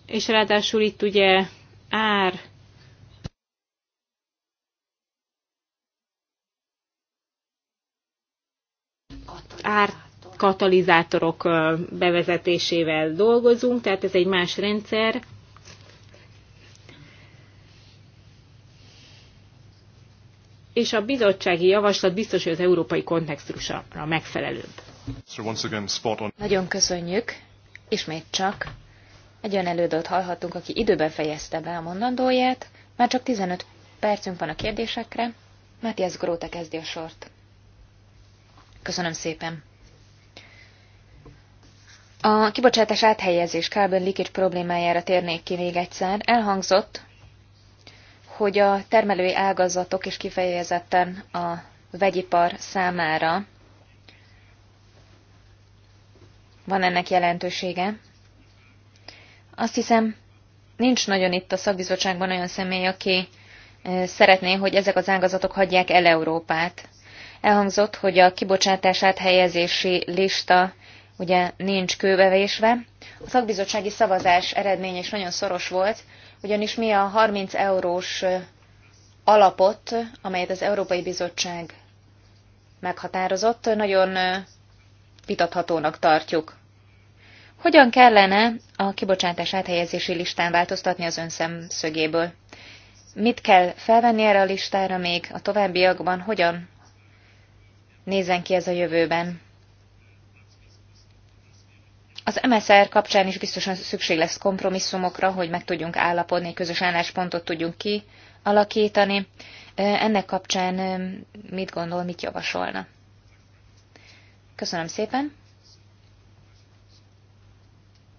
és ráadásul itt ugye ár ár katalizátorok bevezetésével dolgozunk, tehát ez egy más rendszer, és a bizottsági javaslat biztos, hogy az európai kontextusra megfelelőbb. So once again, spot on. Nagyon köszönjük, ismét csak. Egy olyan elődöt hallhatunk, aki időben fejezte be a mondandóját, már csak 15 percünk van a kérdésekre. Matthias Gróta kezdi a sort. Köszönöm szépen. A kibocsátás áthelyezés carbon leakage problémájára térnék ki még egyszer. Elhangzott, hogy a termelői ágazatok és kifejezetten a vegyipar számára van ennek jelentősége. Azt hiszem, nincs nagyon itt a szakbizottságban olyan személy, aki szeretné, hogy ezek az ágazatok hagyják el Európát. Elhangzott, hogy a kibocsátását helyezési lista ugye nincs kőbevésve. A szakbizottsági szavazás eredménye is nagyon szoros volt, ugyanis mi a 30 eurós alapot, amelyet az Európai Bizottság meghatározott, nagyon vitathatónak tartjuk. Hogyan kellene a kibocsátás áthelyezési listán változtatni az ön szemszögéből? Mit kell felvenni erre a listára még a továbbiakban? Hogyan nézzen ki ez a jövőben? Az MSR kapcsán is biztosan szükség lesz kompromisszumokra, hogy meg tudjunk állapodni, közös álláspontot tudjunk kialakítani. Ennek kapcsán mit gondol, mit javasolna? Köszönöm szépen.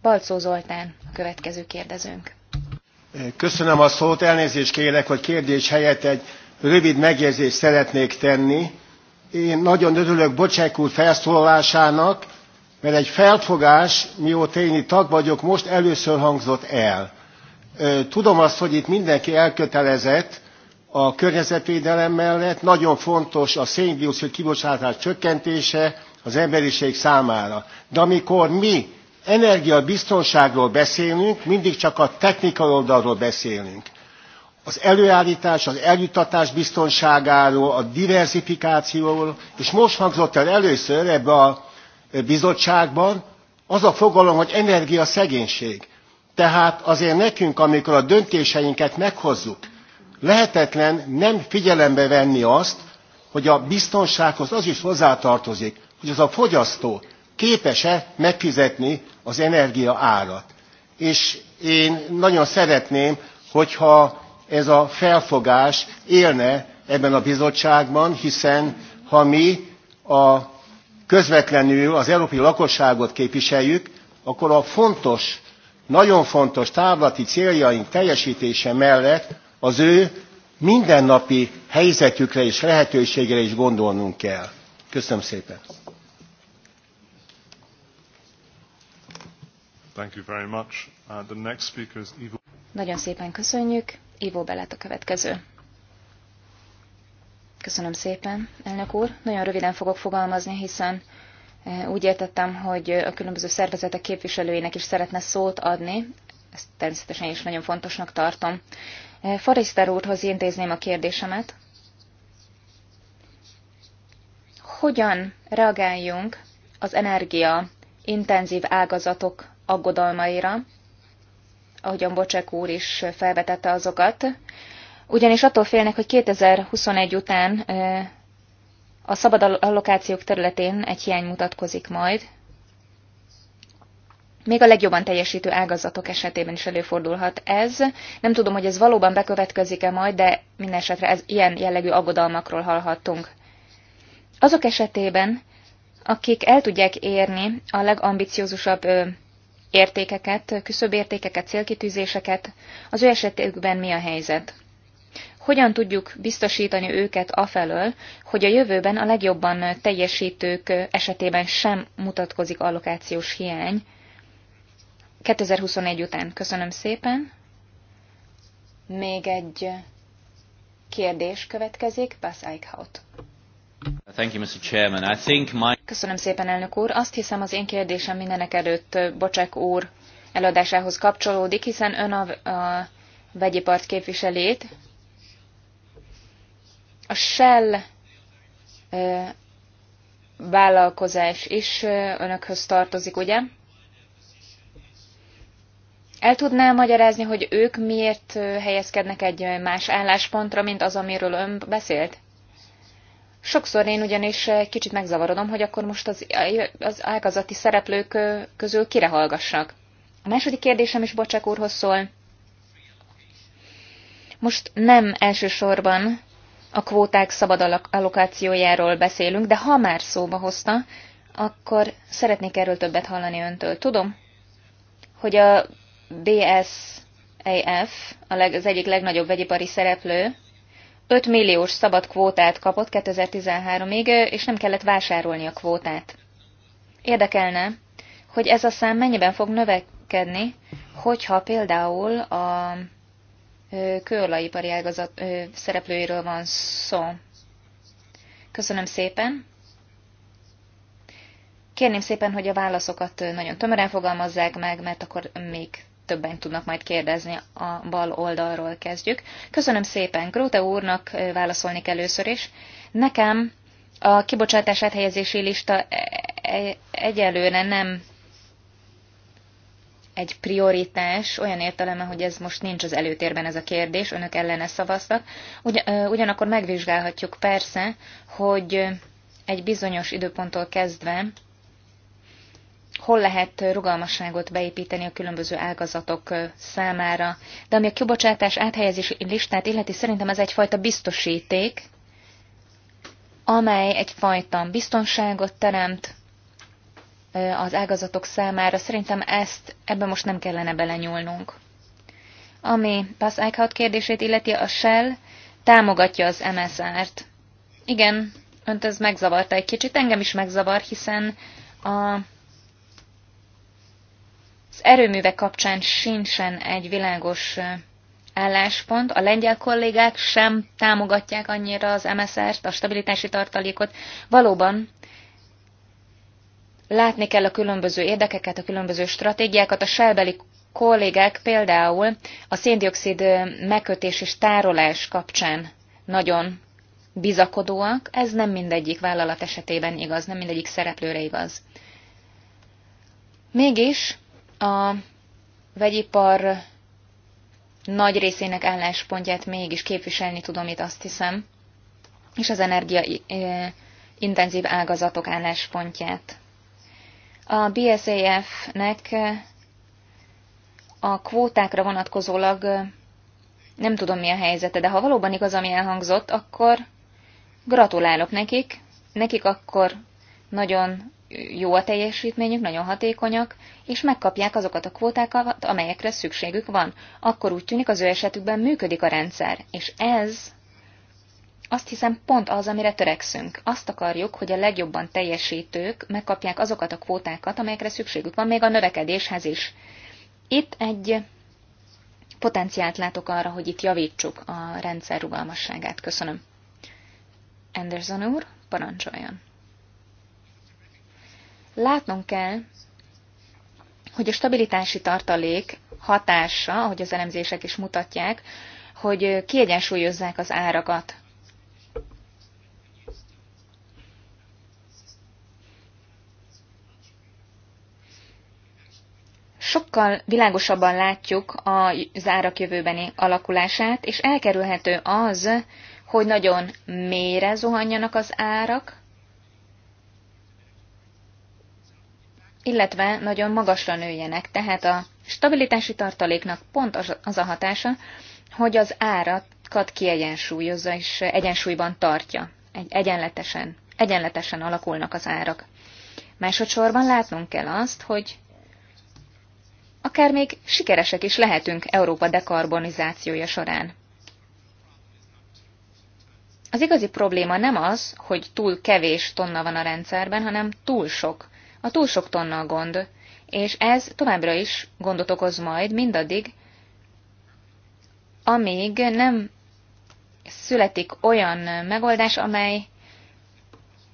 Balcó Zoltán, a következő kérdezőnk. Köszönöm a szót, elnézést kérek, hogy kérdés helyett egy rövid megjegyzést szeretnék tenni. Én nagyon örülök Bocsák úr felszólalásának, mert egy felfogás, mióta én itt tag vagyok, most először hangzott el. Tudom azt, hogy itt mindenki elkötelezett a környezetvédelem mellett, nagyon fontos a széndiokszid kibocsátás csökkentése az emberiség számára. De amikor mi energiabiztonságról beszélünk, mindig csak a technikai oldalról beszélünk. Az előállítás, az eljutatás biztonságáról, a diversifikációról, és most hangzott el először ebbe a bizottságban az a fogalom, hogy energiaszegénység. Tehát azért nekünk, amikor a döntéseinket meghozzuk, lehetetlen nem figyelembe venni azt, hogy a biztonsághoz az is hozzátartozik, hogy az a fogyasztó képes-e megfizetni az energia árat. És én nagyon szeretném, hogyha ez a felfogás élne ebben a bizottságban, hiszen ha mi a közvetlenül az európai lakosságot képviseljük, akkor a fontos, nagyon fontos távlati céljaink teljesítése mellett az ő mindennapi helyzetükre és lehetőségre is gondolnunk kell. Köszönöm szépen! Thank you very much. Uh, the next speaker is Ivo. Nagyon szépen köszönjük. Ivo Belet a következő. Köszönöm szépen, elnök úr. Nagyon röviden fogok fogalmazni, hiszen eh, úgy értettem, hogy a különböző szervezetek képviselőinek is szeretne szót adni. Ezt természetesen is nagyon fontosnak tartom. Eh, Fariszter úrhoz intézném a kérdésemet. Hogyan reagáljunk az energia intenzív ágazatok aggodalmaira, ahogyan Bocsek úr is felvetette azokat, ugyanis attól félnek, hogy 2021 után a szabad allokációk területén egy hiány mutatkozik majd. Még a legjobban teljesítő ágazatok esetében is előfordulhat ez. Nem tudom, hogy ez valóban bekövetkezik-e majd, de minden esetre ez, ilyen jellegű aggodalmakról hallhattunk. Azok esetében, akik el tudják érni a legambiciózusabb értékeket, küszöbértékeket, célkitűzéseket, az ő esetükben mi a helyzet? hogyan tudjuk biztosítani őket afelől, hogy a jövőben a legjobban teljesítők esetében sem mutatkozik allokációs hiány 2021 után. Köszönöm szépen. Még egy kérdés következik, Bas Eichhout. Köszönöm szépen, elnök úr. Azt hiszem, az én kérdésem mindenek előtt Bocsek úr előadásához kapcsolódik, hiszen ön a, a vegyipart képviselét, a Shell vállalkozás is önökhöz tartozik, ugye? El tudná magyarázni, hogy ők miért helyezkednek egy más álláspontra, mint az, amiről ön beszélt? Sokszor én ugyanis kicsit megzavarodom, hogy akkor most az, az ágazati szereplők közül kire hallgassak. A második kérdésem is Bocsák úrhoz szól. Most nem elsősorban a kvóták szabad allokációjáról beszélünk, de ha már szóba hozta, akkor szeretnék erről többet hallani öntől. Tudom, hogy a BSAF, a leg, az egyik legnagyobb vegyipari szereplő, 5 milliós szabad kvótát kapott 2013-ig, és nem kellett vásárolni a kvótát. Érdekelne, hogy ez a szám mennyiben fog növekedni, hogyha például a kőolajipari ágazat szereplőiről van szó. Köszönöm szépen. Kérném szépen, hogy a válaszokat nagyon tömören fogalmazzák meg, mert akkor még többen tudnak majd kérdezni a bal oldalról kezdjük. Köszönöm szépen Gróte úrnak válaszolni először is. Nekem a kibocsátás áthelyezési lista e- e- egyelőre nem egy prioritás, olyan értelemben, hogy ez most nincs az előtérben ez a kérdés, önök ellene szavaztak. ugyanakkor megvizsgálhatjuk persze, hogy egy bizonyos időponttól kezdve hol lehet rugalmasságot beépíteni a különböző ágazatok számára. De ami a kibocsátás áthelyezési listát illeti, szerintem ez egyfajta biztosíték, amely egyfajta biztonságot teremt, az ágazatok számára. Szerintem ezt ebben most nem kellene belenyúlnunk. Ami Pass Eichhout kérdését illeti, a Shell támogatja az MSR-t. Igen, önt ez megzavarta egy kicsit, engem is megzavar, hiszen a az erőművek kapcsán sincsen egy világos álláspont. A lengyel kollégák sem támogatják annyira az MSR-t, a stabilitási tartalékot. Valóban Látni kell a különböző érdekeket, a különböző stratégiákat. A selbeli kollégák például a széndiokszid megkötés és tárolás kapcsán nagyon bizakodóak, ez nem mindegyik vállalat esetében igaz, nem mindegyik szereplőre igaz. Mégis a vegyipar nagy részének álláspontját mégis képviselni tudom itt azt hiszem, és az energia intenzív ágazatok álláspontját. A BSAF-nek eh, a kvótákra vonatkozólag eh, nem tudom mi a helyzete, de ha valóban igaz, ami elhangzott, akkor gratulálok nekik. Nekik akkor nagyon jó a teljesítményük, nagyon hatékonyak, és megkapják azokat a kvótákat, amelyekre szükségük van. Akkor úgy tűnik, az ő esetükben működik a rendszer, és ez azt hiszem pont az, amire törekszünk. Azt akarjuk, hogy a legjobban teljesítők megkapják azokat a kvótákat, amelyekre szükségük van, még a növekedéshez is. Itt egy potenciált látok arra, hogy itt javítsuk a rendszer rugalmasságát. Köszönöm. Anderson úr, parancsoljon. Látnunk kell, hogy a stabilitási tartalék hatása, ahogy az elemzések is mutatják, hogy kiegyensúlyozzák az árakat. sokkal világosabban látjuk az árak jövőbeni alakulását, és elkerülhető az, hogy nagyon mélyre zuhanjanak az árak, illetve nagyon magasra nőjenek. Tehát a stabilitási tartaléknak pont az a hatása, hogy az árakat kiegyensúlyozza és egyensúlyban tartja. Egy egyenletesen, egyenletesen alakulnak az árak. Másodszorban látnunk kell azt, hogy akár még sikeresek is lehetünk Európa dekarbonizációja során. Az igazi probléma nem az, hogy túl kevés tonna van a rendszerben, hanem túl sok. A túl sok tonna a gond, és ez továbbra is gondot okoz majd mindaddig, amíg nem születik olyan megoldás, amely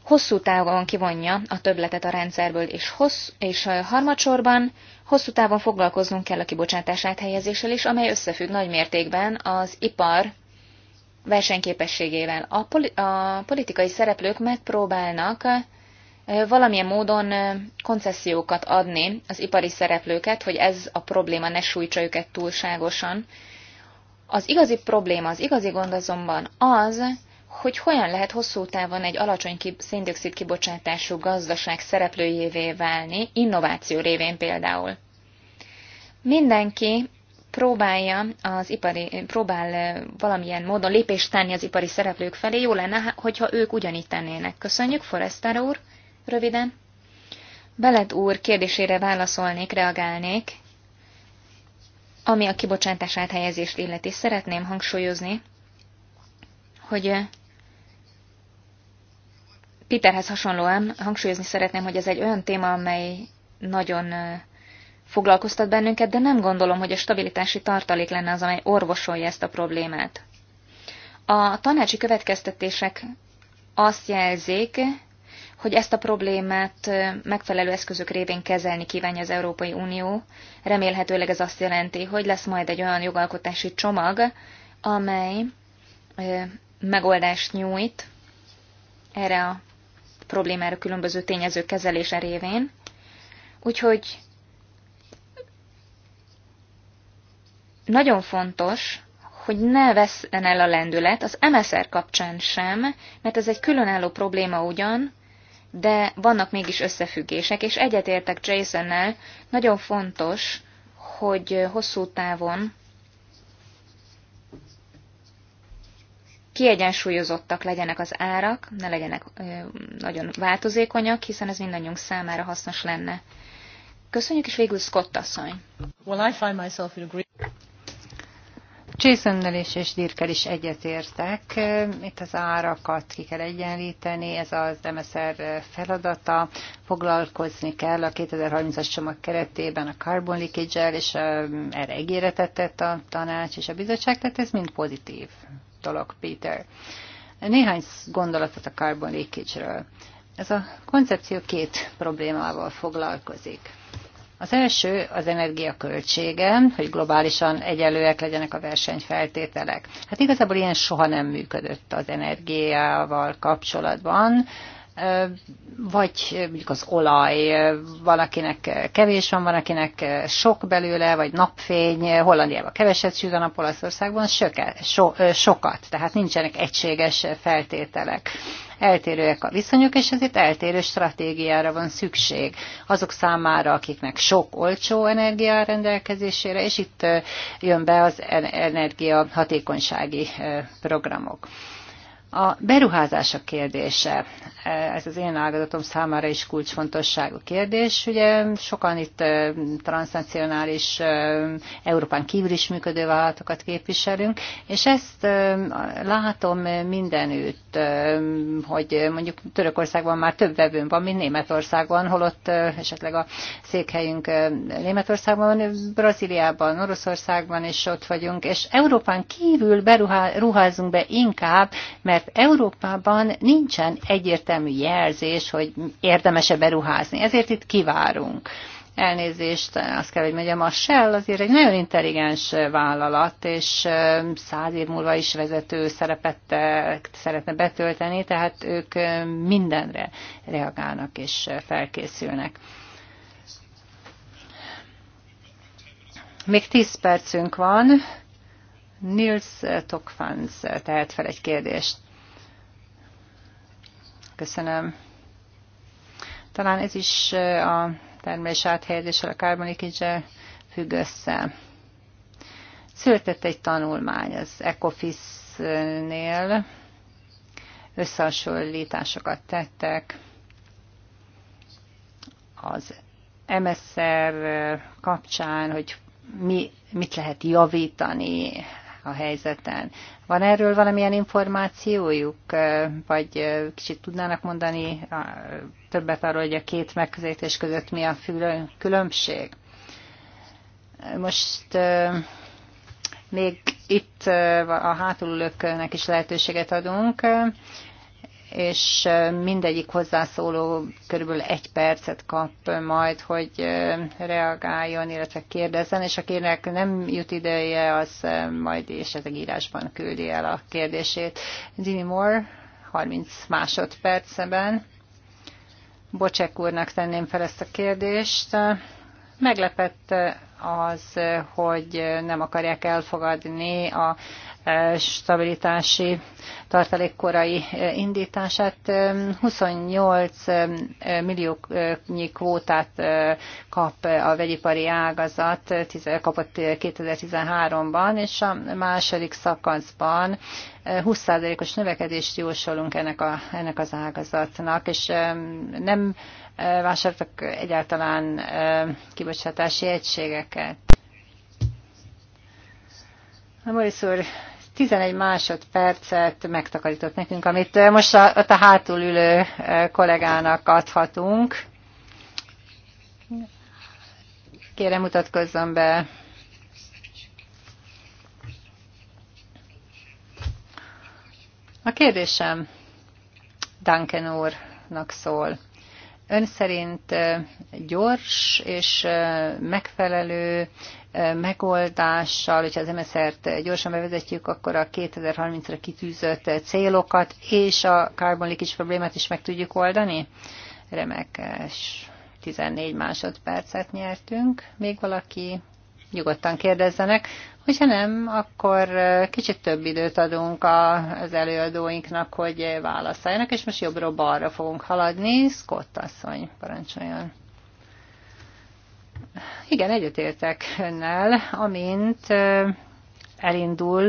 hosszú távon kivonja a többletet a rendszerből, és, hossz, és harmadsorban hosszú távon foglalkoznunk kell a kibocsátás áthelyezéssel is, amely összefügg nagy mértékben az ipar versenyképességével. A, poli, a politikai szereplők megpróbálnak valamilyen módon koncesziókat adni az ipari szereplőket, hogy ez a probléma ne sújtsa őket túlságosan. Az igazi probléma, az igazi gond azonban az, hogy hogyan lehet hosszú távon egy alacsony széndiokszid kibocsátású gazdaság szereplőjévé válni, innováció révén például. Mindenki próbálja az ipari, próbál valamilyen módon lépést tenni az ipari szereplők felé, jó lenne, hogyha ők ugyanígy tennének. Köszönjük, Forrester úr, röviden. Beled úr kérdésére válaszolnék, reagálnék. Ami a kibocsátás áthelyezést illeti, szeretném hangsúlyozni, hogy Piperhez hasonlóan hangsúlyozni szeretném, hogy ez egy olyan téma, amely nagyon foglalkoztat bennünket, de nem gondolom, hogy a stabilitási tartalék lenne az, amely orvosolja ezt a problémát. A tanácsi következtetések azt jelzik, hogy ezt a problémát megfelelő eszközök révén kezelni kívánja az Európai Unió. Remélhetőleg ez azt jelenti, hogy lesz majd egy olyan jogalkotási csomag, amely megoldást nyújt erre a problémára különböző tényezők kezelése révén. Úgyhogy nagyon fontos, hogy ne vesszen el a lendület, az MSR kapcsán sem, mert ez egy különálló probléma ugyan, de vannak mégis összefüggések, és egyetértek Jason-nel, nagyon fontos, hogy hosszú távon kiegyensúlyozottak legyenek az árak, ne legyenek nagyon változékonyak, hiszen ez mindannyiunk számára hasznos lenne. Köszönjük, és végül Scott asszony. Well, I find myself in a Jasonnal és, és Dirkel is egyetértek. Itt az árakat ki kell egyenlíteni, ez az MSR feladata. Foglalkozni kell a 2030-as csomag keretében a carbon leakage-el, és erre ígéretet tett a tanács és a bizottság, tehát ez mind pozitív láttalak, Péter. Néhány gondolatot a carbon leakage-ről. Ez a koncepció két problémával foglalkozik. Az első az energiaköltsége, hogy globálisan egyelőek legyenek a versenyfeltételek. Hát igazából ilyen soha nem működött az energiával kapcsolatban vagy mondjuk az olaj, valakinek kevés van, valakinek sok belőle, vagy napfény, Hollandiában keveset süt a nap, Olaszországban söke, so, sokat, tehát nincsenek egységes feltételek. Eltérőek a viszonyok, és ezért eltérő stratégiára van szükség azok számára, akiknek sok olcsó energia rendelkezésére, és itt jön be az energiahatékonysági programok. A beruházások kérdése, ez az én ágazatom számára is kulcsfontosságú kérdés. Ugye sokan itt transnacionális, Európán kívül is működő vállalatokat képviselünk, és ezt látom mindenütt, hogy mondjuk Törökországban már több vevőn van, mint Németországban, holott esetleg a székhelyünk Németországban van, Brazíliában, Oroszországban is ott vagyunk, és Európán kívül beruházunk be inkább, mert mert Európában nincsen egyértelmű jelzés, hogy érdemese beruházni. Ezért itt kivárunk elnézést, azt kell, hogy mondjam, a Shell azért egy nagyon intelligens vállalat, és száz év múlva is vezető szerepet szeretne betölteni, tehát ők mindenre reagálnak és felkészülnek. Még tíz percünk van. Nils Tokfans tehet fel egy kérdést. Köszönöm. Talán ez is a termés áthelyezéssel, a kárbonikidzsel függ össze. Született egy tanulmány az Ecofis-nél, összehasonlításokat tettek az MSR kapcsán, hogy mi, mit lehet javítani a helyzeten. Van erről valamilyen információjuk, vagy kicsit tudnának mondani többet arról, hogy a két megközelítés között mi a különbség? Most még itt a hátulülőknek is lehetőséget adunk és mindegyik hozzászóló körülbelül egy percet kap majd, hogy reagáljon, illetve kérdezzen, és akinek nem jut ideje, az majd esetleg írásban küldi el a kérdését. Jimmy Moore, 30 másodpercben. Bocsek úrnak tenném fel ezt a kérdést. Meglepett az, hogy nem akarják elfogadni a e, stabilitási tartalék korai e, indítását. 28 e, milliónyi kvótát kap a vegyipari ágazat, kapott 2013-ban, és a második szakaszban 20%-os növekedést jósolunk ennek, a, ennek az ágazatnak, és nem vásároltak egyáltalán kibocsátási egységeket. Na, Maurice úr, 11 másodpercet megtakarított nekünk, amit most a, ott a hátul ülő kollégának adhatunk. Kérem, mutatkozzon be. A kérdésem Duncan úrnak szól. Ön szerint gyors és megfelelő megoldással, hogyha az MSZR-t gyorsan bevezetjük, akkor a 2030-ra kitűzött célokat és a carbon leakage problémát is meg tudjuk oldani? Remekes 14 másodpercet nyertünk. Még valaki? nyugodtan kérdezzenek. Hogyha nem, akkor kicsit több időt adunk az előadóinknak, hogy válaszoljanak, és most jobbról balra fogunk haladni. Scott asszony, parancsoljon. Igen, egyetértek önnel, amint elindul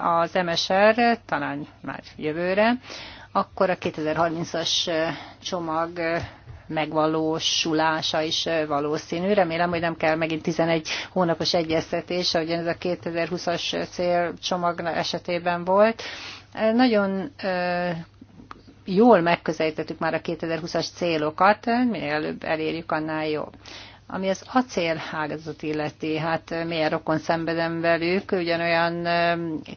az MSR, talán már jövőre, akkor a 2030-as csomag megvalósulása is valószínű. Remélem, hogy nem kell megint 11 hónapos egyeztetés, ahogy ez a 2020-as célcsomag esetében volt. Nagyon jól megközelítettük már a 2020-as célokat, minél előbb elérjük, annál jobb. Ami az acélhágazat illeti, hát milyen rokon szenvedem velük, ugyanolyan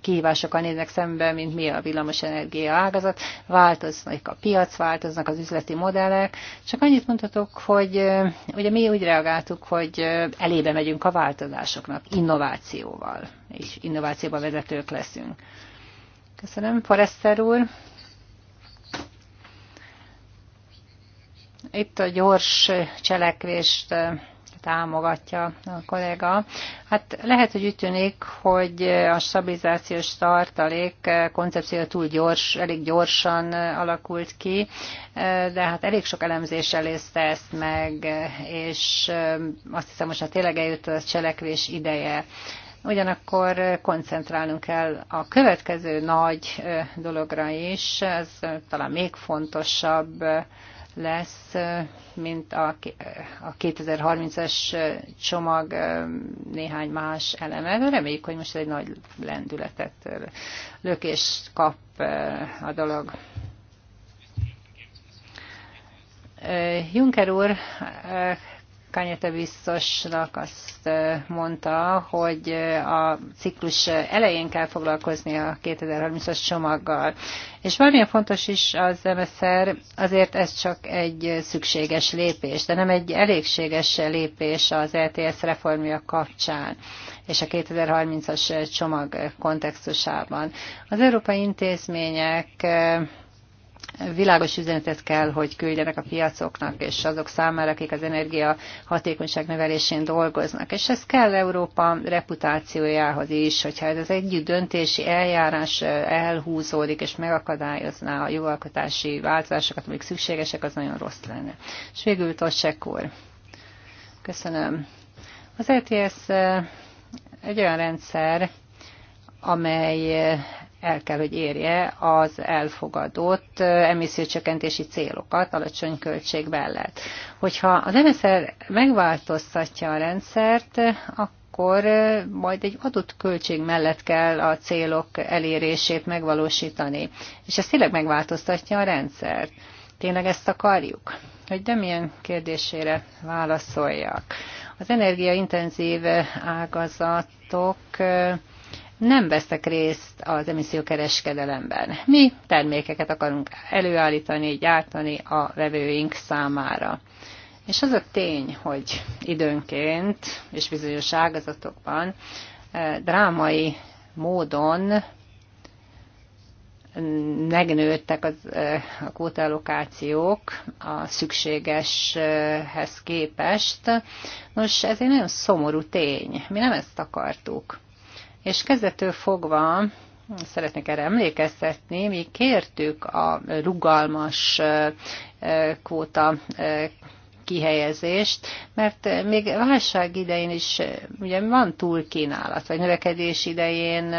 kihívásokkal néznek szembe, mint mi a villamosenergia ágazat, változnak a piac, változnak az üzleti modellek, csak annyit mondhatok, hogy ugye mi úgy reagáltuk, hogy elébe megyünk a változásoknak, innovációval, és innovációba vezetők leszünk. Köszönöm, Forester úr. Itt a gyors cselekvést támogatja a kollega. Hát lehet, hogy úgy tűnik, hogy a stabilizációs tartalék koncepciója túl gyors, elég gyorsan alakult ki, de hát elég sok elemzés elészte ezt meg, és azt hiszem, most már tényleg eljött a cselekvés ideje. Ugyanakkor koncentrálnunk kell a következő nagy dologra is, ez talán még fontosabb, lesz, mint a, 2030-as csomag néhány más eleme. Reméljük, hogy most egy nagy lendületet, lökést kap a dolog. Juncker úr Kányete biztosnak azt mondta, hogy a ciklus elején kell foglalkozni a 2030-as csomaggal. És valamilyen fontos is az MSZR, azért ez csak egy szükséges lépés, de nem egy elégséges lépés az LTS e reformja kapcsán és a 2030-as csomag kontextusában. Az európai intézmények világos üzenetet kell, hogy küldjenek a piacoknak, és azok számára, akik az energia hatékonyság növelésén dolgoznak. És ez kell Európa reputációjához is, hogyha ez az együtt döntési eljárás eh, elhúzódik, és megakadályozná a jogalkotási változásokat, amik szükségesek, az nagyon rossz lenne. És végül Tosek úr. Köszönöm. Az ETS eh, egy olyan rendszer, amely eh, el kell, hogy érje az elfogadott eh, emissziócsökkentési célokat alacsony költség mellett. Hogyha az MSZR megváltoztatja a rendszert, akkor eh, majd egy adott költség mellett kell a célok elérését megvalósítani. És ez tényleg megváltoztatja a rendszert. Tényleg ezt akarjuk? Hogy de milyen kérdésére válaszoljak. Az energiaintenzív ágazatok eh, nem vesztek részt az emissziókereskedelemben. Mi termékeket akarunk előállítani, gyártani a vevőink számára. És az a tény, hogy időnként és bizonyos ágazatokban eh, drámai módon mm, megnőttek az, eh, a kótaallokációk a szükségeshez képest. Nos, ez egy nagyon szomorú tény. Mi nem ezt akartuk. És kezdetől fogva szeretnék erre emlékeztetni, mi kértük a rugalmas kvóta kihelyezést, mert még válság idején is ugye van túlkínálat, vagy növekedés idején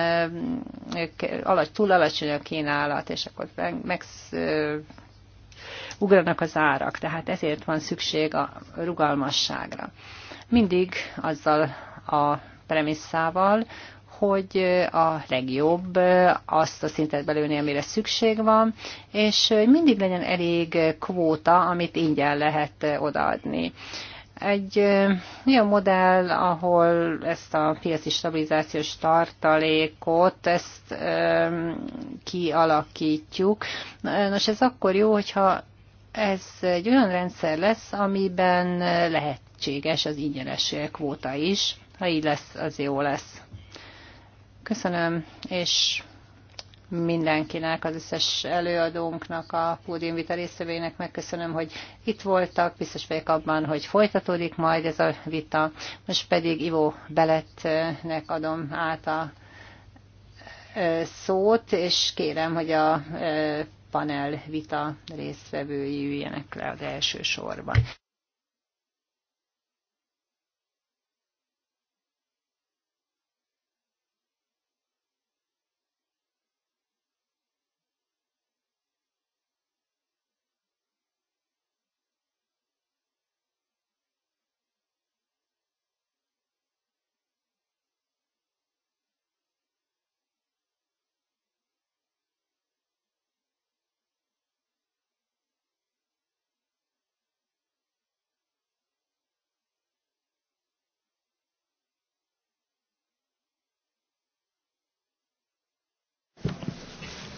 alacs, túl alacsony a kínálat, és akkor meg, meg ugranak az árak, tehát ezért van szükség a rugalmasságra. Mindig azzal a premisszával, hogy a legjobb azt a szintet belőni, amire szükség van, és mindig legyen elég kvóta, amit ingyen lehet odaadni egy olyan modell, ahol ezt a piaci stabilizációs tartalékot, ezt kialakítjuk. Nos, ez akkor jó, hogyha ez egy olyan rendszer lesz, amiben lehetséges az ingyenes kvóta is. Ha így lesz, az jó lesz. Köszönöm, és mindenkinek, az összes előadónknak, a pódiumvita résztvevőinek megköszönöm, hogy itt voltak, biztos vagyok abban, hogy folytatódik majd ez a vita. Most pedig Ivo Belettnek adom át a szót, és kérem, hogy a panel vita résztvevői üljenek le az első sorban.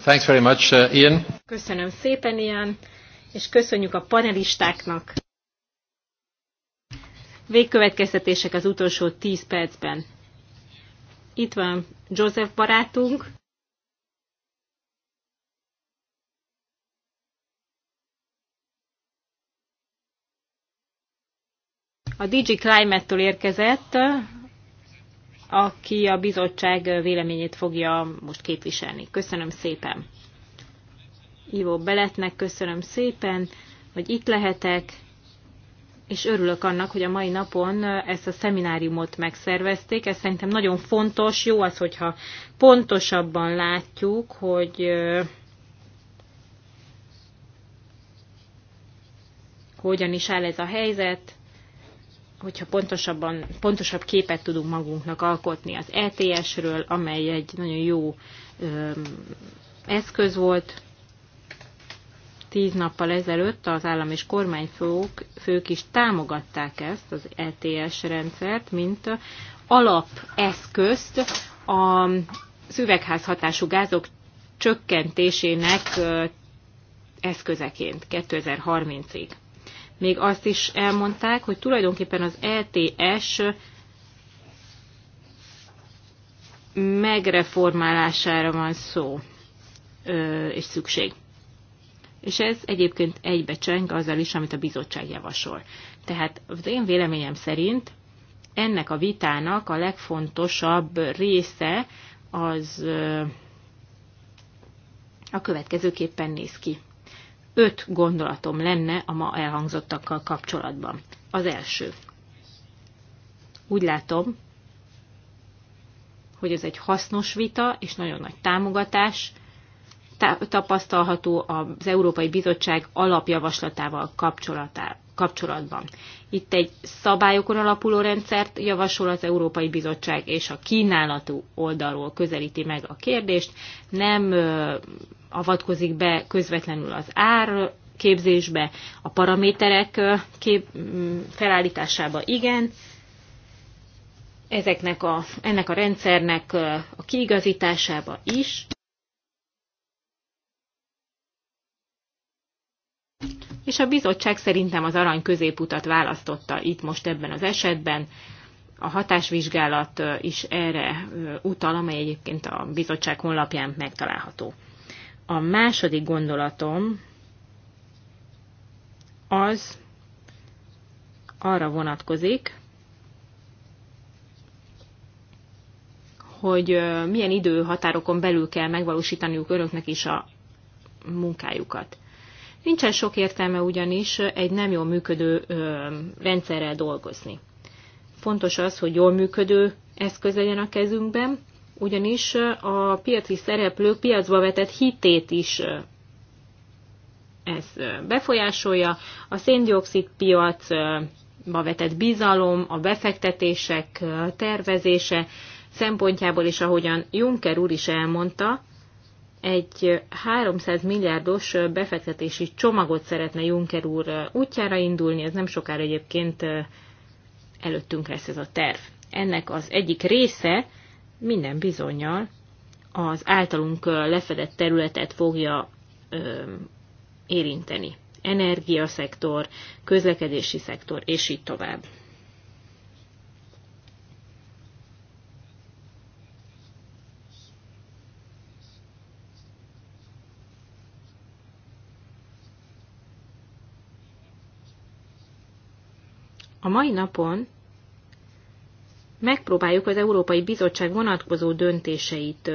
Thanks very much, uh, Ian. Köszönöm szépen, Ian, és köszönjük a panelistáknak. Végkövetkeztetések az utolsó 10 percben. Itt van Joseph barátunk. A Digi Climate-től érkezett, aki a bizottság véleményét fogja most képviselni. Köszönöm szépen. Ivo Beletnek köszönöm szépen, hogy itt lehetek, és örülök annak, hogy a mai napon ezt a szemináriumot megszervezték. Ez szerintem nagyon fontos, jó az, hogyha pontosabban látjuk, hogy hogyan is áll ez a helyzet, hogyha pontosabban, pontosabb képet tudunk magunknak alkotni az ETS-ről, amely egy nagyon jó ö, eszköz volt. Tíz nappal ezelőtt az állam és kormányfők fők is támogatták ezt az ETS rendszert, mint alapeszközt a szüvegházhatású gázok csökkentésének eszközeként 2030-ig még azt is elmondták, hogy tulajdonképpen az LTS e megreformálására van szó és szükség. És ez egyébként egybecseng azzal is, amit a bizottság javasol. Tehát az én véleményem szerint ennek a vitának a legfontosabb része az a következőképpen néz ki öt gondolatom lenne a ma elhangzottakkal kapcsolatban. Az első. Úgy látom, hogy ez egy hasznos vita és nagyon nagy támogatás tapasztalható az Európai Bizottság alapjavaslatával kapcsolatban. Itt egy szabályokon alapuló rendszert javasol az Európai Bizottság, és a kínálatú oldalról közelíti meg a kérdést, nem avatkozik be közvetlenül az ár képzésbe, a paraméterek kép, felállításába igen, ezeknek a, ennek a rendszernek a kiigazításába is. És a bizottság szerintem az arany középutat választotta itt most ebben az esetben. A hatásvizsgálat is erre utal, amely egyébként a bizottság honlapján megtalálható. A második gondolatom az arra vonatkozik, hogy milyen időhatárokon belül kell megvalósítaniuk önöknek is a munkájukat. Nincsen sok értelme ugyanis egy nem jól működő rendszerrel dolgozni. Fontos az, hogy jól működő eszköz legyen a kezünkben, ugyanis a piaci szereplők piacba vetett hitét is ez befolyásolja. A széndiokszid piacba vetett bizalom, a befektetések tervezése szempontjából is, ahogyan Juncker úr is elmondta, egy 300 milliárdos befektetési csomagot szeretne Juncker úr útjára indulni, ez nem sokára egyébként előttünk lesz ez a terv. Ennek az egyik része minden bizonyal az általunk lefedett területet fogja érinteni. Energiaszektor, közlekedési szektor, és így tovább. A mai napon megpróbáljuk az Európai Bizottság vonatkozó döntéseit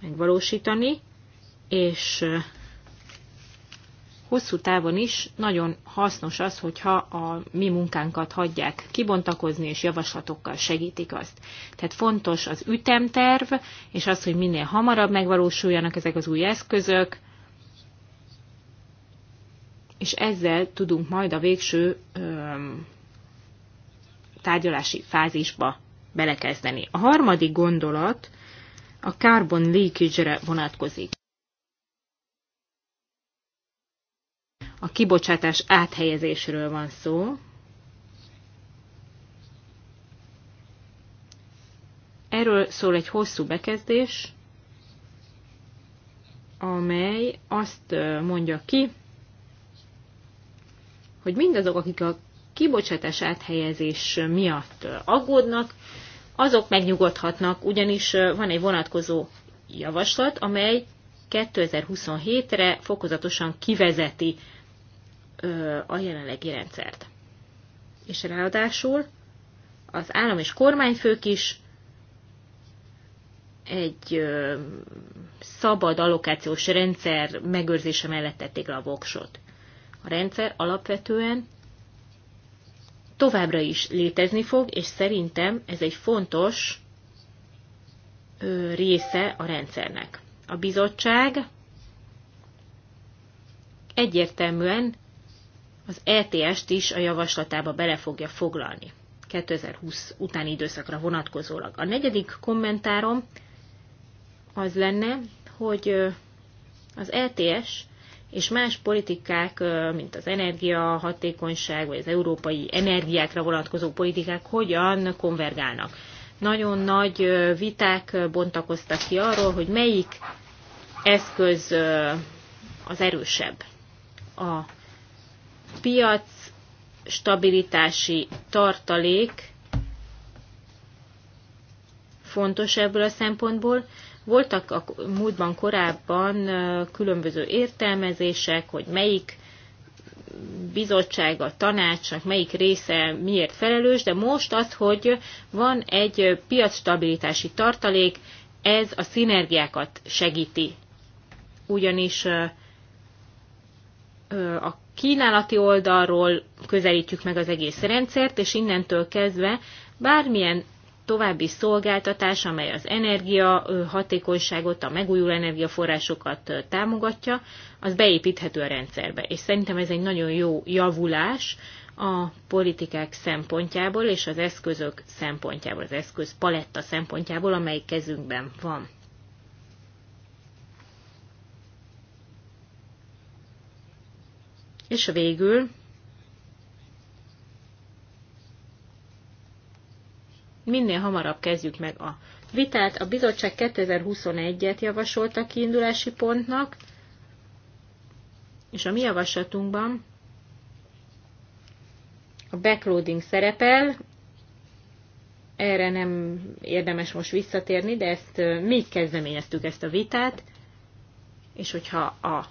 megvalósítani, és hosszú távon is nagyon hasznos az, hogyha a mi munkánkat hagyják kibontakozni, és javaslatokkal segítik azt. Tehát fontos az ütemterv, és az, hogy minél hamarabb megvalósuljanak ezek az új eszközök, és ezzel tudunk majd a végső öm, tárgyalási fázisba belekezdeni. A harmadik gondolat a carbon leakage-re vonatkozik. A kibocsátás áthelyezésről van szó. Erről szól egy hosszú bekezdés, amely azt mondja ki, hogy mindazok, akik a kibocsátás áthelyezés miatt aggódnak, azok megnyugodhatnak, ugyanis van egy vonatkozó javaslat, amely 2027-re fokozatosan kivezeti a jelenlegi rendszert. És ráadásul az állam és kormányfők is egy szabad allokációs rendszer megőrzése mellett tették le a voksot. A rendszer alapvetően továbbra is létezni fog, és szerintem ez egy fontos része a rendszernek. A bizottság egyértelműen az ETS-t is a javaslatába bele fogja foglalni 2020 utáni időszakra vonatkozólag. A negyedik kommentárom az lenne, hogy az ETS és más politikák, mint az energia, hatékonyság, vagy az európai energiákra vonatkozó politikák hogyan konvergálnak. Nagyon nagy viták bontakoztak ki arról, hogy melyik eszköz az erősebb. A piac stabilitási tartalék fontos ebből a szempontból, voltak a múltban korábban különböző értelmezések, hogy melyik bizottság, a tanácsnak melyik része miért felelős, de most az, hogy van egy piacstabilitási tartalék, ez a szinergiákat segíti. Ugyanis a kínálati oldalról közelítjük meg az egész rendszert, és innentől kezdve bármilyen további szolgáltatás, amely az energia hatékonyságot, a megújuló energiaforrásokat támogatja, az beépíthető a rendszerbe. És szerintem ez egy nagyon jó javulás a politikák szempontjából és az eszközök szempontjából, az eszköz paletta szempontjából, amely kezünkben van. És végül minél hamarabb kezdjük meg a vitát. A bizottság 2021-et javasolta kiindulási pontnak, és a mi javaslatunkban a backloading szerepel, erre nem érdemes most visszatérni, de ezt mi kezdeményeztük ezt a vitát, és hogyha a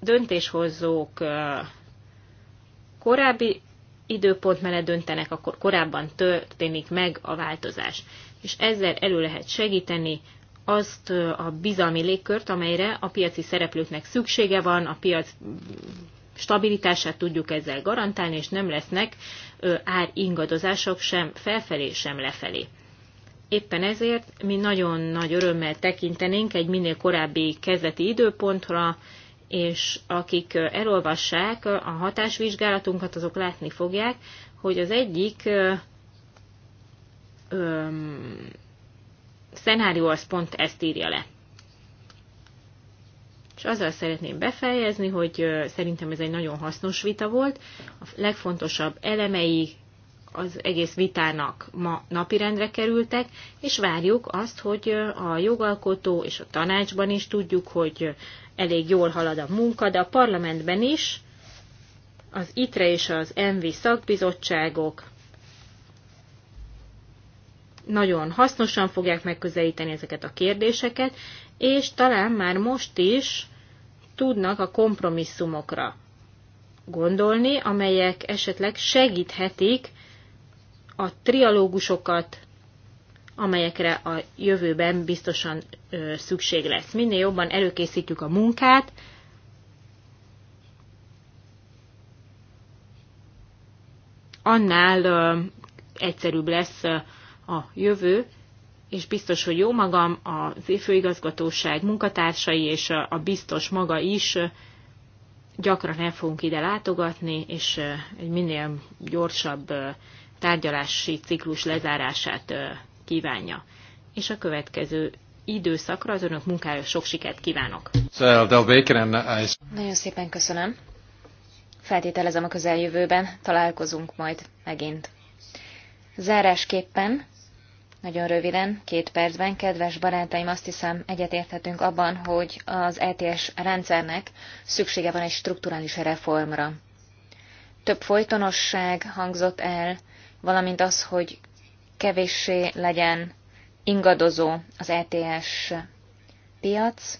döntéshozók korábbi időpont mellett döntenek, akkor korábban történik meg a változás. És ezzel elő lehet segíteni azt a bizalmi légkört, amelyre a piaci szereplőknek szüksége van, a piac stabilitását tudjuk ezzel garantálni, és nem lesznek ár ingadozások sem felfelé, sem lefelé. Éppen ezért mi nagyon nagy örömmel tekintenénk egy minél korábbi kezdeti időpontra, és akik elolvassák a hatásvizsgálatunkat, azok látni fogják, hogy az egyik öm, szenárió az pont ezt írja le. És azzal szeretném befejezni, hogy szerintem ez egy nagyon hasznos vita volt. A legfontosabb elemei az egész vitának ma napirendre kerültek, és várjuk azt, hogy a jogalkotó és a tanácsban is tudjuk, hogy elég jól halad a munka, de a parlamentben is az ITRE és az ENVI szakbizottságok nagyon hasznosan fogják megközelíteni ezeket a kérdéseket, és talán már most is tudnak a kompromisszumokra gondolni, amelyek esetleg segíthetik a trialógusokat amelyekre a jövőben biztosan szükség lesz. Minél jobban előkészítjük a munkát, annál egyszerűbb lesz a jövő, és biztos, hogy jó magam, az főigazgatóság munkatársai és a biztos maga is gyakran el fogunk ide látogatni, és egy minél gyorsabb tárgyalási ciklus lezárását kívánja. És a következő időszakra az önök munkája sok sikert kívánok. Nagyon szépen köszönöm. Feltételezem a közeljövőben, találkozunk majd megint. Zárásképpen, nagyon röviden, két percben, kedves barátaim, azt hiszem egyetérthetünk abban, hogy az ETS rendszernek szüksége van egy strukturális reformra. Több folytonosság hangzott el, valamint az, hogy kevéssé legyen ingadozó az ETS piac.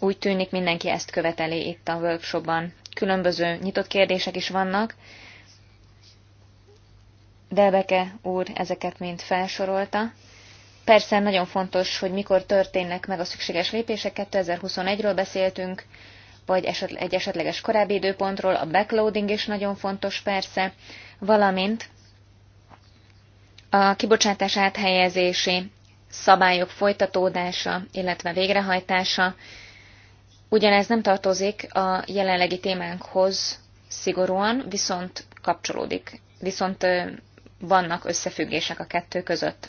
Úgy tűnik mindenki ezt követeli itt a workshopban. Különböző nyitott kérdések is vannak, Delbeke úr ezeket mind felsorolta. Persze nagyon fontos, hogy mikor történnek meg a szükséges lépések, 2021-ről beszéltünk, vagy esetleg, egy esetleges korábbi időpontról, a backloading is nagyon fontos persze, valamint a kibocsátás áthelyezési szabályok folytatódása, illetve végrehajtása. Ugyanez nem tartozik a jelenlegi témánkhoz szigorúan, viszont kapcsolódik, viszont vannak összefüggések a kettő között.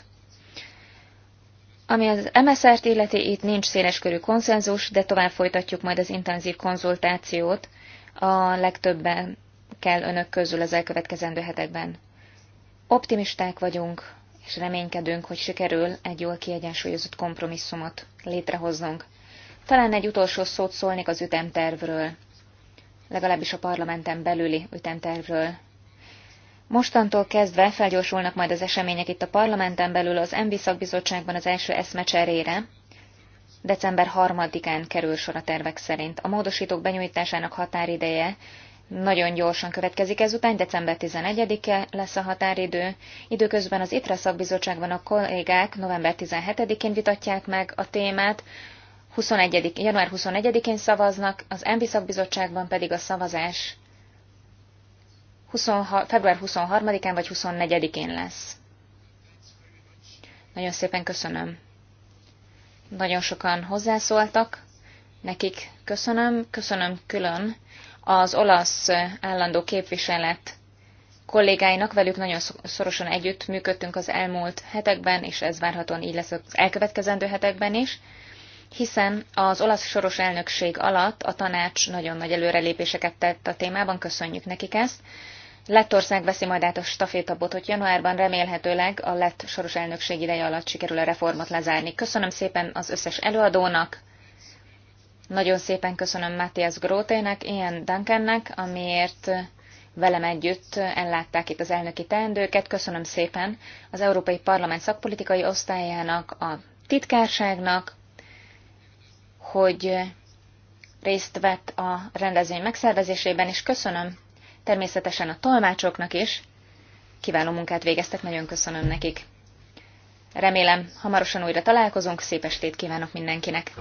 Ami az MSZR-t illeti, itt nincs széleskörű konszenzus, de tovább folytatjuk majd az intenzív konzultációt a legtöbben kell önök közül az elkövetkezendő hetekben. Optimisták vagyunk, és reménykedünk, hogy sikerül egy jól kiegyensúlyozott kompromisszumot létrehoznunk. Talán egy utolsó szót szólnék az ütemtervről, legalábbis a parlamenten belüli ütemtervről. Mostantól kezdve felgyorsulnak majd az események itt a parlamenten belül az MB szakbizottságban az első eszmecserére. December 3-án kerül sor a tervek szerint. A módosítók benyújtásának határideje nagyon gyorsan következik ezután, december 11-e lesz a határidő. Időközben az ITRA szakbizottságban a kollégák november 17-én vitatják meg a témát, 21 január 21-én szavaznak, az MB szakbizottságban pedig a szavazás 26, február 23-án vagy 24-én lesz. Nagyon szépen köszönöm. Nagyon sokan hozzászóltak, nekik köszönöm, köszönöm külön az olasz állandó képviselet kollégáinak, velük nagyon szorosan együtt működtünk az elmúlt hetekben, és ez várhatóan így lesz az elkövetkezendő hetekben is, hiszen az olasz soros elnökség alatt a tanács nagyon nagy előrelépéseket tett a témában, köszönjük nekik ezt. Lettország veszi majd át a stafétabot, hogy januárban remélhetőleg a lett soros elnökség ideje alatt sikerül a reformot lezárni. Köszönöm szépen az összes előadónak, nagyon szépen köszönöm Matthias Grótének, Ian Duncannek, amiért velem együtt ellátták itt az elnöki teendőket. Köszönöm szépen az Európai Parlament szakpolitikai osztályának, a titkárságnak, hogy részt vett a rendezvény megszervezésében, és köszönöm természetesen a tolmácsoknak is. Kiváló munkát végeztek, nagyon köszönöm nekik. Remélem, hamarosan újra találkozunk, szép estét kívánok mindenkinek!